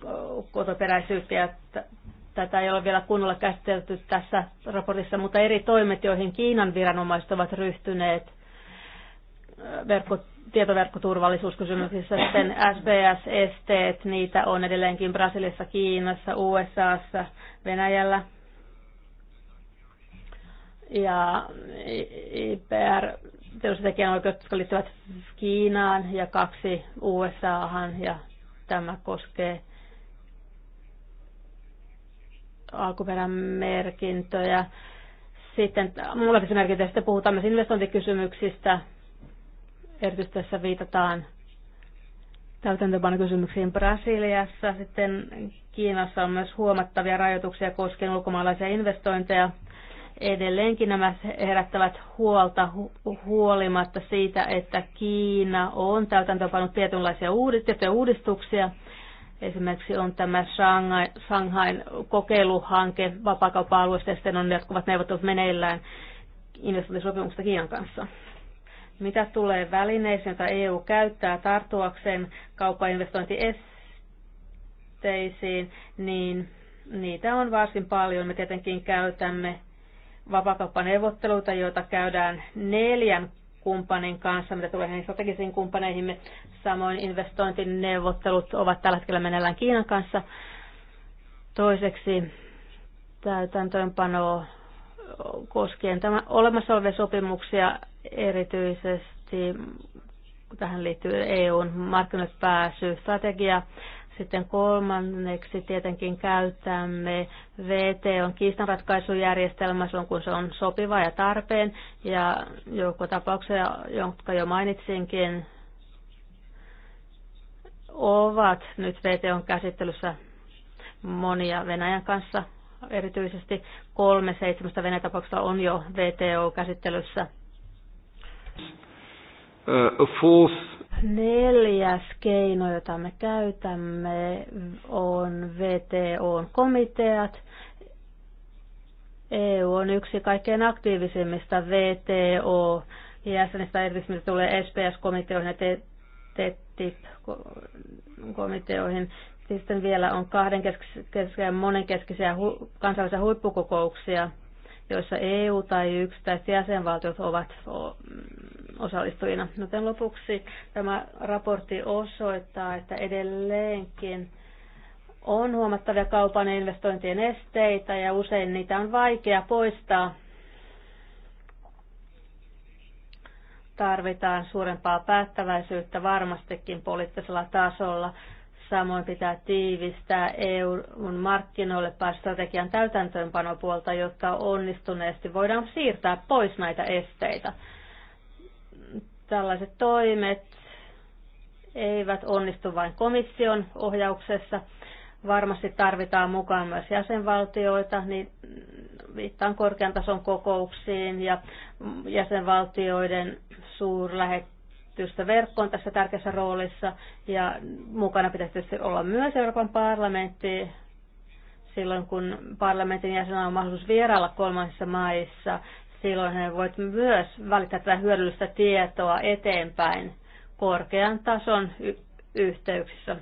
kotoperäisyyttä ja Tätä ei ole vielä kunnolla käsitelty tässä raportissa, mutta eri toimet, joihin Kiinan viranomaiset ovat ryhtyneet äh, verkko, tietoverkkoturvallisuuskysymyksissä, sitten SBS-esteet, niitä on edelleenkin Brasiliassa, Kiinassa, USAssa, Venäjällä. Ja IPR, tietysti tekijänoikeudet, jotka liittyvät Kiinaan ja kaksi USAhan, ja tämä koskee alkuperämerkintöjä. Sitten mullakin siis merkintöjä, sitten puhutaan myös investointikysymyksistä. Erityisesti tässä viitataan täytäntöpanokysymyksiin Brasiliassa. Sitten Kiinassa on myös huomattavia rajoituksia koskien ulkomaalaisia investointeja. Edelleenkin nämä herättävät huolta hu- huolimatta siitä, että Kiina on täytäntöönpannut tietynlaisia uudistuksia Esimerkiksi on tämä Shanghai, Shanghain kokeiluhanke vapaakauppa-alueesta ja sitten on jatkuvat neuvottelut meneillään investointisopimuksesta Kiinan kanssa. Mitä tulee välineisiin, joita EU käyttää tarttuakseen kauppainvestointiesteisiin, niin niitä on varsin paljon. Me tietenkin käytämme vapakauppaneuvotteluita, joita käydään neljän kumppanin kanssa, mitä tulee hänen strategisiin kumppaneihimme. Samoin investointineuvottelut ovat tällä hetkellä meneillään Kiinan kanssa. Toiseksi täytäntöönpano koskien tämä olemassa olevia sopimuksia erityisesti tähän liittyy EUn markkinoille pääsy strategia sitten kolmanneksi tietenkin käytämme on kiistanratkaisujärjestelmä on kun se on sopiva ja tarpeen. Ja joukko tapauksia, jotka jo mainitsinkin, ovat nyt on käsittelyssä monia Venäjän kanssa. Erityisesti kolme seitsemästä Venäjä-tapauksesta on jo VTO-käsittelyssä. Uh, a fourth Neljäs keino, jota me käytämme, on vto komiteat. EU on yksi kaikkein aktiivisimmista VTO jäsenistä, erityisesti mitä tulee SPS-komiteoihin ja TTIP-komiteoihin. Sitten vielä on kahden ja monenkeskisiä hu- kansainvälisiä huippukokouksia, joissa EU tai yksittäiset jäsenvaltiot ovat osallistujina. Joten lopuksi tämä raportti osoittaa, että edelleenkin on huomattavia kaupan ja investointien esteitä ja usein niitä on vaikea poistaa. Tarvitaan suurempaa päättäväisyyttä varmastikin poliittisella tasolla. Samoin pitää tiivistää EUn markkinoille strategian täytäntöönpanopuolta, jotta onnistuneesti voidaan siirtää pois näitä esteitä. Tällaiset toimet eivät onnistu vain komission ohjauksessa. Varmasti tarvitaan mukaan myös jäsenvaltioita, niin viittaan korkean tason kokouksiin ja jäsenvaltioiden suurlähetystä verkkoon tässä tärkeässä roolissa. Ja mukana pitäisi tietysti olla myös Euroopan parlamentti silloin, kun parlamentin jäsenellä on mahdollisuus vierailla kolmansissa maissa silloin he voivat myös välittää tätä hyödyllistä tietoa eteenpäin korkean tason yhteyksissä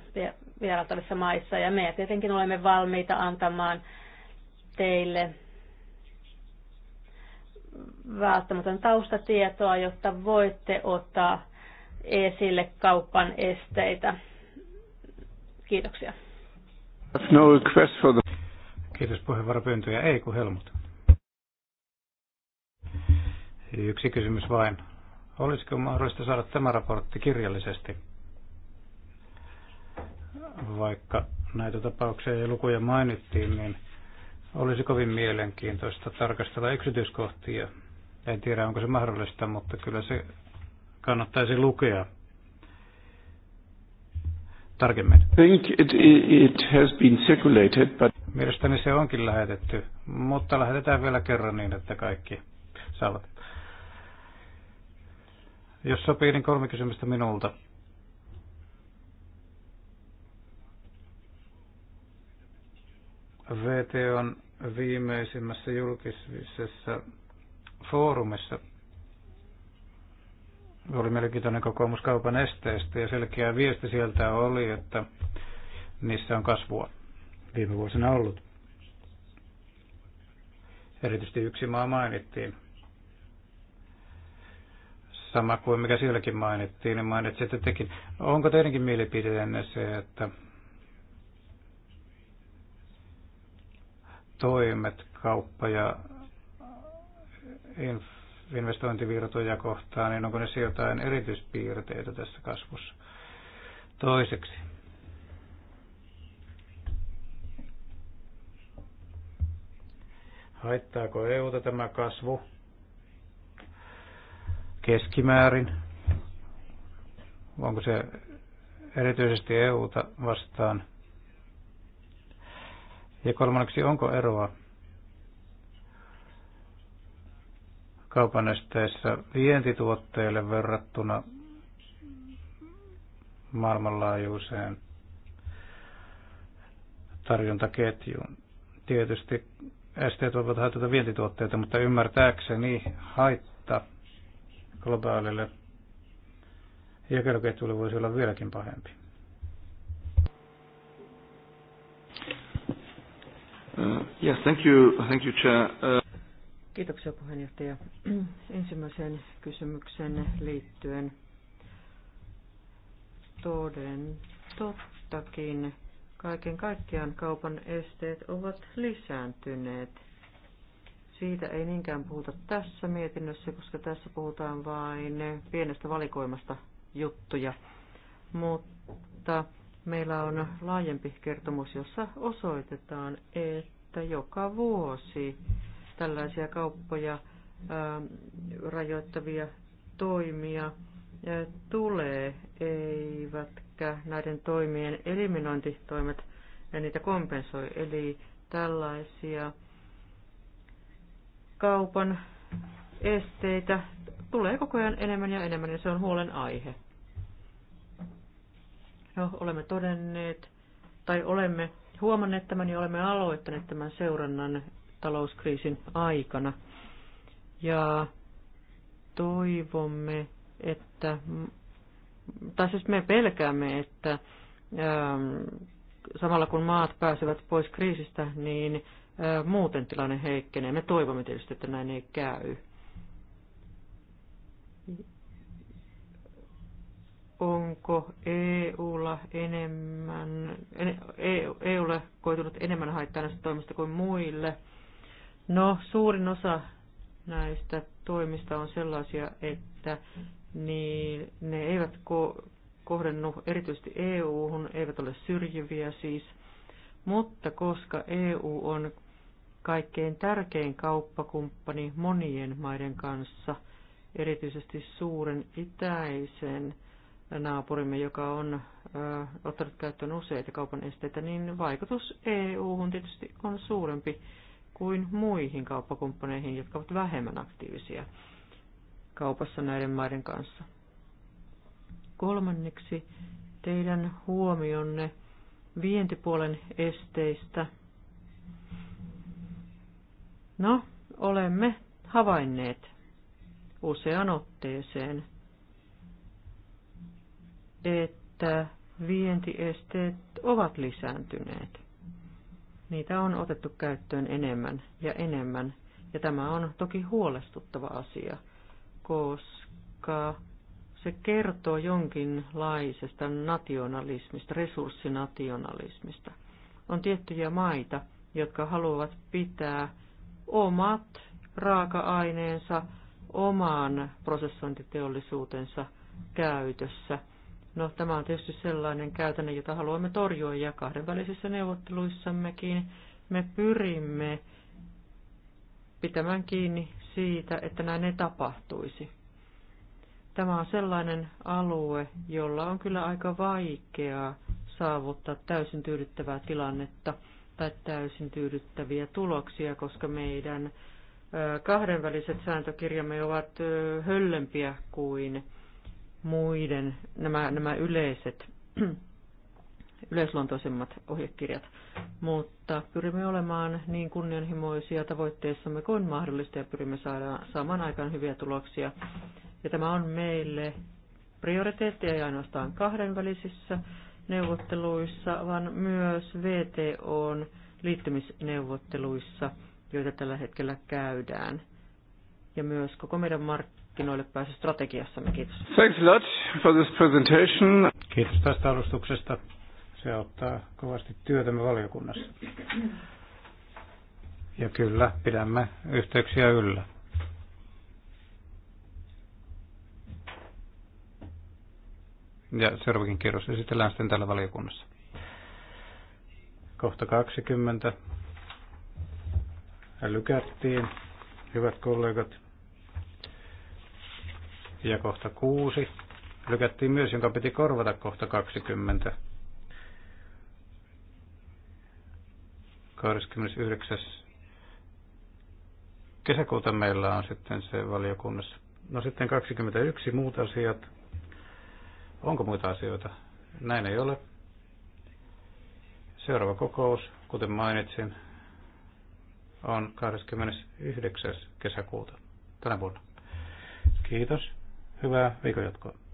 vierailtavissa maissa. Ja me tietenkin olemme valmiita antamaan teille välttämätön taustatietoa, jotta voitte ottaa esille kaupan esteitä. Kiitoksia. No request for the... Kiitos puheenvuoropyyntöjä. Ei kun Helmut. Yksi kysymys vain. Olisiko mahdollista saada tämä raportti kirjallisesti? Vaikka näitä tapauksia ja lukuja mainittiin, niin olisi kovin mielenkiintoista tarkastella yksityiskohtia. En tiedä, onko se mahdollista, mutta kyllä se kannattaisi lukea tarkemmin. Think it, it has been circulated, but... Mielestäni se onkin lähetetty, mutta lähetetään vielä kerran niin, että kaikki saavat. Jos sopii, niin kolme kysymystä minulta. on viimeisimmässä julkisessa foorumissa oli mielenkiintoinen kokoomus kaupan esteestä ja selkeä viesti sieltä oli, että niissä on kasvua viime vuosina ollut. Erityisesti yksi maa mainittiin, sama kuin mikä sielläkin mainittiin, niin mainitsitte tekin. Onko teidänkin mielipiteenne se, että toimet kauppa- ja investointivirtoja kohtaan, niin onko ne jotain erityispiirteitä tässä kasvussa? Toiseksi. Haittaako EUta tämä kasvu keskimäärin? Onko se erityisesti EUta vastaan? Ja kolmanneksi, onko eroa kaupan esteissä vientituotteille verrattuna maailmanlaajuiseen tarjontaketjuun. Tietysti esteet voivat haitata vientituotteita, mutta ymmärtääkseni hait, globaalille jakeluketjulle voisi olla vieläkin pahempi. Uh, yes, thank you, thank you, Chair. Uh... Kiitoksia puheenjohtaja. Ensimmäiseen kysymykseen liittyen toden tottakin kaiken kaikkiaan kaupan esteet ovat lisääntyneet – siitä ei niinkään puhuta tässä mietinnössä, koska tässä puhutaan vain pienestä valikoimasta juttuja. Mutta meillä on laajempi kertomus, jossa osoitetaan, että joka vuosi tällaisia kauppoja ää, rajoittavia toimia ää, tulee, eivätkä näiden toimien eliminointitoimet ja niitä kompensoi. Eli tällaisia kaupan esteitä tulee koko ajan enemmän ja enemmän, ja se on huolen aihe. No, olemme todenneet, tai olemme huomanneet tämän ja olemme aloittaneet tämän seurannan talouskriisin aikana. Ja toivomme, että, tai siis me pelkäämme, että ähm, samalla kun maat pääsevät pois kriisistä, niin muuten tilanne heikkenee. Me toivomme tietysti, että näin ei käy. Onko EUlla enemmän, EUlle e e koitunut enemmän haittaa näistä toimista kuin muille? No, suurin osa näistä toimista on sellaisia, että niin ne eivät ko- kohdennu erityisesti EU-hun, eivät ole syrjiviä siis, mutta koska EU on kaikkein tärkein kauppakumppani monien maiden kanssa, erityisesti suuren itäisen naapurimme, joka on ö, ottanut käyttöön useita kaupan esteitä, niin vaikutus EU-hun tietysti on suurempi kuin muihin kauppakumppaneihin, jotka ovat vähemmän aktiivisia kaupassa näiden maiden kanssa. Kolmanneksi teidän huomionne vientipuolen esteistä – No, olemme havainneet usean otteeseen, että vientiesteet ovat lisääntyneet. Niitä on otettu käyttöön enemmän ja enemmän, ja tämä on toki huolestuttava asia, koska se kertoo jonkinlaisesta nationalismista, resurssinationalismista. On tiettyjä maita, jotka haluavat pitää omat raaka-aineensa omaan prosessointiteollisuutensa käytössä. No, tämä on tietysti sellainen käytännö, jota haluamme torjua ja kahdenvälisissä neuvotteluissammekin me pyrimme pitämään kiinni siitä, että näin ei tapahtuisi. Tämä on sellainen alue, jolla on kyllä aika vaikeaa saavuttaa täysin tyydyttävää tilannetta – tuottaa täysin tyydyttäviä tuloksia, koska meidän kahdenväliset sääntökirjamme ovat höllempiä kuin muiden nämä, nämä yleiset, yleisluontoisemmat ohjekirjat, mutta pyrimme olemaan niin kunnianhimoisia tavoitteissamme kuin mahdollista ja pyrimme saada, saamaan aikaan hyviä tuloksia. Ja tämä on meille prioriteetti ei ainoastaan kahdenvälisissä neuvotteluissa, vaan myös VTOn liittymisneuvotteluissa, joita tällä hetkellä käydään. Ja myös koko meidän markkinoille pääsy strategiassamme. Kiitos. Thanks a lot for this presentation. Kiitos tästä alustuksesta. Se ottaa kovasti työtämme valiokunnassa. Ja kyllä, pidämme yhteyksiä yllä. Ja seuraavakin kierros esitellään sitten täällä valiokunnassa. Kohta 20. Lykättiin, hyvät kollegat. Ja kohta 6. Lykättiin myös, jonka piti korvata kohta 20. 29. kesäkuuta meillä on sitten se valiokunnassa. No sitten 21 muut asiat. Onko muita asioita? Näin ei ole. Seuraava kokous, kuten mainitsin, on 29. kesäkuuta tänä vuonna. Kiitos. Hyvää viikonjatkoa.